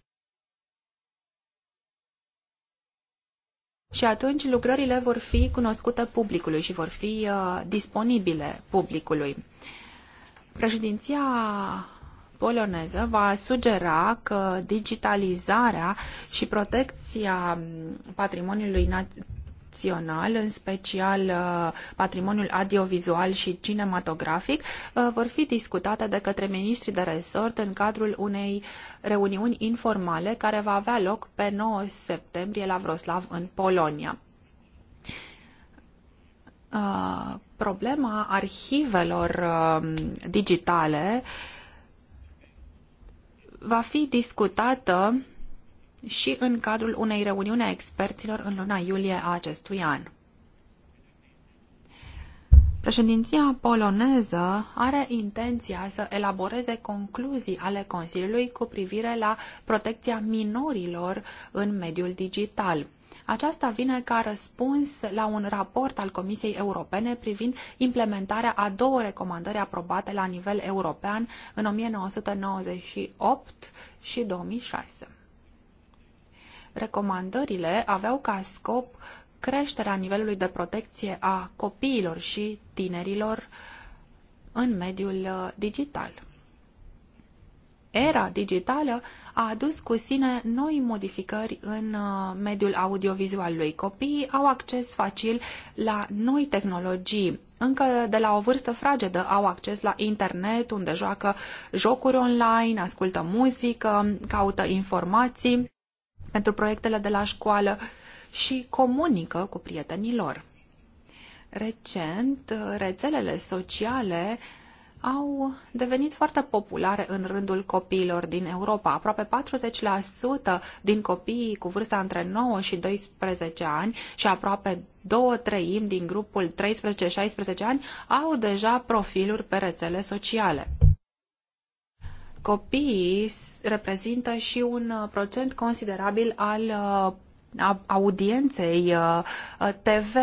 Și atunci lucrările vor fi cunoscute publicului și vor fi uh, disponibile publicului. Președinția poloneză va sugera că digitalizarea și protecția patrimoniului național, în special uh, patrimoniul audiovizual și cinematografic, uh, vor fi discutate de către ministrii de resort în cadrul unei reuniuni informale care va avea loc pe 9 septembrie la Vroslav, în Polonia uh, problema arhivelor um, digitale va fi discutată și în cadrul unei reuniuni a experților în luna iulie a acestui an. Președinția poloneză are intenția să elaboreze concluzii ale Consiliului cu privire la protecția minorilor în mediul digital. Aceasta vine ca răspuns la un raport al Comisiei Europene privind implementarea a două recomandări aprobate la nivel european în 1998 și 2006 recomandările aveau ca scop creșterea nivelului de protecție a copiilor și tinerilor în mediul uh, digital. Era digitală a adus cu sine noi modificări în uh, mediul audiovizual lui. Copiii au acces facil la noi tehnologii. Încă de la o vârstă fragedă au acces la internet, unde joacă jocuri online, ascultă muzică, caută informații pentru proiectele de la școală și comunică cu prietenii lor. Recent, rețelele sociale au devenit foarte populare în rândul copiilor din Europa. Aproape 40% din copiii cu vârsta între 9 și 12 ani și aproape două treimi din grupul 13-16 ani au deja profiluri pe rețele sociale copiii reprezintă și un uh, procent considerabil al uh, audienței uh, TV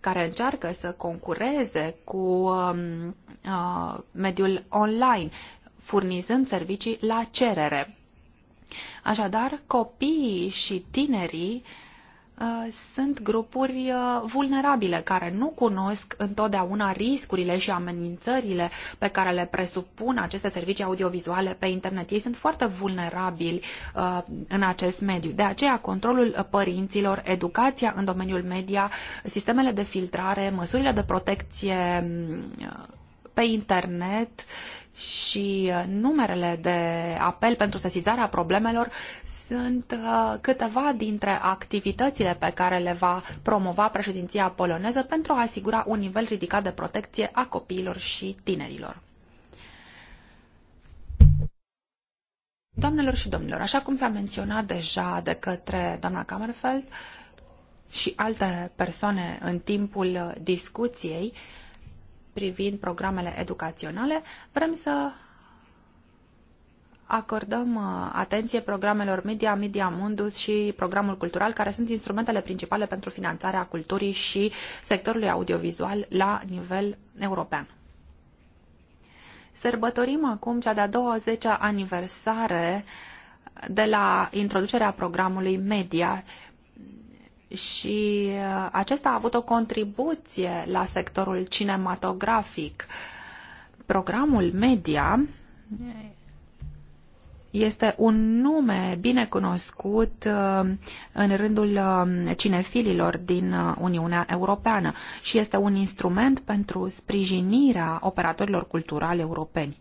care încearcă să concureze cu um, mediul online, furnizând servicii la cerere. Așadar, copiii și tinerii Uh, sunt grupuri uh, vulnerabile care nu cunosc întotdeauna riscurile și amenințările pe care le presupun aceste servicii audiovizuale pe internet. Ei sunt foarte vulnerabili uh, în acest mediu. De aceea, controlul părinților, educația în domeniul media, sistemele de filtrare, măsurile de protecție mm, pe internet și uh, numerele de apel pentru sesizarea problemelor sunt uh, câteva dintre activitățile pe care le va promova președinția poloneză pentru a asigura un nivel ridicat de protecție a copiilor și tinerilor. Doamnelor și domnilor, așa cum s-a menționat deja de către doamna Kammerfeld și alte persoane în timpul discuției, uh, privind programele educaționale, vrem să acordăm uh, atenție programelor Media, Media Mundus și programul cultural, care sunt instrumentele principale pentru finanțarea culturii și sectorului audiovizual la nivel european. Sărbătorim acum cea de-a 20-a aniversare de la introducerea programului Media și uh, acesta a avut o contribuție la sectorul cinematografic. Programul media este un nume bine cunoscut uh, în rândul uh, cinefililor din Uniunea Europeană și este un instrument pentru sprijinirea operatorilor culturali europeni.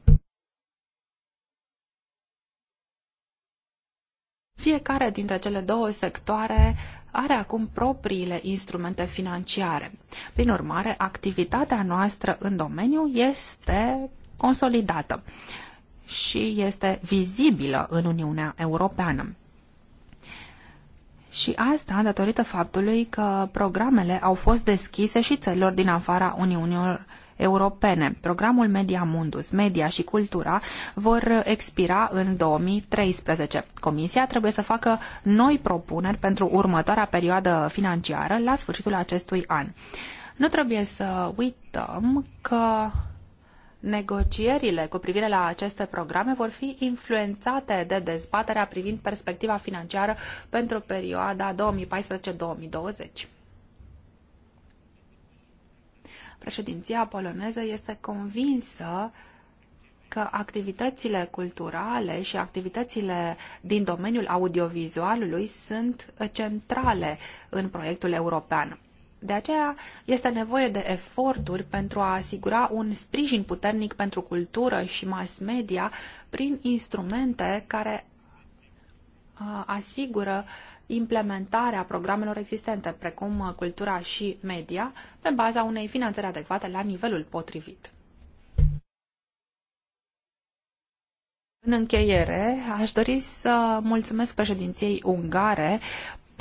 Fiecare dintre cele două sectoare are acum propriile instrumente financiare. Prin urmare, activitatea noastră în domeniu este consolidată și este vizibilă în Uniunea Europeană. Și asta datorită faptului că programele au fost deschise și țărilor din afara Uniunii europene. Programul Media Mundus, Media și Cultura vor expira în 2013. Comisia trebuie să facă noi propuneri pentru următoarea perioadă financiară la sfârșitul acestui an. Nu trebuie să uităm că negocierile cu privire la aceste programe vor fi influențate de dezbaterea privind perspectiva financiară pentru perioada 2014-2020. Președinția poloneză este convinsă că activitățile culturale și activitățile din domeniul audiovizualului sunt centrale în proiectul european. De aceea este nevoie de eforturi pentru a asigura un sprijin puternic pentru cultură și mass media prin instrumente care uh, asigură uh, implementarea programelor existente, precum uh, cultura și media, pe baza unei finanțări adecvate la nivelul potrivit. În încheiere, aș dori să mulțumesc președinției ungare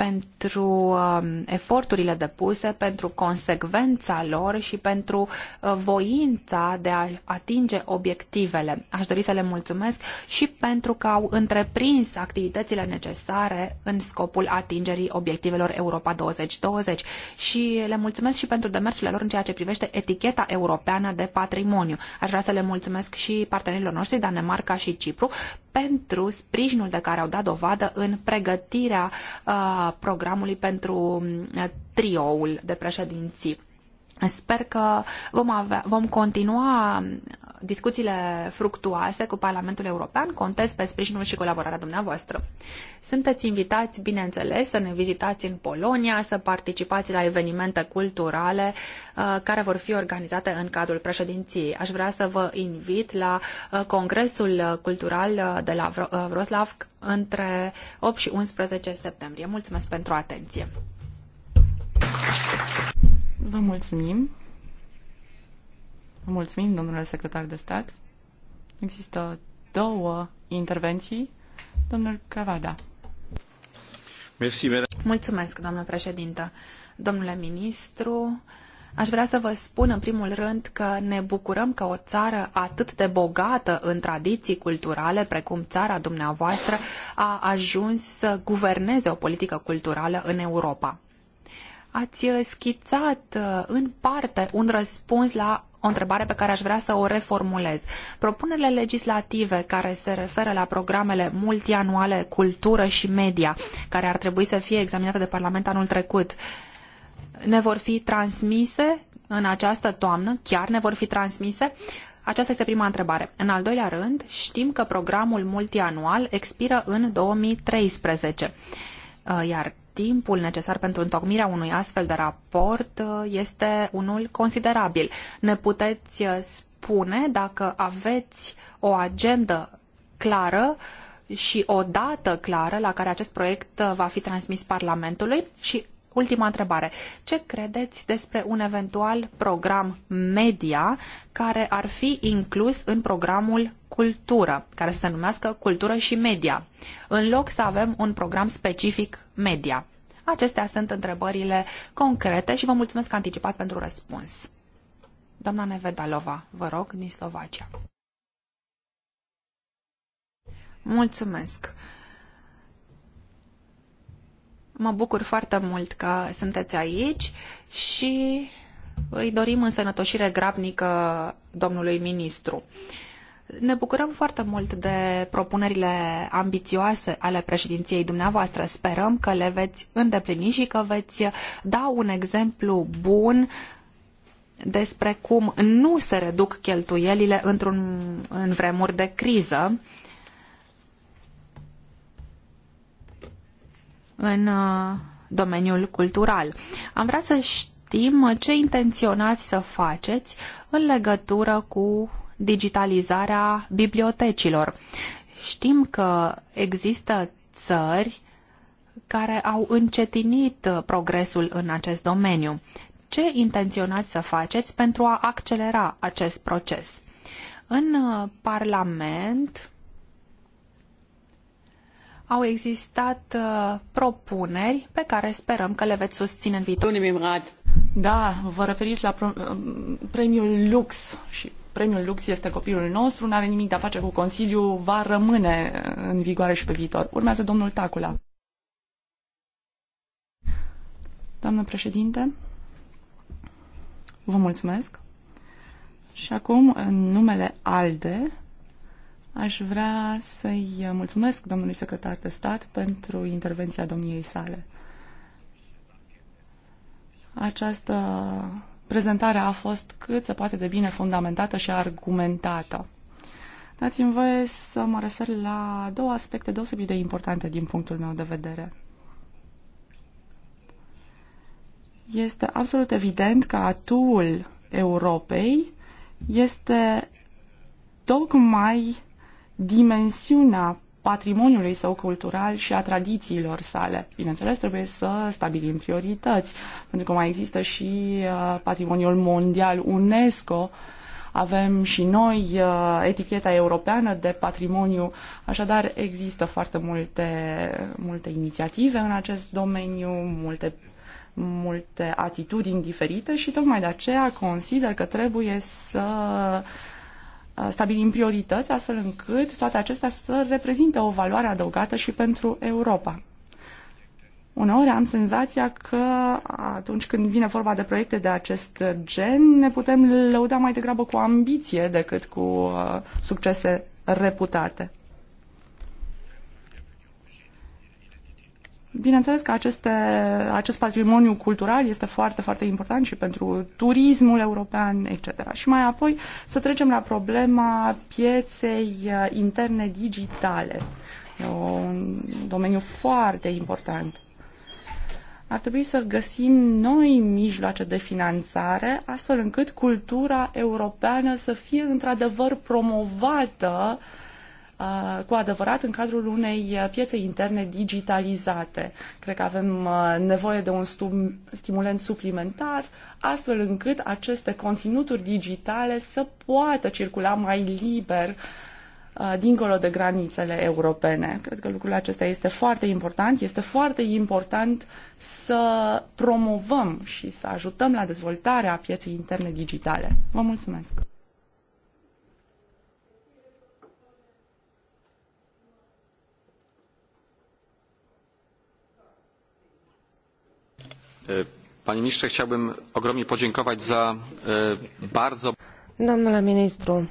pentru um, eforturile depuse, pentru consecvența lor și pentru uh, voința de a atinge obiectivele. Aș dori să le mulțumesc și pentru că au întreprins activitățile necesare în scopul atingerii obiectivelor Europa 2020 și le mulțumesc și pentru demersurile lor în ceea ce privește eticheta europeană de patrimoniu. Aș vrea să le mulțumesc și partenerilor noștri, Danemarca și Cipru, pentru sprijinul de care au dat dovadă în pregătirea uh, programului pentru mm, trioul de președinții. Sper că vom, avea, vom continua discuțiile fructuoase cu Parlamentul European. Contez pe sprijinul și colaborarea dumneavoastră. Sunteți invitați, bineînțeles, să ne vizitați în Polonia, să participați la evenimente culturale uh, care vor fi organizate în cadrul președinției. Aș vrea să vă invit la uh, Congresul Cultural uh, de la uh, Wroclaw între 8 și 11 septembrie. Mulțumesc pentru atenție! Vă mulțumim. Vă mulțumim, domnule secretar de stat. Există două intervenții. Domnul Cavada. Mulțumesc, doamnă președintă. Domnule ministru, Aș vrea să vă spun în primul rând că ne bucurăm că o țară atât de bogată în tradiții culturale, precum țara dumneavoastră, a ajuns să guverneze o politică culturală în Europa ați uh, schițat uh, în parte un răspuns la o întrebare pe care aș vrea să o reformulez. Propunerile legislative care se referă la programele multianuale cultură și media, care ar trebui să fie examinate de Parlament anul trecut, ne vor fi transmise în această toamnă? Chiar ne vor fi transmise? Aceasta este prima întrebare. În al doilea rând, știm că programul multianual expiră în 2013, uh, iar timpul necesar pentru întocmirea unui astfel de raport uh, este unul considerabil. Ne puteți uh, spune dacă aveți o agendă clară și o dată clară la care acest proiect uh, va fi transmis Parlamentului și Ultima întrebare. Ce credeți despre un eventual program media care ar fi inclus în programul cultură, care se numească cultură și media, în loc să avem un program specific media? Acestea sunt întrebările concrete și vă mulțumesc anticipat pentru răspuns. Doamna Nevedalova, vă rog, din Slovacia. Mulțumesc. Mă bucur foarte mult că sunteți aici și îi dorim însănătoșire grabnică domnului ministru. Ne bucurăm foarte mult de propunerile ambițioase ale președinției dumneavoastră. Sperăm că le veți îndeplini și că veți da un exemplu bun despre cum nu se reduc cheltuielile într-un, în vremuri de criză în uh, domeniul cultural. Am vrea să știm ce intenționați să faceți în legătură cu digitalizarea bibliotecilor. Știm că există țări care au încetinit progresul în acest domeniu. Ce intenționați să faceți pentru a accelera acest proces? În uh, Parlament au existat uh, propuneri pe care sperăm că le veți susține în viitor. Da, vă referiți la uh, premiul Lux și premiul Lux este copilul nostru, nu are nimic de a face cu Consiliu, va rămâne în vigoare și pe viitor. Urmează domnul Tacula. Doamnă președinte, vă mulțumesc. Și acum, în numele ALDE, Aș vrea să-i mulțumesc domnului secretar de stat pentru intervenția domniei sale. Această prezentare a fost cât se poate de bine fundamentată și argumentată. Dați-mi voie să mă refer la două aspecte deosebit de importante din punctul meu de vedere. Este absolut evident că atul Europei este tocmai dimensiunea patrimoniului său cultural și a tradițiilor sale. Bineînțeles, trebuie să stabilim priorități, pentru că mai există și uh, patrimoniul mondial UNESCO, avem și noi uh, eticheta europeană de patrimoniu, așadar există foarte multe, multe inițiative în acest domeniu, multe multe atitudini diferite și tocmai de aceea consider că trebuie să uh, Uh, stabilim priorități astfel încât toate acestea să reprezinte o valoare adăugată și pentru Europa. Uneori am senzația că atunci când vine vorba de proiecte de acest gen, ne putem lăuda mai degrabă cu ambiție decât cu uh, succese reputate. Bineînțeles că aceste, acest patrimoniu cultural este foarte, foarte important și pentru turismul european, etc. Și mai apoi să trecem la problema pieței uh, interne digitale. E un domeniu foarte important. Ar trebui să găsim noi mijloace de finanțare, astfel încât cultura europeană să fie într-adevăr promovată uh, Uh, cu adevărat în cadrul unei uh, piețe interne digitalizate. Cred că avem uh, nevoie de un stimulent suplimentar, astfel încât aceste conținuturi digitale să poată circula mai liber dincolo de granițele europene. Cred că lucrul acesta este foarte important. Este foarte important să promovăm și să ajutăm la dezvoltarea pieței interne digitale. Vă mulțumesc! Panie ministrze, chciałbym ogromnie podziękować za bardzo... Domnule ministru,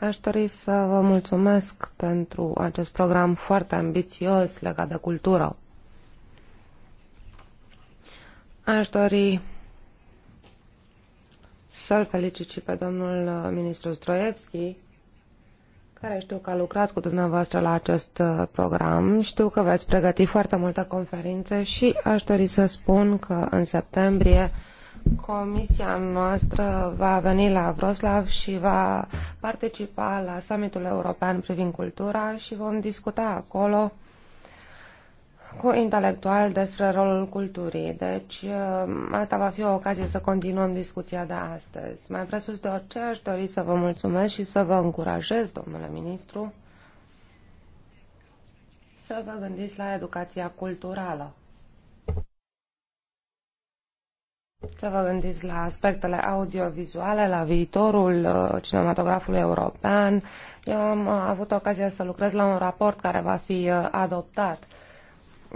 aș dori să vă mulțumesc pentru acest program foarte ambițios legat de cultură. Aș dori să-l felicit și pe domnul uh, ministru Stroievski care știu că a lucrat cu dumneavoastră la acest uh, program. Știu că veți pregăti foarte multe conferințe și aș dori să spun că în septembrie Comisia noastră va veni la Vroslav și va participa la summitul european privind cultura și vom discuta acolo cu intelectual despre rolul culturii. Deci uh, asta va fi o ocazie să continuăm discuția de astăzi. Mai presus de orice, aș dori să vă mulțumesc și să vă încurajez, domnule ministru, să vă gândiți la educația culturală. Să vă gândiți la aspectele audiovizuale, la viitorul uh, cinematografului european. Eu am uh, avut ocazia să lucrez la un raport care va fi adoptat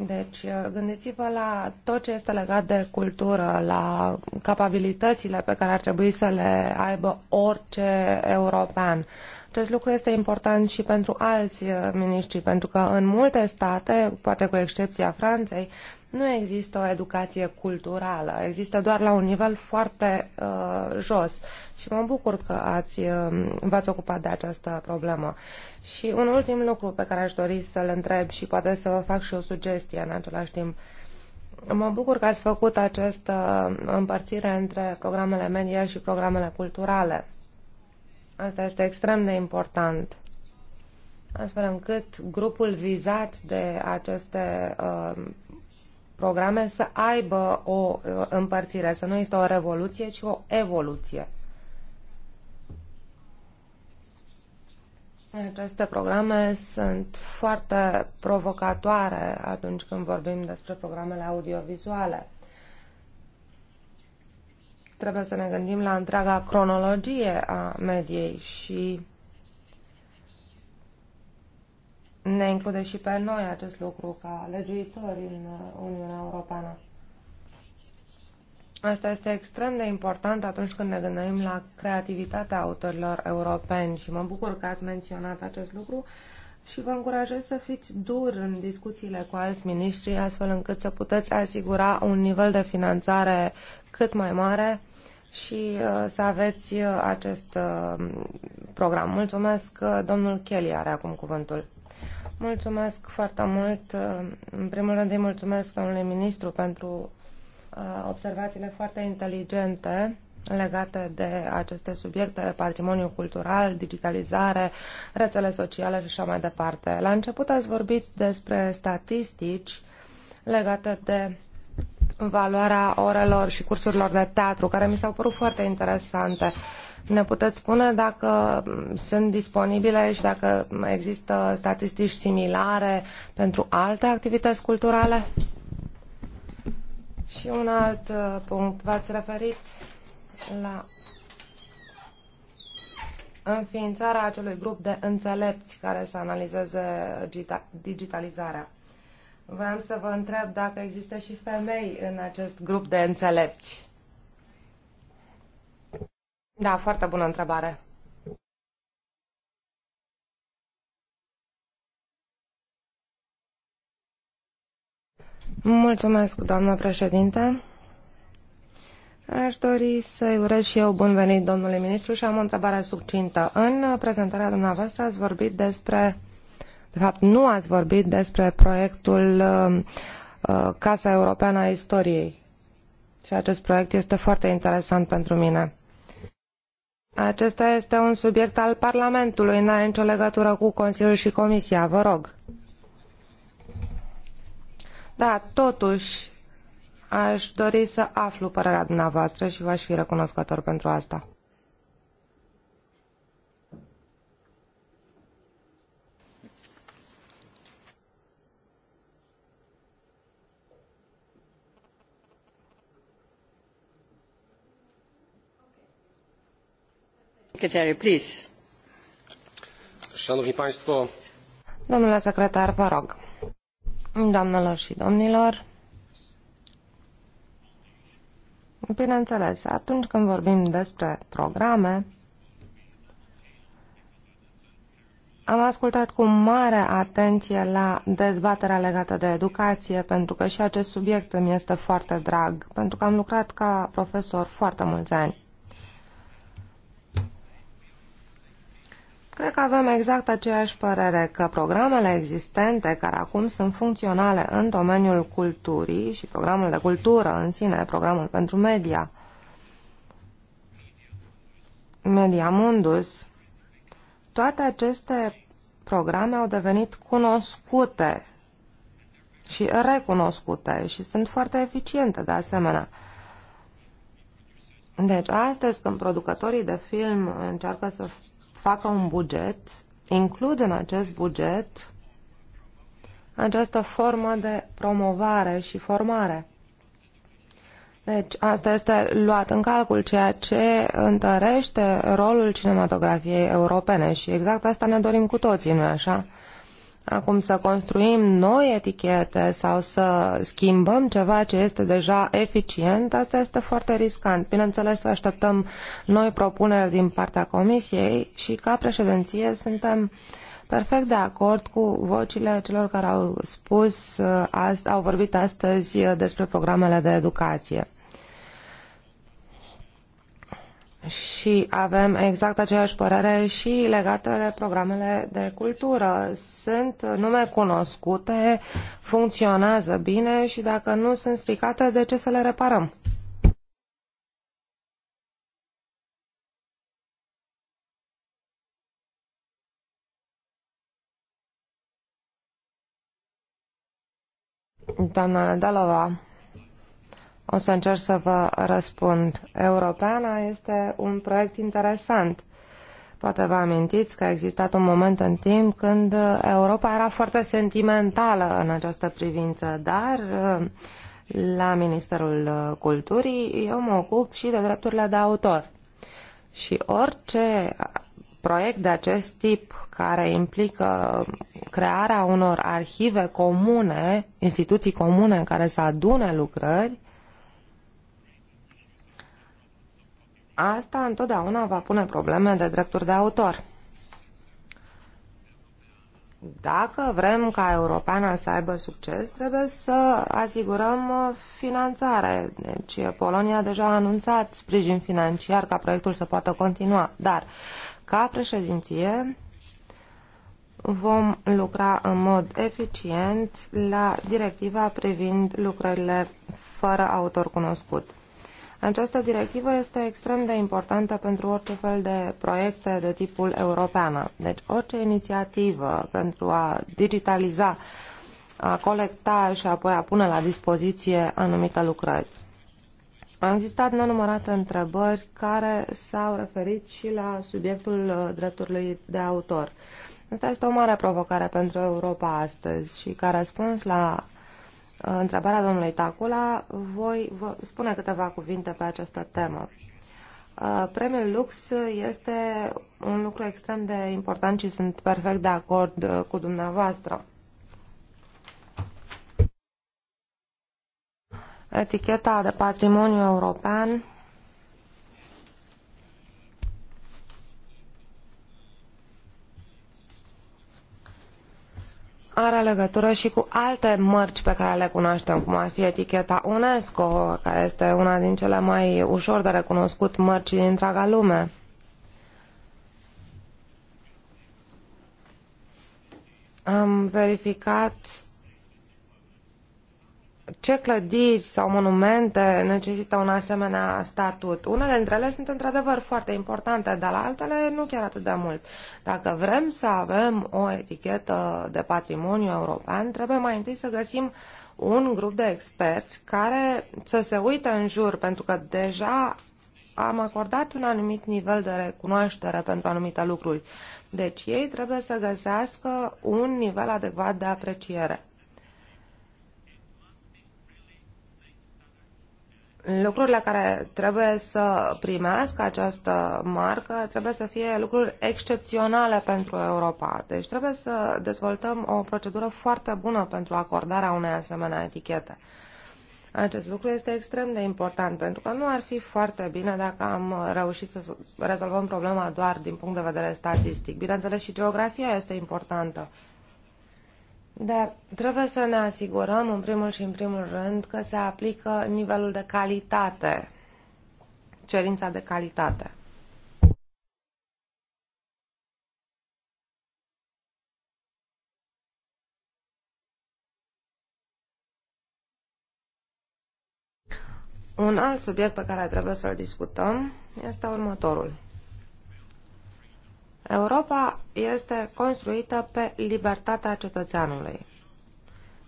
deci, uh, gândiți-vă la tot ce este legat de cultură, la capabilitățile pe care ar trebui să le aibă orice european. Acest lucru este important și pentru alți uh, miniștri, pentru că în multe state, poate cu excepția Franței, nu există o educație culturală, există doar la un nivel foarte uh, jos și mă bucur că ați, uh, v-ați ocupat de această problemă. Și un ultim lucru pe care aș dori să-l întreb și poate să vă fac și o sugestie în același timp. Mă bucur că ați făcut această împărțire între programele media și programele culturale. Asta este extrem de important, astfel încât grupul vizat de aceste uh, programe să aibă o împărțire, să nu este o revoluție, ci o evoluție. Aceste programe sunt foarte provocatoare atunci când vorbim despre programele audiovizuale. Trebuie să ne gândim la întreaga cronologie a mediei și ne include și pe noi acest lucru ca legiuitori în uh, Uniunea Europeană. Asta este extrem de important atunci când ne gândim la creativitatea autorilor europeni și mă bucur că ați menționat acest lucru și vă încurajez să fiți dur în discuțiile cu alți miniștri astfel încât să puteți asigura un nivel de finanțare cât mai mare și uh, să aveți uh, acest program. Mulțumesc, domnul Kelly are acum cuvântul. Mulțumesc foarte mult. În primul rând îi mulțumesc domnului ministru pentru observațiile foarte inteligente legate de aceste subiecte, patrimoniu cultural, digitalizare, rețele sociale și așa mai departe. La început ați vorbit despre statistici legate de valoarea orelor și cursurilor de teatru, care mi s-au părut foarte interesante. Uh, ne puteți spune dacă sunt disponibile și dacă există statistici similare pentru alte activități culturale? Și un alt uh, punct. V-ați referit la înființarea acelui grup de înțelepți care să analizeze digitalizarea. Vreau să vă întreb dacă există și femei în acest grup de înțelepți. Da, foarte bună întrebare. Mulțumesc, doamnă președinte. Aș dori să-i urez și eu bun venit, domnule ministru, și am o întrebare succintă. În prezentarea dumneavoastră ați vorbit despre, de fapt nu ați vorbit despre proiectul uh, uh, Casa Europeană a Istoriei. Și acest proiect este foarte interesant pentru mine. Acesta este un subiect al Parlamentului, nu are nicio legătură cu Consiliul și Comisia, vă rog. Da, totuși, aș dori să aflu părerea dumneavoastră și v-aș fi recunoscător pentru asta. Domnule secretar, vă rog. Doamnelor și domnilor, bineînțeles, atunci când vorbim despre programe, Am ascultat cu mare atenție la dezbaterea legată de educație, pentru că și acest subiect îmi este foarte drag, pentru că am lucrat ca profesor foarte mulți ani. Cred că avem exact aceeași părere că programele existente care acum sunt funcționale în domeniul culturii și programul de cultură în sine, programul pentru media, Media Mundus, toate aceste programe au devenit cunoscute și recunoscute și sunt foarte eficiente de asemenea. Deci astăzi când producătorii de film încearcă să facă un buget, includ în acest buget această formă de promovare și formare. Deci asta este luat în calcul, ceea ce întărește rolul cinematografiei europene și exact asta ne dorim cu toții, nu-i așa? Acum să construim noi etichete sau să schimbăm ceva ce este deja eficient, asta este foarte riscant. Bineînțeles, să așteptăm noi propuneri din partea Comisiei și ca președinție suntem perfect de acord cu vocile celor care au spus, au vorbit astăzi despre programele de educație și avem exact aceeași părere și legată de programele de cultură. Sunt nume cunoscute, funcționează bine și dacă nu sunt stricate, de ce să le reparăm? Doamna Nedalova, o să încerc să vă răspund. Europeana este un proiect interesant. Poate vă amintiți că a existat un moment în timp când Europa era foarte sentimentală în această privință, dar la Ministerul Culturii eu mă ocup și de drepturile de autor. Și orice proiect de acest tip care implică crearea unor arhive comune, instituții comune care să adune lucrări, Asta întotdeauna va pune probleme de drepturi de autor. Dacă vrem ca europeana să aibă succes, trebuie să asigurăm uh, finanțare. Deci Polonia deja a anunțat sprijin financiar ca proiectul să poată continua. Dar, ca președinție, vom lucra în mod eficient la directiva privind lucrările fără autor cunoscut. Această directivă este extrem de importantă pentru orice fel de proiecte de tipul european. Deci orice inițiativă pentru a digitaliza, a colecta și apoi a pune la dispoziție anumite lucrări. Au existat nenumărate întrebări care s-au referit și la subiectul uh, drepturilor de autor. Asta este o mare provocare pentru Europa astăzi și ca răspuns la Uh, întrebarea domnului Tacula, voi vă spune câteva cuvinte pe această temă. Uh, premiul Lux este un lucru extrem de important și sunt perfect de acord uh, cu dumneavoastră. Eticheta de patrimoniu european are legătură și cu alte mărci pe care le cunoaștem, cum ar fi eticheta UNESCO, care este una din cele mai ușor de recunoscut mărci din întreaga lume. Am verificat ce clădiri sau monumente necesită un asemenea statut. Unele dintre ele sunt într-adevăr foarte importante, dar la altele nu chiar atât de mult. Dacă vrem să avem o etichetă de patrimoniu european, trebuie mai întâi să găsim un grup de experți care să se uite în jur, pentru că deja am acordat un anumit nivel de recunoaștere pentru anumite lucruri. Deci ei trebuie să găsească un nivel adecvat de apreciere. Lucrurile la care trebuie să primească această marcă trebuie să fie lucruri excepționale pentru Europa. Deci trebuie să dezvoltăm o procedură foarte bună pentru acordarea unei asemenea etichete. Acest lucru este extrem de important pentru că nu ar fi foarte bine dacă am reușit să rezolvăm problema doar din punct de vedere statistic. Bineînțeles și geografia este importantă dar trebuie să ne asigurăm, în primul și în primul rând, că se aplică nivelul de calitate, cerința de calitate. Un alt subiect pe care trebuie să-l discutăm este următorul. Europa este construită pe libertatea cetățeanului.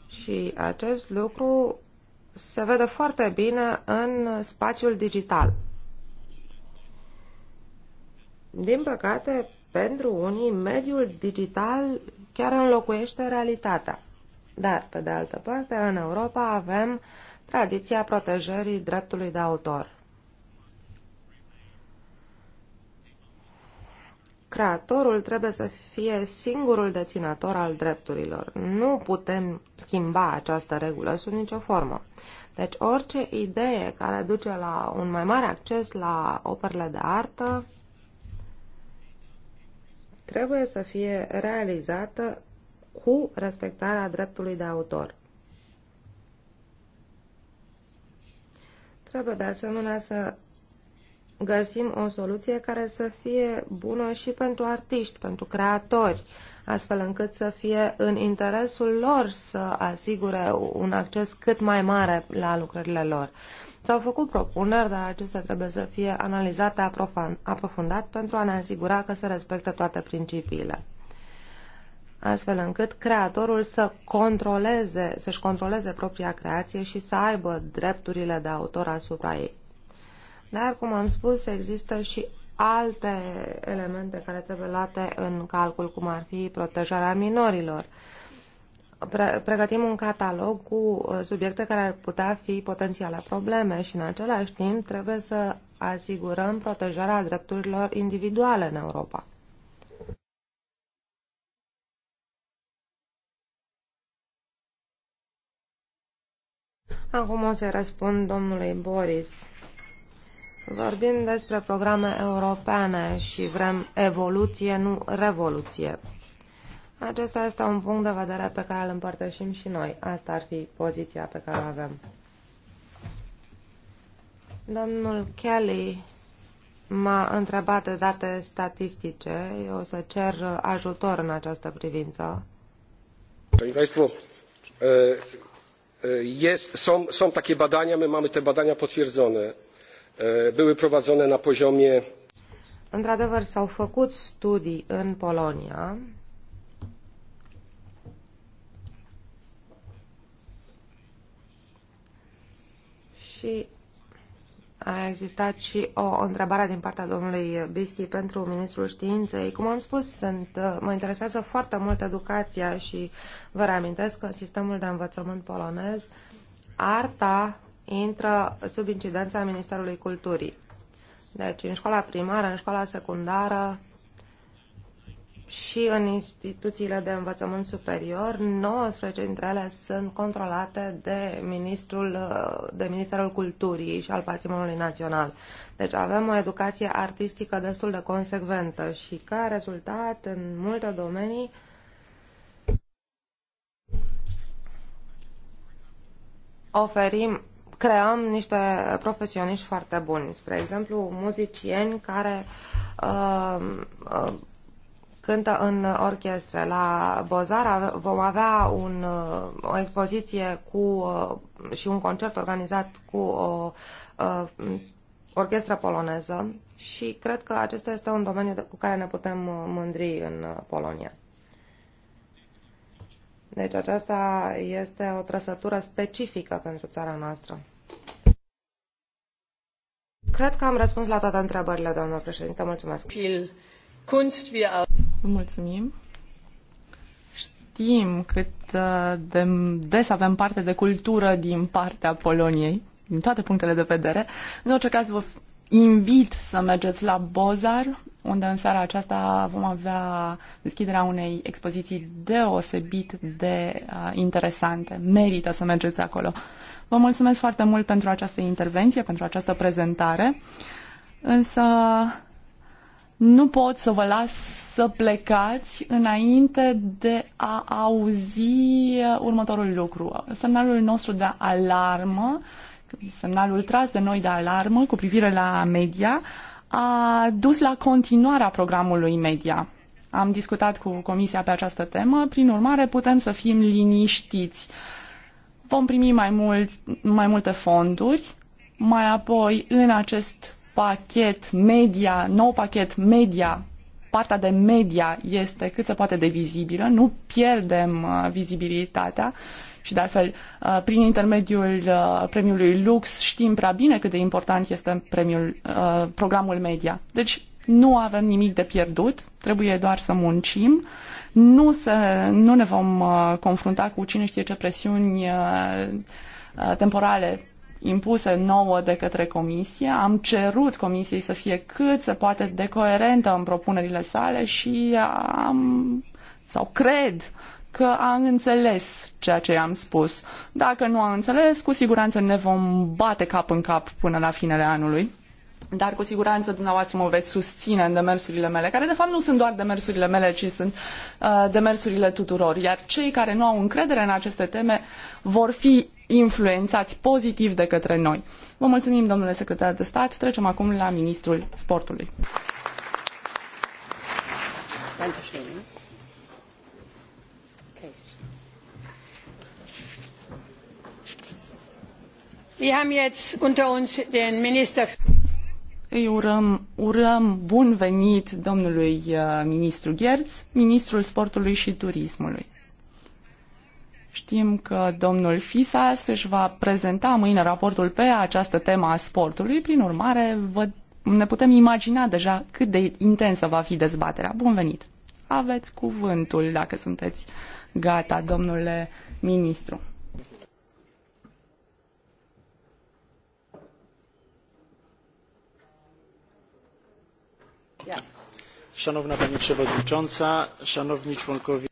Și acest lucru se vede foarte bine în spațiul digital. Din păcate, pentru unii, mediul digital chiar înlocuiește realitatea. Dar, pe de altă parte, în Europa avem tradiția protejării dreptului de autor. creatorul trebuie să fie singurul deținător al drepturilor. Nu putem schimba această regulă sub nicio formă. Deci orice idee care duce la un mai mare acces la operele de artă trebuie să fie realizată cu respectarea dreptului de autor. Trebuie de asemenea să găsim o soluție care să fie bună și pentru artiști, pentru creatori, astfel încât să fie în interesul lor să asigure un acces cât mai mare la lucrările lor. S-au făcut propuneri, dar acestea trebuie să fie analizate aprofundat pentru a ne asigura că se respectă toate principiile astfel încât creatorul să controleze, să-și controleze propria creație și să aibă drepturile de autor asupra ei. Dar, cum am spus, există și alte elemente care trebuie luate în calcul, cum ar fi protejarea minorilor. pregătim un catalog cu uh, subiecte care ar putea fi potențiale probleme și, în același timp, trebuie să asigurăm protejarea drepturilor individuale în Europa. Acum o să răspund domnului Boris. Vorbim despre programe europene și vrem evoluție, nu revoluție. Acesta este un punct de vedere pe care îl împărtășim și noi. Asta ar fi poziția pe care o avem. Domnul Kelly m-a întrebat de date statistice. Eu o să cer ajutor în această privință. Sunt takie badania, my mamy te badania potwierdzone były prowadzone na poziomie Într-adevăr, s-au făcut studii în Polonia și a existat și o întrebare din partea domnului Bischi pentru Ministrul Științei. Cum am spus, sunt, mă interesează foarte mult educația și vă reamintesc că sistemul de învățământ polonez, arta intră sub incidența Ministerului Culturii. Deci în școala primară, în școala secundară și în instituțiile de învățământ superior, 19 dintre ele sunt controlate de, ministrul, de Ministerul Culturii și al Patrimoniului Național. Deci avem o educație artistică destul de consecventă și ca rezultat în multe domenii oferim creăm niște profesioniști foarte buni. Spre exemplu, muzicieni care uh, uh, cântă în orchestre. La Bozar vom avea un, uh, o expoziție cu, uh, și un concert organizat cu o uh, orchestră poloneză și cred că acesta este un domeniu cu care ne putem mândri în Polonia. Deci aceasta este o trăsătură specifică pentru țara noastră. Cred că am răspuns la toate întrebările, doamnă președinte. Mulțumesc. Mulțumim. Știm cât uh, de des avem parte de cultură din partea Poloniei, din toate punctele de vedere. În orice caz, vă invit să mergeți la Bozar unde în seara aceasta vom avea deschiderea unei expoziții deosebit de uh, interesante. Merită să mergeți acolo. Vă mulțumesc foarte mult pentru această intervenție, pentru această prezentare, însă nu pot să vă las să plecați înainte de a auzi următorul lucru. Semnalul nostru de alarmă, semnalul tras de noi de alarmă cu privire la media, uh, a dus la continuarea programului media. Am discutat cu Comisia pe această temă, prin urmare putem să fim liniștiți. Vom primi mai, mult, mai multe fonduri, mai apoi în acest pachet media, nou pachet media, partea de media este cât se poate de vizibilă, nu pierdem uh, vizibilitatea și de altfel, uh, prin intermediul uh, premiului Lux știm prea bine cât de important este premiul, uh, programul media. Deci nu avem nimic de pierdut, trebuie doar să muncim. Nu, se, nu ne vom confrunta cu cine știe ce presiuni temporale impuse nouă de către comisie. Am cerut comisiei să fie cât se poate de coerentă în propunerile sale și am sau cred că a înțeles ceea ce am spus. Dacă nu a înțeles, cu siguranță ne vom bate cap în cap până la finele anului. Dar cu siguranță dumneavoastră mă veți susține în demersurile mele, care de fapt nu sunt doar demersurile mele, ci sunt uh, demersurile tuturor. Iar cei care nu au încredere în aceste teme vor fi influențați pozitiv de către noi. Vă mulțumim, domnule secretar de stat. Trecem acum la ministrul sportului. you, Îi urăm, urăm bun venit domnului uh, ministru Gherț, ministrul sportului și turismului. Știm că domnul Fisas își va prezenta mâine raportul pe această temă a sportului, prin urmare vă, ne putem imagina deja cât de intensă va fi dezbaterea. Bun venit! Aveți cuvântul dacă sunteți gata, domnule ministru. Szanowna Pani Przewodnicząca, Szanowni Członkowie...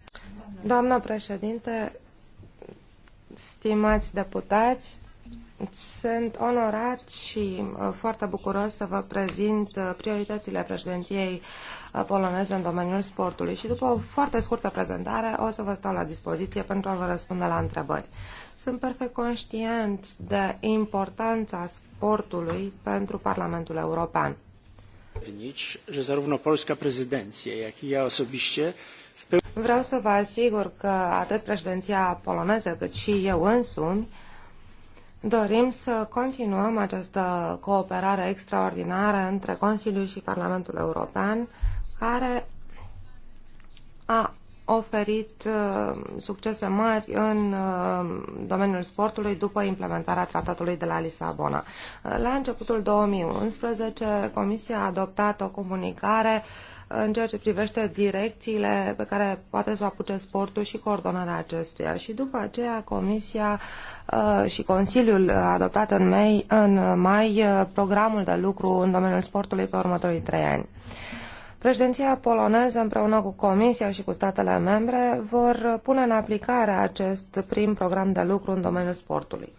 Doamna președinte, stimați deputați, sunt onorat și uh, foarte bucuros să vă prezint uh, prioritățile președinției uh, poloneze în domeniul sportului și după o foarte scurtă prezentare o să vă stau la dispoziție pentru a vă răspunde la întrebări. Sunt perfect conștient de importanța sportului pentru Parlamentul European że zarówno polska prezydencja, jak i ja osobiście Vreau să vă asigur că atât președinția poloneză cât și eu însumi dorim să continuăm această cooperare extraordinară între Consiliul și Parlamentul European, care a oferit uh, succese mari în uh, domeniul sportului după implementarea tratatului de la Lisabona. Uh, la începutul 2011, Comisia a adoptat o comunicare în ceea ce privește direcțiile pe care poate să o apuce sportul și coordonarea acestuia. Și după aceea Comisia și Consiliul a adoptat în mai, în mai programul de lucru în domeniul sportului pe următorii trei ani. Președinția poloneză împreună cu Comisia și cu statele membre vor pune în aplicare acest prim program de lucru în domeniul sportului.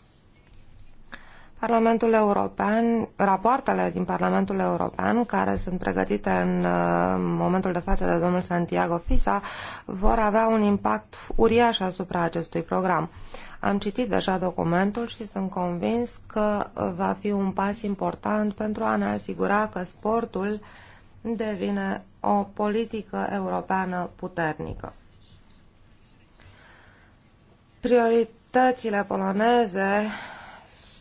Parlamentul European, rapoartele din Parlamentul European, care sunt pregătite în uh, momentul de față de domnul Santiago Fisa, vor avea un impact uriaș asupra acestui program. Am citit deja documentul și sunt convins că va fi un pas important pentru a ne asigura că sportul uh, devine o politică europeană puternică. Prioritățile poloneze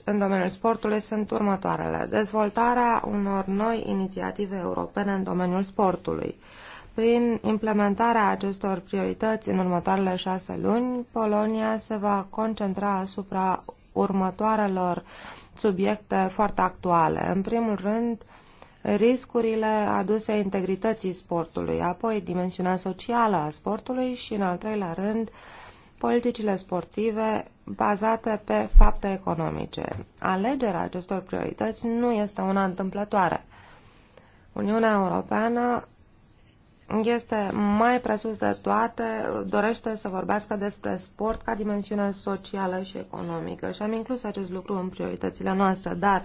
în domeniul sportului sunt următoarele. Dezvoltarea unor noi inițiative europene în domeniul sportului. Prin implementarea acestor priorități în următoarele șase luni, Polonia se va concentra asupra următoarelor subiecte foarte actuale. În primul rând, riscurile aduse integrității sportului, apoi dimensiunea socială a sportului și, în al treilea rând, politicile sportive bazate pe fapte economice. Alegerea acestor priorități nu este una întâmplătoare. Uniunea Europeană este mai presus de toate, dorește să vorbească despre sport ca dimensiune socială și economică și am inclus acest lucru în prioritățile noastre, dar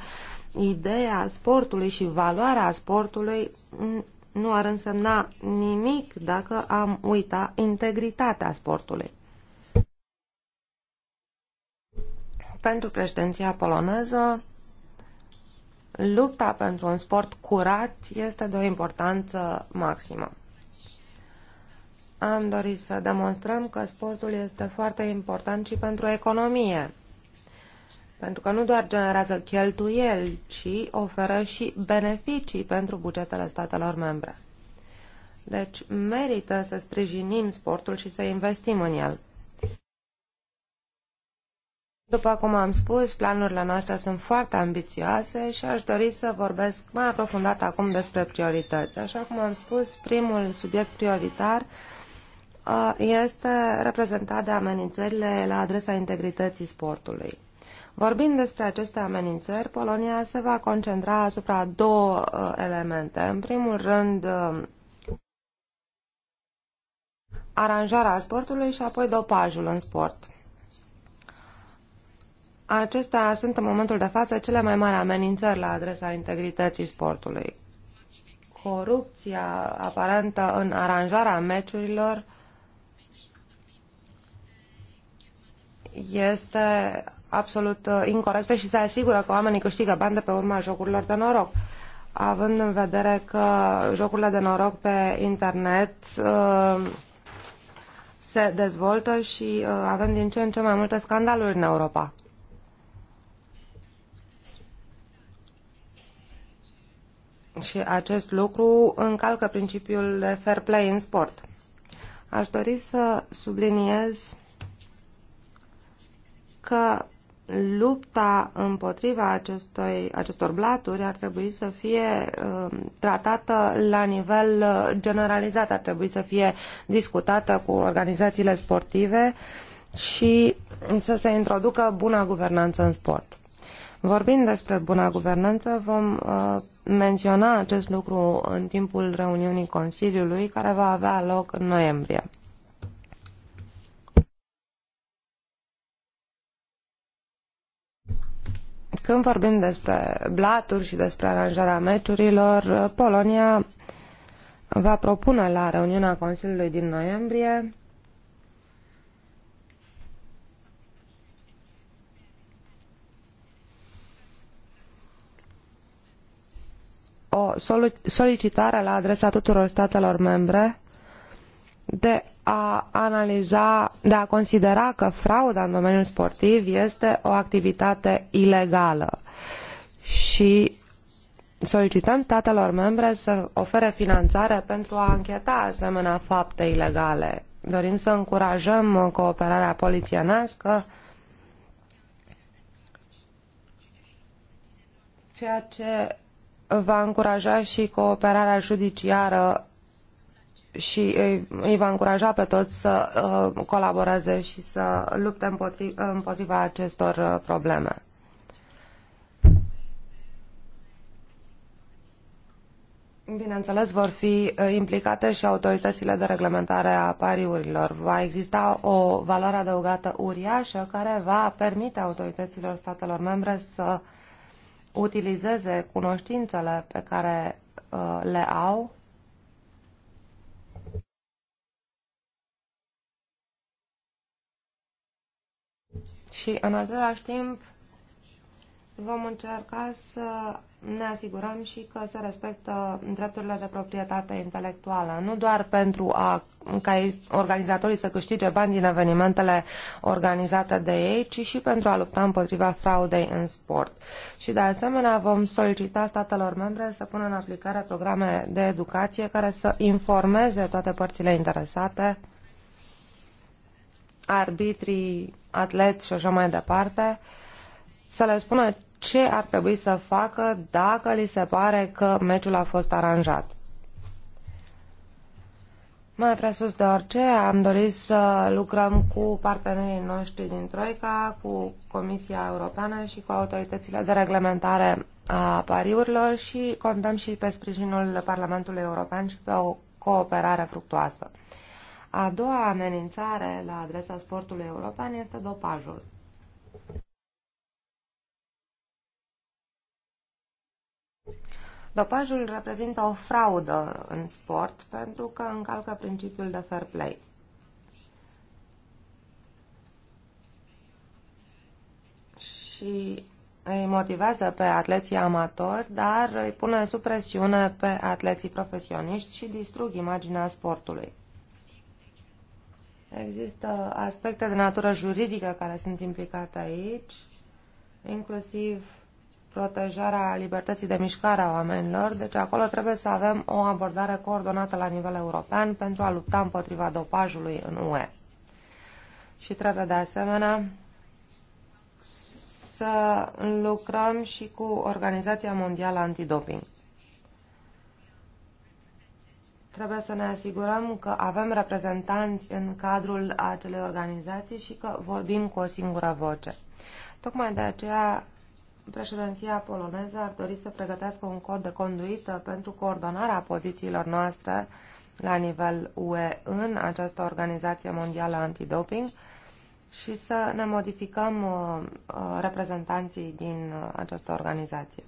ideea sportului și valoarea sportului nu ar însemna nimic dacă am uita integritatea sportului. Pentru președinția poloneză, lupta pentru un sport curat este de o importanță maximă am dorit să demonstrăm că sportul este foarte important și pentru economie. Pentru că nu doar generează cheltuieli, ci oferă și beneficii pentru bugetele statelor membre. Deci merită să sprijinim sportul și să investim în el. După cum am spus, planurile noastre sunt foarte ambițioase și aș dori să vorbesc mai aprofundat acum despre priorități. Așa cum am spus, primul subiect prioritar este reprezentat de amenințările la adresa integrității sportului. Vorbind despre aceste amenințări, Polonia se va concentra asupra două elemente. În primul rând, aranjarea sportului și apoi dopajul în sport. Acestea sunt în momentul de față cele mai mari amenințări la adresa integrității sportului. Corupția aparentă în aranjarea meciurilor este absolut uh, incorrectă și se asigură că oamenii câștigă bani de pe urma jocurilor de noroc. Având în vedere că jocurile de noroc pe internet uh, se dezvoltă și uh, avem din ce în ce mai multe scandaluri în Europa. Și acest lucru încalcă principiul de fair play în sport. Aș dori să subliniez că lupta împotriva acestui, acestor blaturi ar trebui să fie uh, tratată la nivel uh, generalizat, ar trebui să fie discutată cu organizațiile sportive și să se introducă buna guvernanță în sport. Vorbind despre buna guvernanță, vom uh, menționa acest lucru în timpul reuniunii Consiliului, care va avea loc în noiembrie. Când vorbim despre blaturi și despre aranjarea meciurilor, Polonia va propune la reuniunea Consiliului din noiembrie o solicitare la adresa tuturor statelor membre de a analiza, de a considera că frauda în domeniul sportiv este o activitate ilegală și solicităm statelor membre să ofere finanțare pentru a încheta asemenea fapte ilegale. Dorim să încurajăm cooperarea polițienească, ceea ce va încuraja și cooperarea judiciară și îi, îi va încuraja pe toți să uh, colaboreze și să lupte împotriva, împotriva acestor uh, probleme. Bineînțeles, vor fi uh, implicate și autoritățile de reglementare a pariurilor. Va exista o valoare adăugată uriașă care va permite autorităților statelor membre să utilizeze cunoștințele pe care uh, le au Și în același timp vom încerca să ne asigurăm și că se respectă drepturile de proprietate intelectuală, nu doar pentru a, ca organizatorii să câștige bani din evenimentele organizate de ei, ci și pentru a lupta împotriva fraudei în sport. Și de asemenea vom solicita statelor membre să pună în aplicare programe de educație care să informeze toate părțile interesate arbitrii, atleți și așa mai departe, să le spună ce ar trebui să facă dacă li se pare că meciul a fost aranjat. Mai presus de orice, am dorit să lucrăm cu partenerii noștri din Troica, cu Comisia Europeană și cu autoritățile de reglementare a pariurilor și contăm și pe sprijinul Parlamentului European și pe o cooperare fructuoasă. A doua amenințare la adresa sportului european este dopajul. Dopajul reprezintă o fraudă în sport pentru că încalcă principiul de fair play. Și îi motivează pe atleții amatori, dar îi pune sub presiune pe atleții profesioniști și distrug imaginea sportului. Există aspecte de natură juridică care sunt implicate aici, inclusiv protejarea libertății de mișcare a oamenilor, deci acolo trebuie să avem o abordare coordonată la nivel european pentru a lupta împotriva dopajului în UE. Și trebuie de asemenea să lucrăm și cu Organizația Mondială Antidoping. Trebuie să ne asigurăm că avem reprezentanți în cadrul acelei organizații și că vorbim cu o singură voce. Tocmai de aceea Președinția poloneză ar dori să pregătească un cod de conduită pentru coordonarea pozițiilor noastre la nivel UE în această organizație mondială antidoping și să ne modificăm uh, uh, reprezentanții din uh, această organizație.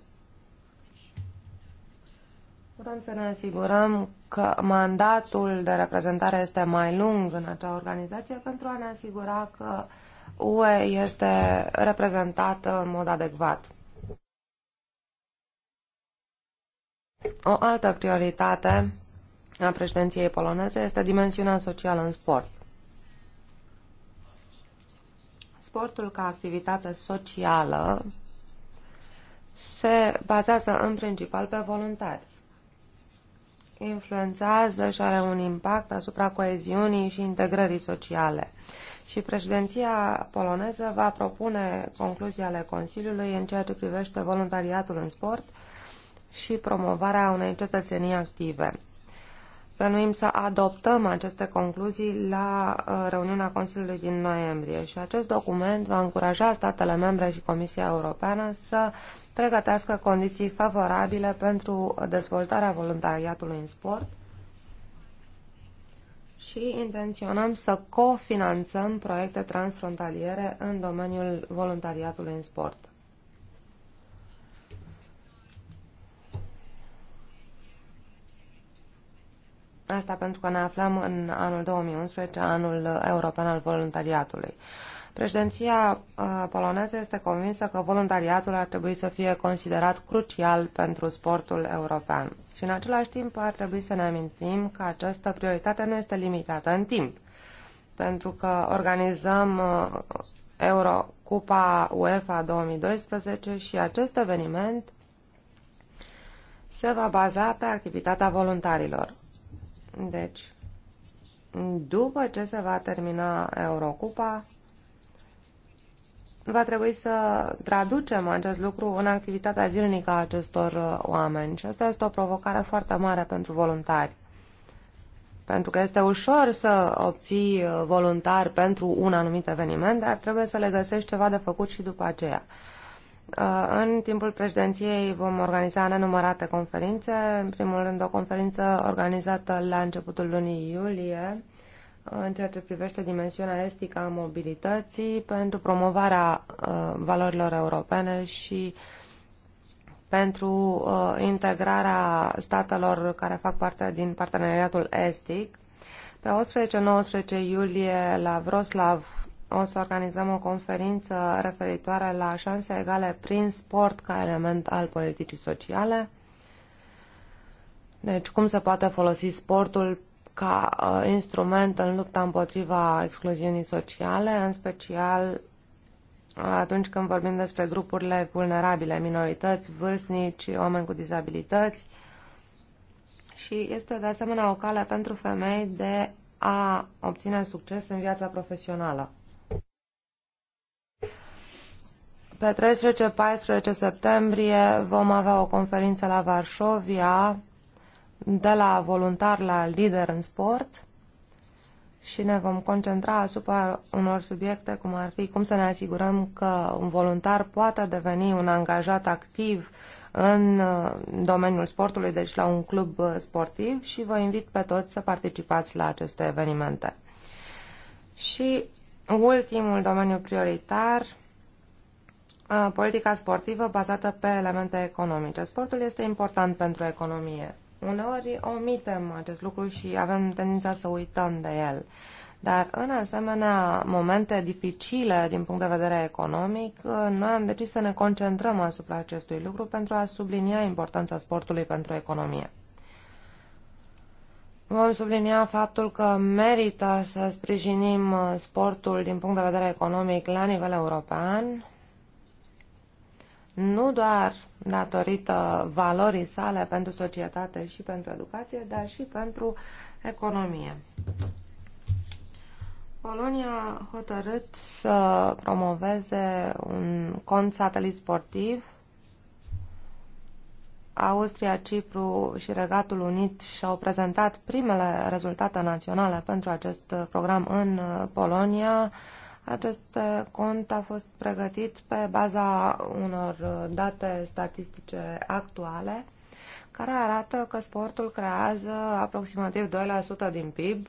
Vrem să ne asigurăm că mandatul de reprezentare este mai lung în acea organizație pentru a ne asigura că UE este reprezentată în mod adecvat. O altă prioritate a președinției poloneze este dimensiunea socială în sport. Sportul ca activitate socială se bazează în principal pe voluntari influențează și are un impact asupra coeziunii și integrării sociale. Și președinția poloneză va propune concluzii ale Consiliului în ceea ce privește voluntariatul în sport și promovarea unei cetățenii active plănuim să adoptăm aceste concluzii la uh, reuniunea Consiliului din noiembrie și acest document va încuraja statele membre și Comisia Europeană să pregătească condiții favorabile pentru dezvoltarea voluntariatului în sport și intenționăm să cofinanțăm proiecte transfrontaliere în domeniul voluntariatului în sport. Asta pentru că ne aflăm în anul 2011, anul european al voluntariatului. Președinția uh, poloneză este convinsă că voluntariatul ar trebui să fie considerat crucial pentru sportul european. Și în același timp ar trebui să ne amintim că această prioritate nu este limitată în timp, pentru că organizăm uh, Eurocupa UEFA 2012 și acest eveniment se va baza pe activitatea voluntarilor. Deci, după ce se va termina Eurocupa, va trebui să traducem acest lucru în activitatea zilnică a acestor uh, oameni. Și asta este o provocare foarte mare pentru voluntari. Pentru că este ușor să obții uh, voluntari pentru un anumit eveniment, dar trebuie să le găsești ceva de făcut și după aceea. Uh, în timpul președinției vom organiza nenumărate conferințe. În primul rând, o conferință organizată la începutul lunii iulie uh, în ceea ce privește dimensiunea estică a mobilității pentru promovarea uh, valorilor europene și pentru integrarea statelor care fac parte din parteneriatul estic. Pe 18-19 iulie la Vroslav o să organizăm o conferință referitoare la șanse egale prin sport ca element al politicii sociale. Deci cum se poate folosi sportul ca uh, instrument în lupta împotriva excluziunii sociale, în special uh, atunci când vorbim despre grupurile vulnerabile, minorități, vârstnici, oameni cu dizabilități. Și este de asemenea o cale pentru femei de a obține succes în viața profesională. Pe 13-14 septembrie vom avea o conferință la Varșovia de la voluntar la lider în sport și ne vom concentra asupra unor subiecte cum ar fi cum să ne asigurăm că un voluntar poate deveni un angajat activ în uh, domeniul sportului, deci la un club uh, sportiv și vă invit pe toți să participați la aceste evenimente. Și ultimul domeniu prioritar Uh, politica sportivă bazată pe elemente economice. Sportul este important pentru economie. Uneori omitem acest lucru și avem tendința să uităm de el. Dar în asemenea momente dificile din punct de vedere economic, uh, noi am decis să ne concentrăm asupra acestui lucru pentru a sublinia importanța sportului pentru economie. Vom sublinia faptul că merită să sprijinim uh, sportul din punct de vedere economic la nivel european nu doar datorită valorii sale pentru societate și pentru educație, dar și pentru economie. Polonia a hotărât să promoveze un cont satelit sportiv. Austria, Cipru și Regatul Unit și-au prezentat primele rezultate naționale pentru acest program în Polonia acest uh, cont a fost pregătit pe baza unor uh, date statistice actuale, care arată că sportul creează aproximativ 2% din PIB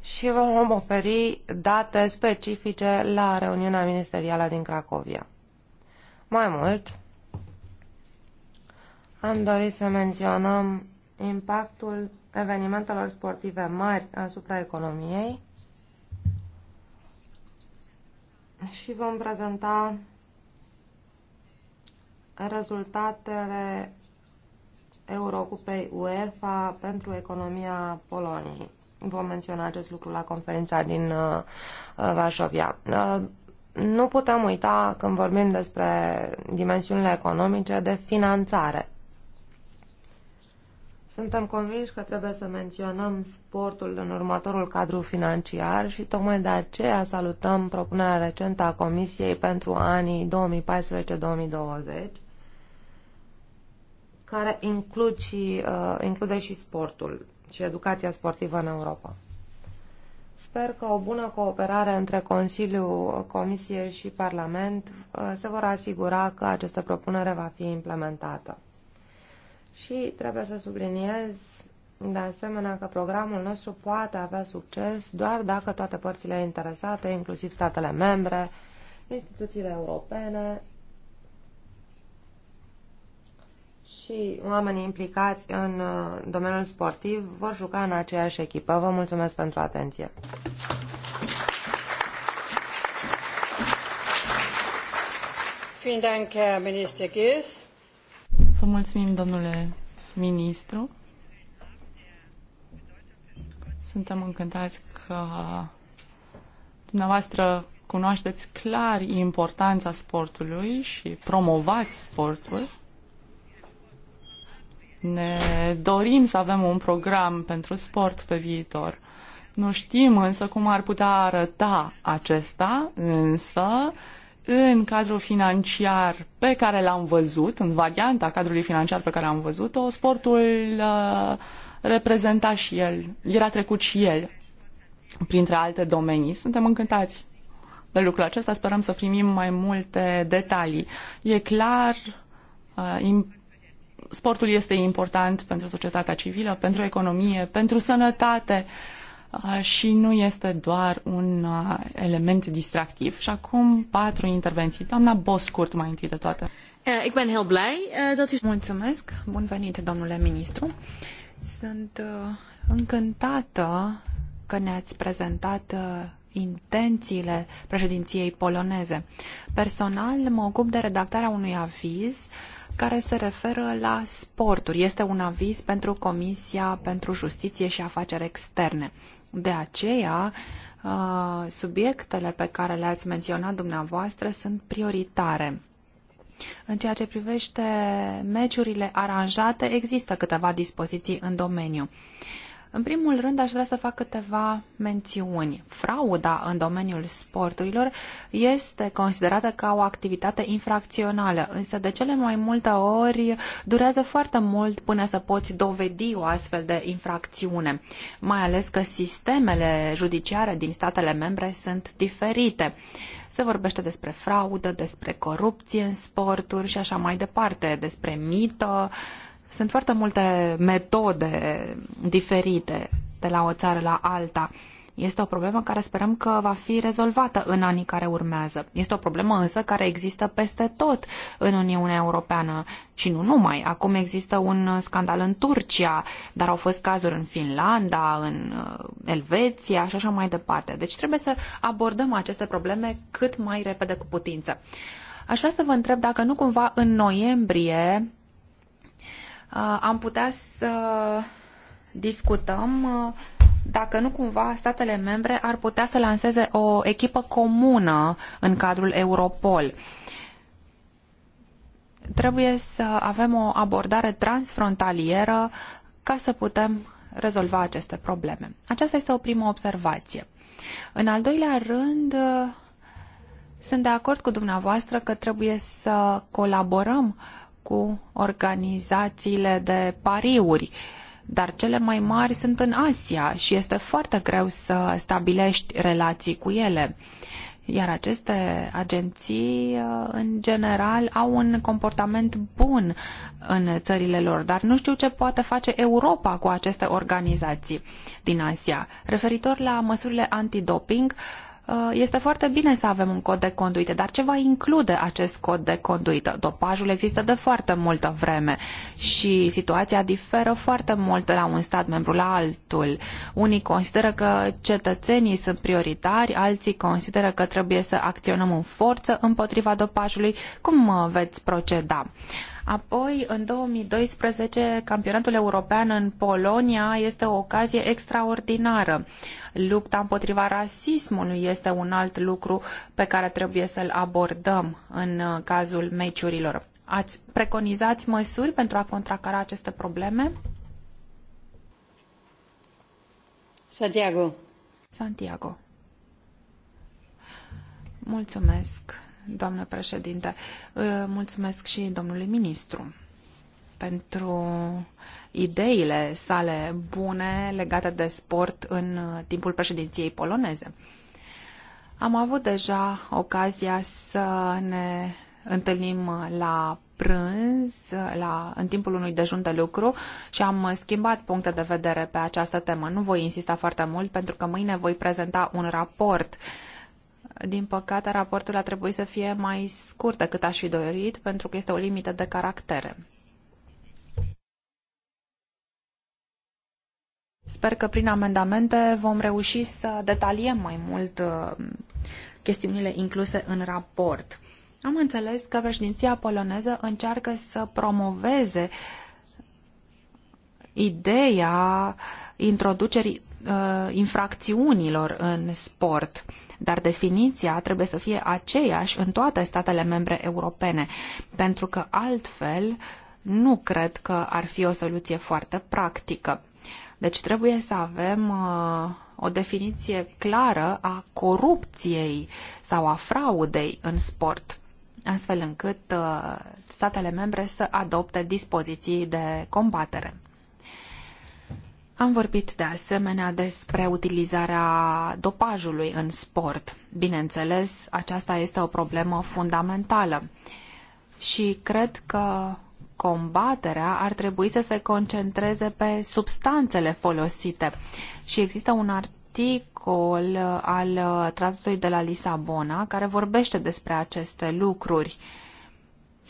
și vom oferi date specifice la reuniunea ministerială din Cracovia. Mai mult, am dorit să menționăm impactul evenimentelor sportive mari asupra economiei, și vom prezenta rezultatele Eurocupei UEFA pentru economia Poloniei. Vom menționa acest lucru la conferința din uh, Varșovia. Uh, nu putem uita, când vorbim despre dimensiunile economice, de finanțare. Suntem convinși că trebuie să menționăm sportul în următorul cadru financiar și tocmai de aceea salutăm propunerea recentă a Comisiei pentru anii 2014-2020, care includ și, uh, include și sportul și educația sportivă în Europa. Sper că o bună cooperare între Consiliu, Comisie și Parlament uh, se vor asigura că această propunere va fi implementată. Și trebuie să subliniez de asemenea că programul nostru poate avea succes doar dacă toate părțile interesate, inclusiv statele membre, instituțiile europene și oamenii implicați în uh, domeniul sportiv vor juca în aceeași echipă. Vă mulțumesc pentru atenție! Vielen Dank, Herr Minister Gies. Vă mulțumim, domnule ministru. Suntem încântați că dumneavoastră cunoașteți clar importanța sportului și promovați sportul. Ne dorim să avem un program pentru sport pe viitor. Nu știm însă cum ar putea arăta acesta, însă în cadrul financiar pe care l-am văzut, în varianta cadrului financiar pe care am văzut-o, sportul uh, reprezenta și el, era trecut și el printre alte domenii. Suntem încântați de lucrul acesta, sperăm să primim mai multe detalii. E clar, uh, sportul este important pentru societatea civilă, pentru economie, pentru sănătate. Uh, și nu este doar un element distractiv. Și acum patru intervenții. Doamna Boscurt, mai întâi de toate. Eh, ik ben heel blij eh, dat u... Mulțumesc. Bun venit, domnule ministru. Sunt eh, încântată că ne-ați prezentat intențiile președinției poloneze. Personal mă ocup de redactarea unui aviz care se referă la sporturi. Este un aviz pentru Comisia pentru Justiție și Afaceri Externe. De aceea, uh, subiectele pe care le-ați menționat dumneavoastră sunt prioritare. În ceea ce privește meciurile aranjate, există câteva dispoziții în domeniu. În primul rând, aș vrea să fac câteva mențiuni. Frauda în domeniul sporturilor este considerată ca o activitate infracțională, însă de cele mai multe ori durează foarte mult până să poți dovedi o astfel de infracțiune, mai ales că sistemele judiciare din statele membre sunt diferite. Se vorbește despre fraudă, despre corupție în sporturi și așa mai departe, despre mită, uh, sunt foarte multe metode diferite de la o țară la alta. Este o problemă care sperăm că va fi rezolvată în anii care urmează. Este o problemă însă care există peste tot în Uniunea Europeană și nu numai. Acum există un scandal în Turcia, dar au fost cazuri în Finlanda, în uh, Elveția și așa mai departe. Deci trebuie să abordăm aceste probleme cât mai repede cu putință. Aș vrea să vă întreb dacă nu cumva în noiembrie Uh, am putea să discutăm uh, dacă nu cumva statele membre ar putea să lanseze o echipă comună în cadrul Europol. Trebuie să avem o abordare transfrontalieră ca să putem rezolva aceste probleme. Aceasta este o primă observație. În al doilea rând, uh, sunt de acord cu dumneavoastră că trebuie să colaborăm uh, cu organizațiile de pariuri, dar cele mai mari sunt în Asia și este foarte greu să stabilești relații cu ele. Iar aceste agenții, uh, în general, au un comportament bun în țările lor, dar nu știu ce poate face Europa cu aceste organizații din Asia. Referitor la măsurile antidoping, doping Uh, este foarte bine să avem un cod de conduită, dar ce va include acest cod de conduită? Dopajul există de foarte multă vreme și situația diferă foarte mult de la un stat membru la altul. Unii consideră că cetățenii sunt prioritari, alții consideră că trebuie să acționăm în forță împotriva dopajului. Cum uh, veți proceda? Apoi, în 2012, campionatul european în Polonia este o ocazie extraordinară. Lupta împotriva rasismului este un alt lucru pe care trebuie să-l abordăm în uh, cazul meciurilor. Ați preconizat măsuri pentru a contracara aceste probleme? Santiago. Santiago. Mulțumesc, doamnă președinte. Mulțumesc și domnului ministru pentru ideile sale bune legate de sport în timpul președinției poloneze. Am avut deja ocazia să ne întâlnim la prânz, la, în timpul unui dejun de lucru și am schimbat puncte de vedere pe această temă. Nu voi insista foarte mult pentru că mâine voi prezenta un raport uh, din păcate, raportul a trebuit să fie mai scurt decât aș fi dorit, pentru că este o limită de caractere. Sper că prin amendamente vom reuși să detaliem mai mult uh, chestiunile incluse în raport. Am înțeles că președinția poloneză încearcă să promoveze ideea introducerii uh, infracțiunilor în sport dar definiția trebuie să fie aceeași în toate statele membre europene, pentru că altfel nu cred că ar fi o soluție foarte practică. Deci trebuie să avem uh, o definiție clară a corupției sau a fraudei în sport, astfel încât uh, statele membre să adopte dispoziții de combatere. Am vorbit de asemenea despre utilizarea dopajului în sport. Bineînțeles, aceasta este o problemă fundamentală și cred că combaterea ar trebui să se concentreze pe substanțele folosite. Și există un articol al Tratatului de la Lisabona care vorbește despre aceste lucruri. Uh,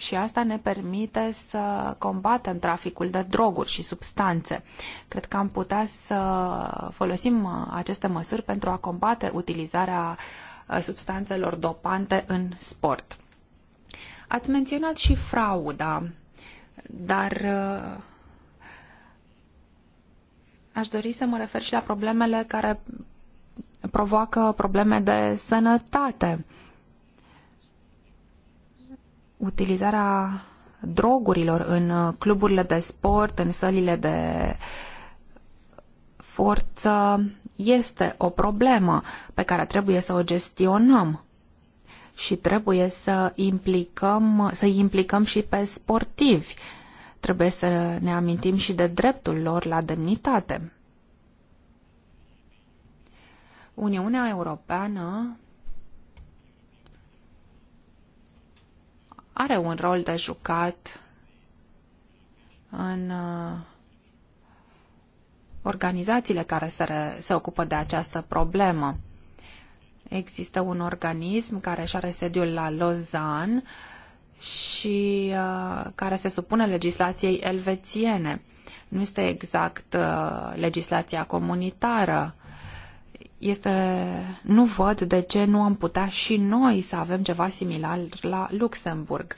și asta ne permite să combatem traficul de droguri și substanțe. Cred că am putea să folosim uh, aceste măsuri pentru a combate utilizarea uh, substanțelor dopante în sport. Ați menționat și frauda, dar uh, aș dori să mă refer și la problemele care provoacă probleme de sănătate utilizarea drogurilor în uh, cluburile de sport, în sălile de forță, este o problemă pe care trebuie să o gestionăm și trebuie să implicăm, să implicăm și pe sportivi. Trebuie să ne amintim și de dreptul lor la demnitate. Uniunea Europeană are un rol de jucat în uh, organizațiile care se, re, se ocupă de această problemă. Există un organism care și are sediul la Lausanne și uh, care se supune legislației elvețiene. Nu este exact uh, legislația comunitară, este, nu văd de ce nu am putea și noi să avem ceva similar la Luxemburg.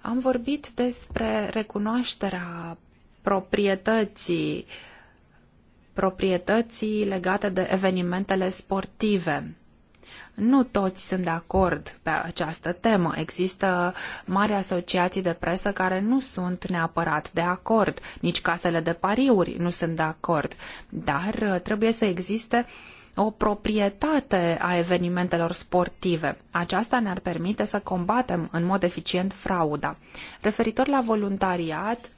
Am vorbit despre recunoașterea proprietății, proprietății legate de evenimentele sportive. Nu toți sunt de acord pe această temă. Există mari asociații de presă care nu sunt neapărat de acord, nici casele de pariuri nu sunt de acord, dar trebuie să existe uh, o proprietate a evenimentelor sportive. Aceasta ne-ar permite să combatem în mod eficient frauda. Referitor la voluntariat,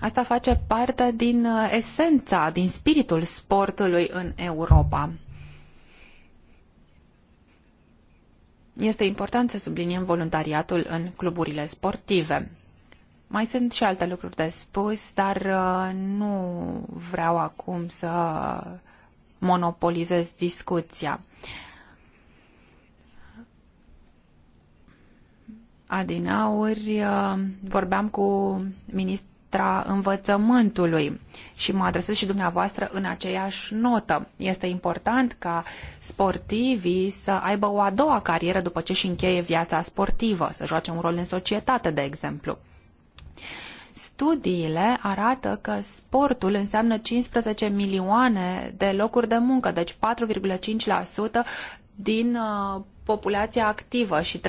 Asta face parte din uh, esența, din spiritul sportului în Europa. Este important să subliniem voluntariatul în cluburile sportive. Mai sunt și alte lucruri de spus, dar uh, nu vreau acum să monopolizez discuția. Adinauri, uh, vorbeam cu ministra învățământului și mă adresez și dumneavoastră în aceeași notă. Este important ca sportivii să aibă o a doua carieră după ce își încheie viața sportivă, să joace un rol în societate, de exemplu. Studiile arată că sportul înseamnă 15 milioane de locuri de muncă, deci 4,5% din uh, populația activă și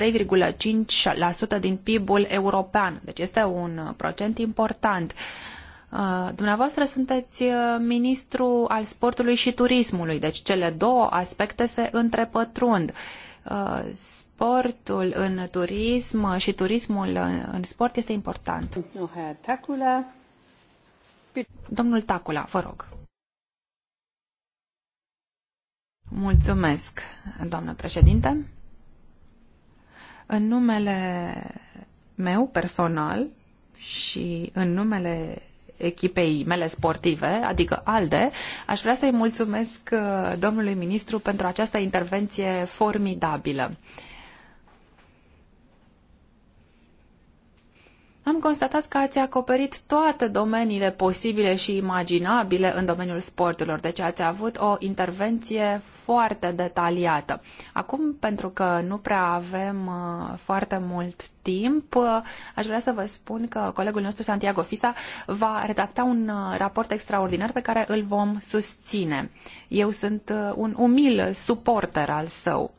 3,5% din PIB-ul european. Deci este un uh, procent important. Uh, dumneavoastră sunteți ministru al sportului și turismului, deci cele două aspecte se întrepătrund sportul în turism și turismul în sport este important. Domnul Tacula, vă rog. Mulțumesc, doamnă președinte. În numele meu personal și în numele echipei mele sportive, adică ALDE, aș vrea să-i mulțumesc uh, domnului ministru pentru această intervenție formidabilă. Uh, am constatat că ați acoperit toate domeniile posibile și imaginabile în domeniul sporturilor, deci ați avut o intervenție foarte detaliată. Acum, pentru că nu prea avem uh, foarte mult timp, uh, aș vrea să vă spun că colegul nostru Santiago Fisa va redacta un uh, raport extraordinar pe care îl vom susține. Eu sunt un umil suporter al său.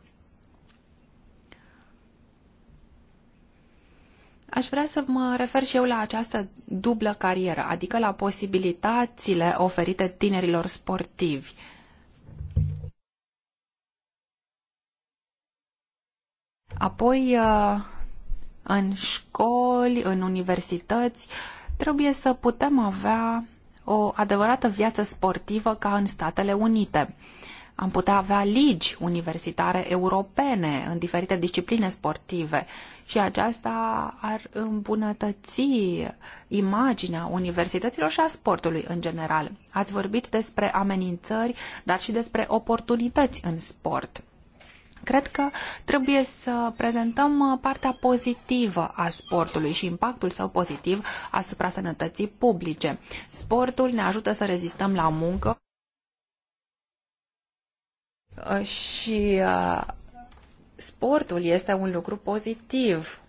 Aș vrea să mă refer și eu la această dublă carieră, adică la posibilitățile oferite tinerilor sportivi. Apoi, uh, în școli, în universități, trebuie să putem avea o adevărată viață sportivă ca în Statele Unite. Am putea avea ligi universitare europene în diferite discipline sportive și aceasta ar îmbunătăți imaginea universităților și a sportului în general. Ați vorbit despre amenințări, dar și despre oportunități în sport. Cred că trebuie să prezentăm partea pozitivă a sportului și impactul său pozitiv asupra sănătății publice. Sportul ne ajută să rezistăm la muncă, Uh, și uh, sportul este un lucru pozitiv.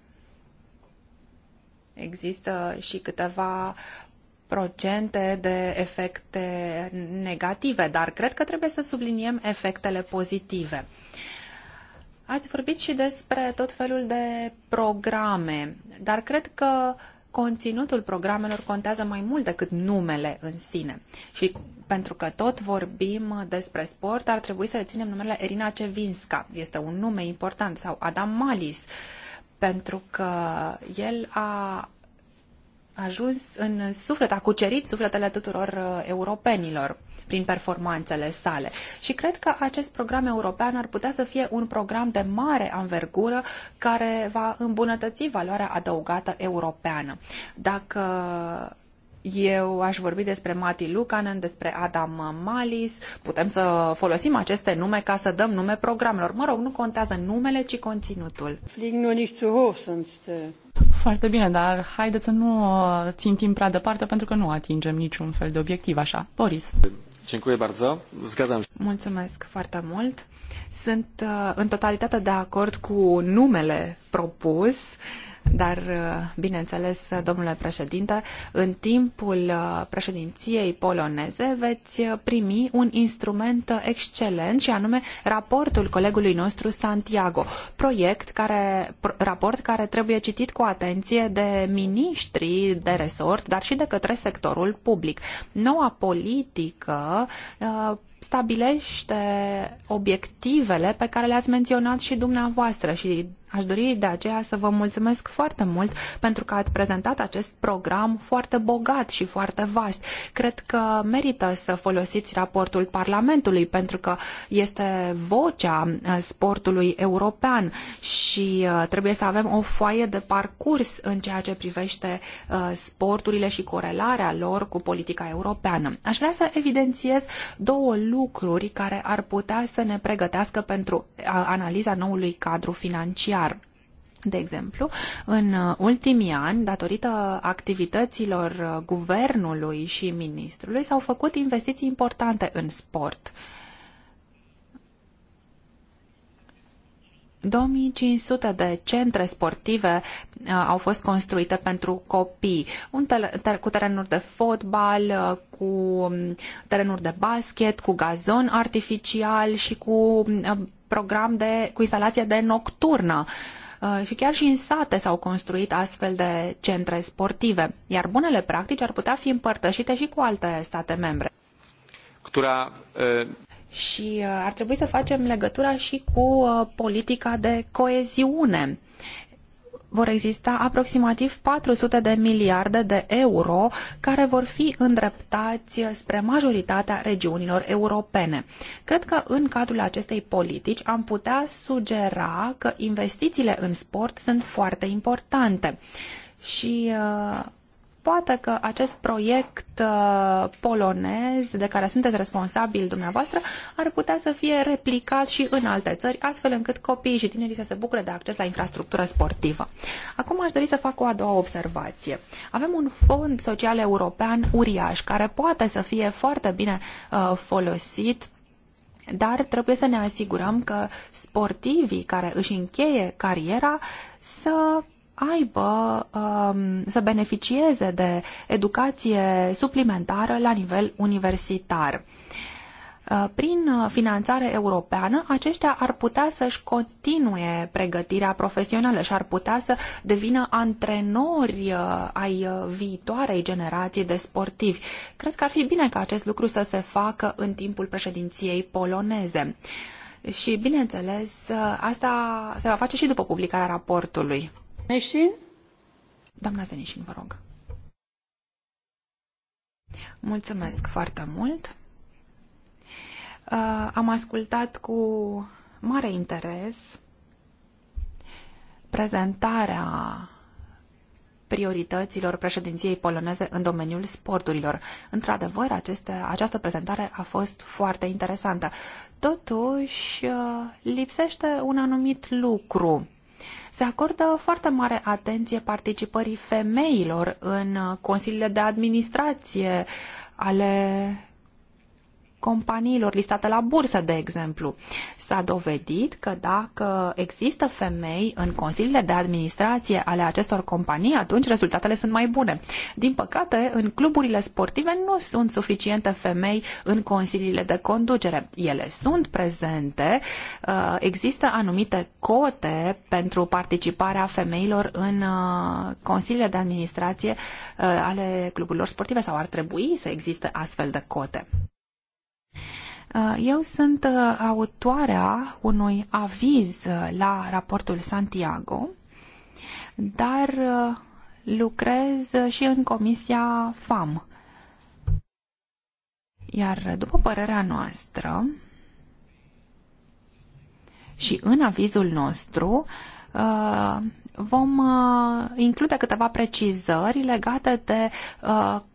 Există și câteva procente de efecte negative, dar cred că trebuie să subliniem efectele pozitive. Ați vorbit și despre tot felul de programe, dar cred că conținutul programelor contează mai mult decât numele în sine. Și pentru că tot vorbim despre sport, ar trebui să reținem numele Erina Cevinska. Este un nume important. Sau Adam Malis, pentru că el a ajuns în suflet, a cucerit sufletele tuturor uh, europenilor prin performanțele sale. Și cred că acest program european ar putea să fie un program de mare anvergură care va îmbunătăți valoarea adăugată europeană. Dacă eu aș vorbi despre Mati Lucanen, despre Adam Malis. Putem să folosim aceste nume ca să dăm nume programelor. Mă rog, nu contează numele, ci conținutul. Uh, Foarte bine, dar haideți să nu uh, țintim prea departe pentru că nu atingem niciun fel de obiectiv așa. Boris. Mulțumesc foarte mult. Sunt uh, în totalitate de acord cu numele propus. Uh, dar, uh, bineînțeles, uh, domnule președinte, în timpul uh, președinției poloneze veți primi un instrument excelent și anume raportul colegului nostru Santiago, proiect care, raport care trebuie citit cu atenție de miniștri de resort, dar și de către sectorul public. Noua politică stabilește obiectivele pe care le-ați menționat și dumneavoastră și Aș dori de aceea să vă mulțumesc foarte mult pentru că ați prezentat acest program foarte bogat și foarte vast. Cred că merită să folosiți raportul Parlamentului pentru că este vocea uh, sportului european și uh, trebuie să avem o foaie de parcurs în ceea ce privește uh, sporturile și corelarea lor cu politica europeană. Aș vrea să evidențiez două lucruri care ar putea să ne pregătească pentru analiza noului cadru financiar dar De exemplu, în uh, ultimii ani, datorită activităților uh, guvernului și ministrului, s-au făcut investiții importante în sport. 2500 de centre sportive uh, au fost construite pentru copii, un ter- ter- cu terenuri de fotbal, uh, cu um, terenuri de basket, cu gazon artificial și cu uh, program de cu instalație de nocturnă. Și chiar și în sate s-au construit astfel de centre sportive, iar bunele practici ar putea fi împărtășite și cu alte state membre. Która și uh, ar trebui să facem legătura și cu uh, politica de coeziune. Vor exista aproximativ 400 de miliarde de euro care vor fi îndreptați spre majoritatea regiunilor europene. Cred că în cadrul acestei politici am putea sugera că investițiile în sport sunt foarte importante și uh, Poate că acest proiect uh, polonez de care sunteți responsabil dumneavoastră ar putea să fie replicat și în alte țări, astfel încât copiii și tinerii să se bucure de acces la infrastructură sportivă. Acum aș dori să fac o a doua observație. Avem un fond social european uriaș care poate să fie foarte bine uh, folosit dar trebuie să ne asigurăm că sportivii care își încheie cariera să aibă, um, să beneficieze de educație suplimentară la nivel universitar. Uh, prin finanțare europeană, aceștia ar putea să-și continue pregătirea profesională și ar putea să devină antrenori uh, ai uh, viitoarei generații de sportivi. Cred că ar fi bine ca acest lucru să se facă în timpul președinției poloneze. Și, bineînțeles, asta se va face și după publicarea raportului. Neșin? Doamna Zenișin, vă rog. Mulțumesc foarte mult. Uh, am ascultat cu mare interes prezentarea priorităților președinției poloneze în domeniul sporturilor. Într-adevăr, această prezentare a fost foarte interesantă. Totuși, uh, lipsește un anumit lucru se acordă foarte mare atenție participării femeilor în uh, consiliile de administrație ale companiilor listate la bursă, de exemplu. S-a dovedit că dacă există femei în consiliile de administrație ale acestor companii, atunci rezultatele sunt mai bune. Din păcate, în cluburile sportive nu sunt suficiente femei în consiliile de conducere. Ele sunt prezente, uh, există anumite cote pentru participarea femeilor în uh, consiliile de administrație uh, ale cluburilor sportive sau ar trebui să existe astfel de cote. Uh, eu sunt uh, autoarea unui aviz uh, la raportul Santiago, dar lucrez și în Comisia FAM. Iar după părerea noastră și în avizul nostru, vom include câteva precizări legate de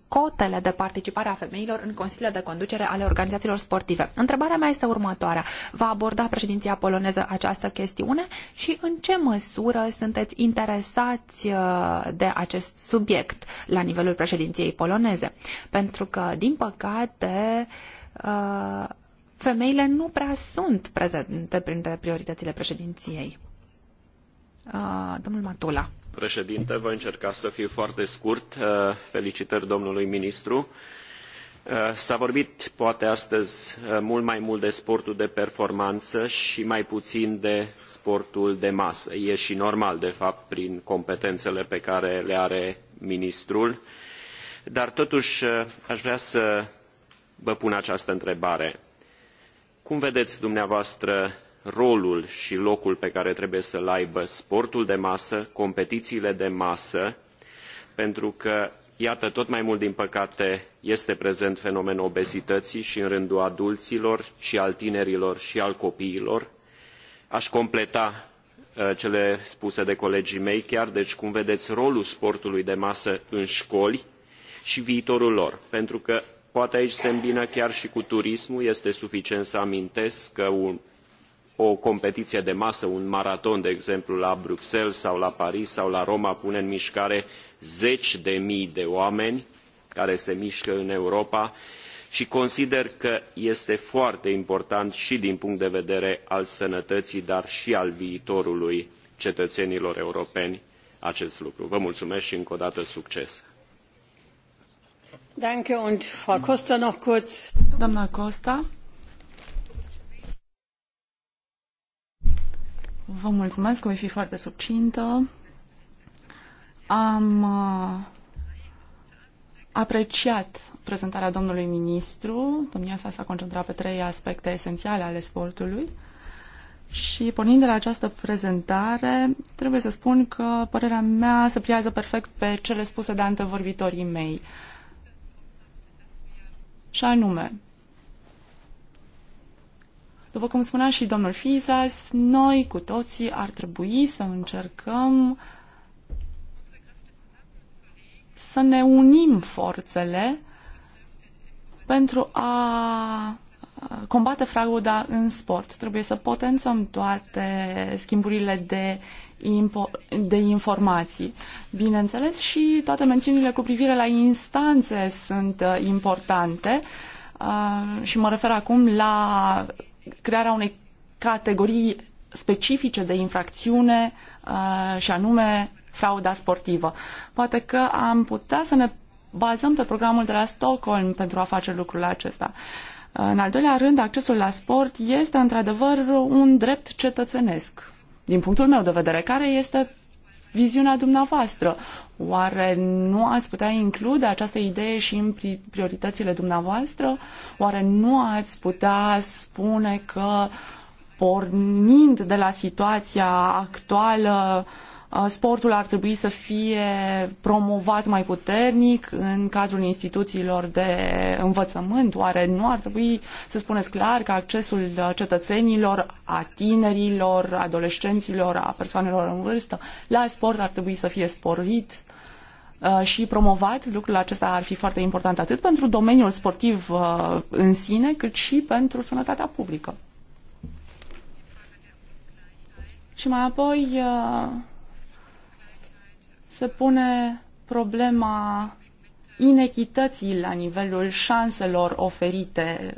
cotele de participare a femeilor în consiliile de conducere ale organizațiilor sportive. Întrebarea mea este următoarea. Va aborda președinția poloneză această chestiune și în ce măsură sunteți interesați uh, de acest subiect la nivelul președinției poloneze? Pentru că, din păcate, uh, femeile nu prea sunt prezente printre prioritățile președinției. Uh, domnul Matula președinte. Voi încerca să fiu foarte scurt. Uh, felicitări domnului ministru. Uh, s-a vorbit poate astăzi uh, mult mai mult de sportul de performanță și mai puțin de sportul de masă. E și normal, de fapt, prin competențele pe care le are ministrul. Dar totuși aș vrea să vă pun această întrebare. Cum vedeți dumneavoastră rolul și locul pe care trebuie să-l aibă sportul de masă, competițiile de masă, pentru că, iată, tot mai mult, din păcate, este prezent fenomenul obezității și în rândul adulților, și al tinerilor, și al copiilor. Aș completa uh, cele spuse de colegii mei chiar, deci cum vedeți rolul sportului de masă în școli și viitorul lor, pentru că poate aici se îmbină chiar și cu turismul, este suficient să amintesc că un o competiție de masă, un maraton, de exemplu, la Bruxelles sau la Paris sau la Roma, pune în mișcare zeci de mii de oameni care se mișcă în Europa și consider că este foarte important și din punct de vedere al sănătății, dar și al viitorului cetățenilor europeni acest lucru. Vă mulțumesc și încă o dată succes! Danke und Frau Costa noch kurz. Doamna Costa. Vă mulțumesc, voi fi foarte subcintă. Am uh, apreciat prezentarea domnului ministru. Domnia sa s-a concentrat pe trei aspecte esențiale ale sportului. Și pornind de la această prezentare, trebuie să spun că părerea mea se pliază perfect pe cele spuse de antevorbitorii mei. Și anume, după cum spunea și domnul Fizas, noi cu toții ar trebui să încercăm să ne unim forțele pentru a combate frauda în sport. Trebuie să potențăm toate schimburile de, de informații. Bineînțeles, și toate mențiunile cu privire la instanțe sunt uh, importante. Uh, și mă refer acum la crearea unei categorii specifice de infracțiune uh, și anume frauda sportivă. Poate că am putea să ne bazăm pe programul de la Stockholm pentru a face lucrul acesta. Uh, în al doilea rând, accesul la sport este într-adevăr un drept cetățenesc, din punctul meu de vedere, care este viziunea dumneavoastră. Oare nu ați putea include această idee și în prioritățile dumneavoastră? Oare nu ați putea spune că, pornind de la situația actuală, uh, sportul ar trebui să fie promovat mai puternic în cadrul instituțiilor de învățământ? Oare nu ar trebui să spuneți clar că accesul cetățenilor, a tinerilor, adolescenților, a persoanelor în vârstă la sport ar trebui să fie sporit? și promovat. Lucrul acesta ar fi foarte important atât pentru domeniul sportiv în sine, cât și pentru sănătatea publică. Și mai apoi se pune problema inechității la nivelul șanselor oferite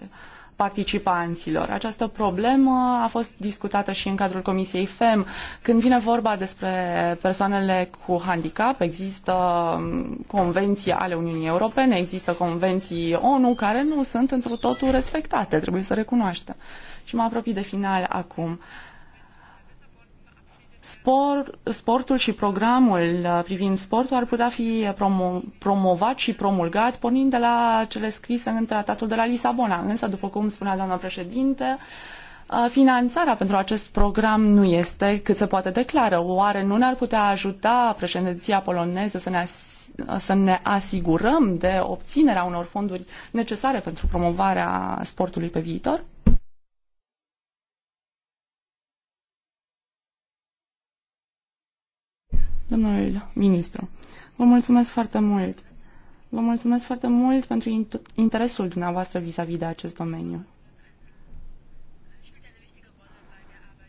participanților. Această problemă a fost discutată și în cadrul Comisiei FEM. Când vine vorba despre persoanele cu handicap, există um, convenții ale Uniunii Europene, există convenții ONU care nu sunt întru totul respectate, trebuie să recunoaștem. Și mă apropii de final acum. Uh, Spor, sportul și programul uh, privind sportul ar putea fi promo, promovat și promulgat pornind de la cele scrise în tratatul de la Lisabona. Însă, după cum spunea doamna președinte, uh, finanțarea pentru acest program nu este cât se poate declară. Oare nu ne-ar putea ajuta președinția poloneză să ne, să ne asigurăm de obținerea unor fonduri necesare pentru promovarea sportului pe viitor? Domnule ministru, vă mulțumesc foarte mult. Vă mulțumesc foarte mult pentru interesul dumneavoastră vis-a-vis de acest domeniu.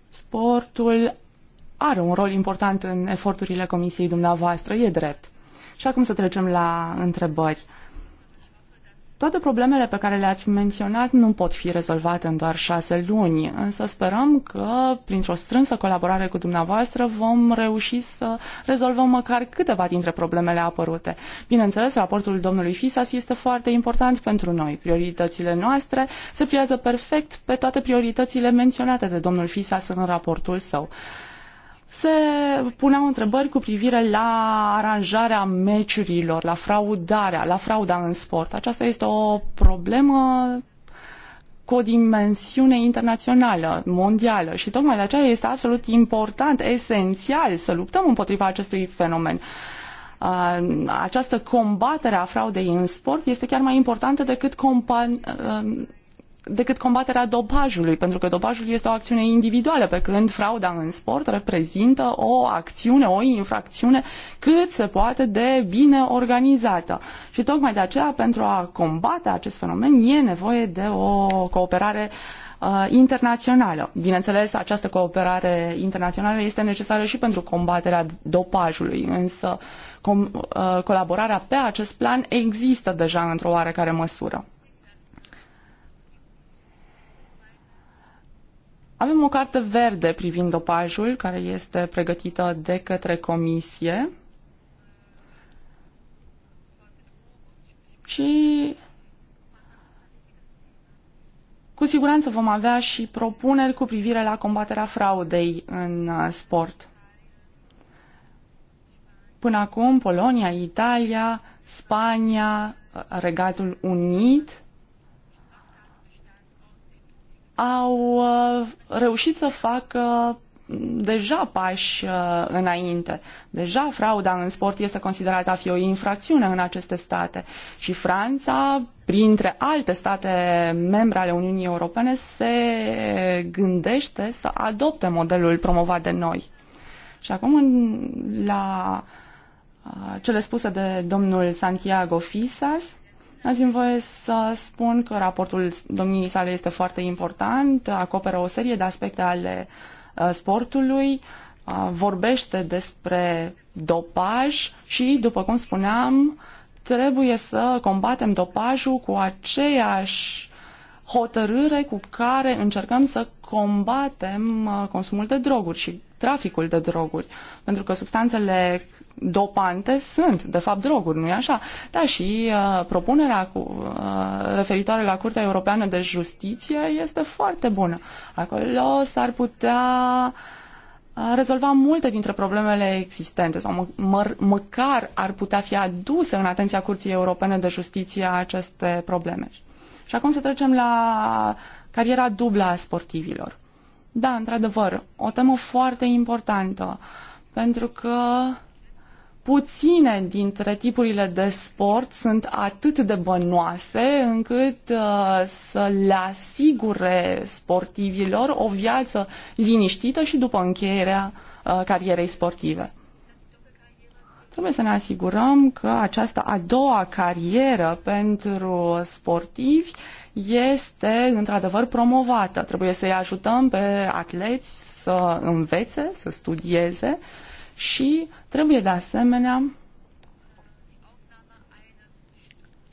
Sportul are un rol important în eforturile comisiei dumneavoastră, e drept. Și acum să trecem la întrebări. Toate problemele pe care le-ați menționat nu pot fi rezolvate în doar șase luni, însă sperăm că, printr-o strânsă colaborare cu dumneavoastră, vom reuși să rezolvăm măcar câteva dintre problemele apărute. Bineînțeles, raportul domnului Fisas este foarte important pentru noi. Prioritățile noastre se pliază perfect pe toate prioritățile menționate de domnul Fisas în raportul său se puneau întrebări cu privire la aranjarea meciurilor, la fraudarea, la frauda în sport. Aceasta este o problemă cu o dimensiune internațională, mondială și tocmai de aceea este absolut important, esențial să luptăm împotriva acestui fenomen. Uh, această combatere a fraudei în sport este chiar mai importantă decât compa uh, decât combaterea dopajului, pentru că dopajul este o acțiune individuală, pe când frauda în sport reprezintă o acțiune, o infracțiune cât se poate de bine organizată. Și tocmai de aceea, pentru a combate acest fenomen, e nevoie de o cooperare uh, internațională. Bineînțeles, această cooperare internațională este necesară și pentru combaterea dopajului, însă com, uh, colaborarea pe acest plan există deja într-o oarecare măsură. Avem o carte verde privind dopajul, care este pregătită de către comisie. Și cu siguranță vom avea și propuneri cu privire la combaterea fraudei în uh, sport. Până acum, Polonia, Italia, Spania, uh, Regatul Unit au uh, reușit să facă mm, deja pași uh, înainte. Deja frauda în sport este considerată a fi o infracțiune în aceste state și Franța, printre alte state membre ale Uniunii Europene, se gândește să adopte modelul promovat de noi. Și acum la uh, cele spuse de domnul Santiago Fisas, Dați-mi voie să spun că raportul domniei sale este foarte important, acoperă o serie de aspecte ale uh, sportului, uh, vorbește despre dopaj și, după cum spuneam, trebuie să combatem dopajul cu aceeași hotărâre cu care încercăm să combatem uh, consumul de droguri și traficul de droguri. Pentru că substanțele dopante sunt, de fapt, droguri, nu-i așa? Da, și uh, propunerea cu, uh, referitoare la Curtea Europeană de Justiție este foarte bună. Acolo s-ar putea uh, rezolva multe dintre problemele existente sau mă, mă, măcar ar putea fi aduse în atenția Curții Europene de Justiție aceste probleme. Și acum să trecem la cariera dublă a sportivilor. Da, într-adevăr, o temă foarte importantă, pentru că puține dintre tipurile de sport sunt atât de bănoase încât uh, să le asigure sportivilor o viață liniștită și după încheierea uh, carierei sportive. Trebuie să ne asigurăm că această a doua carieră pentru sportivi este într-adevăr promovată. Trebuie să-i ajutăm pe atleți să învețe, să studieze și trebuie de asemenea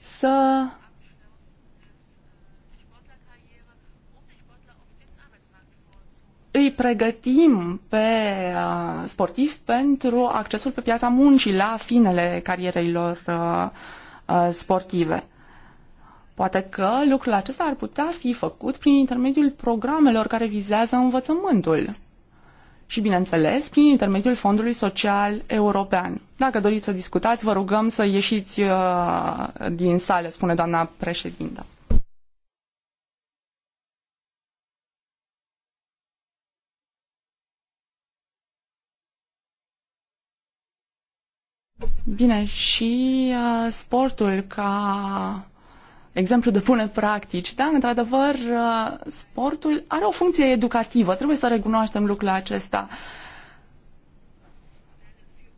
să îi pregătim pe uh, sportivi pentru accesul pe piața muncii la finele carierelor uh, uh, sportive. Poate că lucrul acesta ar putea fi făcut prin intermediul programelor care vizează învățământul și, bineînțeles, prin intermediul Fondului Social European. Dacă doriți să discutați, vă rugăm să ieșiți din sală, spune doamna președintă. Bine, și uh, sportul ca exemplu de bune practici. Da, într-adevăr, uh, sportul are o funcție educativă. Trebuie să recunoaștem lucrul acesta.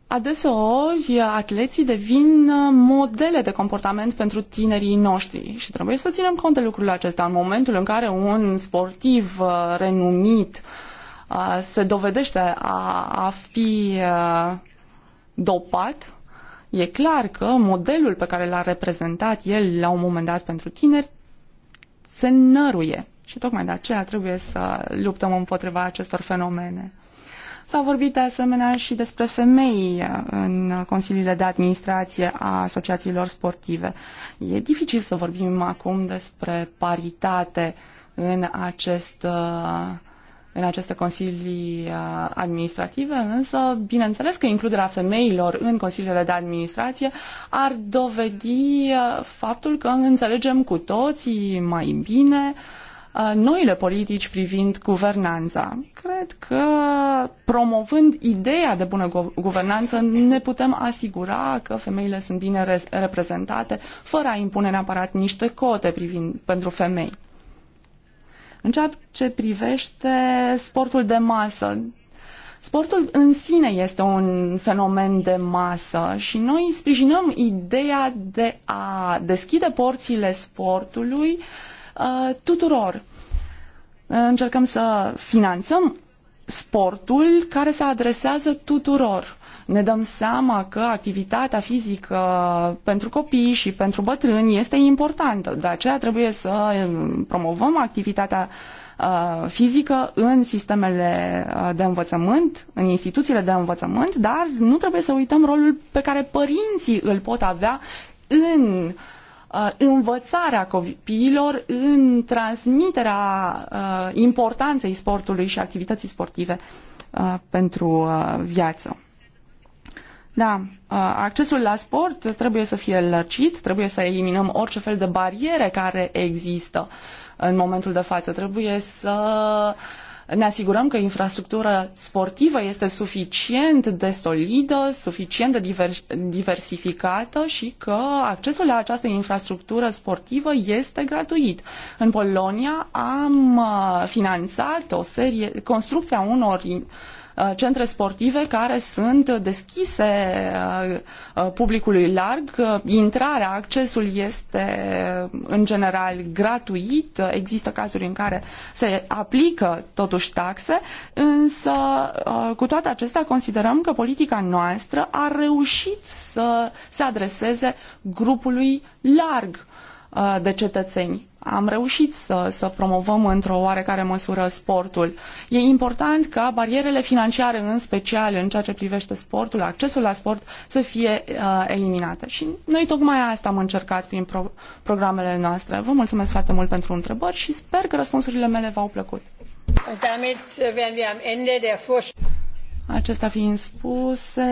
Adeseori, atleții devin uh, modele de comportament pentru tinerii noștri și trebuie să ținem cont de lucrurile acesta. În momentul în care un sportiv renumit se dovedește a fi dopat, e clar că modelul pe care l-a reprezentat el la un moment dat pentru tineri se năruie. Și tocmai de aceea trebuie să luptăm împotriva acestor fenomene. S-a vorbit de asemenea și despre femei uh, în consiliile de administrație a asociațiilor sportive. E dificil să vorbim acum despre paritate în acest uh, în aceste consilii uh, administrative, însă, bineînțeles că includerea femeilor în consiliile de administrație ar dovedi uh, faptul că înțelegem cu toții mai bine uh, noile politici privind guvernanța. Cred că promovând ideea de bună guvernanță ne putem asigura că femeile sunt bine reprezentate fără a impune neapărat niște cote privind, pentru femei. În ceea ce privește sportul de masă, Sportul în sine este un fenomen de masă și noi sprijinăm ideea de a deschide porțile sportului uh, tuturor. Încercăm să finanțăm sportul care se adresează tuturor ne dăm seama că activitatea fizică pentru copii și pentru bătrâni este importantă. De aceea trebuie să promovăm activitatea uh, fizică în sistemele uh, de învățământ, în instituțiile de învățământ, dar nu trebuie să uităm rolul pe care părinții îl pot avea în uh, învățarea copiilor, în transmiterea importanței sportului și activității sportive pentru viață. Da, uh, accesul la sport trebuie să fie lărgit, trebuie să eliminăm orice fel de bariere care există în momentul de față. Trebuie să ne asigurăm că infrastructura sportivă este suficient de solidă, suficient de diversificată și că accesul la această infrastructură sportivă este gratuit. În Polonia am uh, finanțat o serie, construcția unor Uh, centre sportive care sunt deschise uh, uh, publicului larg. Intrarea, accesul este în general gratuit. Există cazuri în care se aplică totuși taxe, însă cu toate acestea considerăm că politica noastră a reușit să se adreseze grupului larg de cetățeni am reușit să, să promovăm într-o oarecare măsură sportul. E important ca barierele financiare, în special în ceea ce privește sportul, accesul la sport, să fie uh, eliminate. Și noi tocmai asta am încercat prin pro- programele noastre. Vă mulțumesc foarte mult pentru întrebări și sper că răspunsurile mele v-au plăcut. Acesta fiind spuse,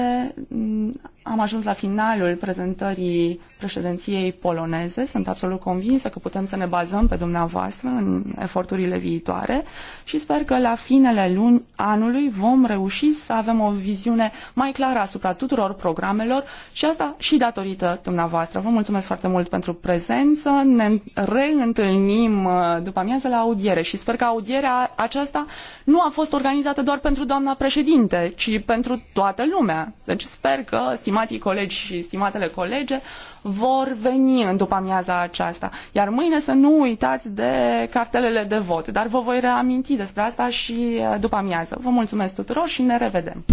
am ajuns la finalul prezentării președinției poloneze. Sunt absolut convinsă că putem să ne bazăm pe dumneavoastră în eforturile viitoare și sper că la finele luni anului vom reuși să avem o viziune mai clară asupra tuturor programelor și asta și datorită dumneavoastră. Vă mulțumesc foarte mult pentru prezență. Ne reîntâlnim uh, după amiază la audiere și sper că audierea aceasta nu a fost organizată doar pentru doamna președinte, ci pentru toată lumea. Deci sper că, stimații colegi și stimatele colege vor veni în după amiaza aceasta. Iar mâine să nu uitați de cartelele de vot, dar vă voi reaminti despre asta și eh, după amiază. Vă mulțumesc tuturor și ne revedem!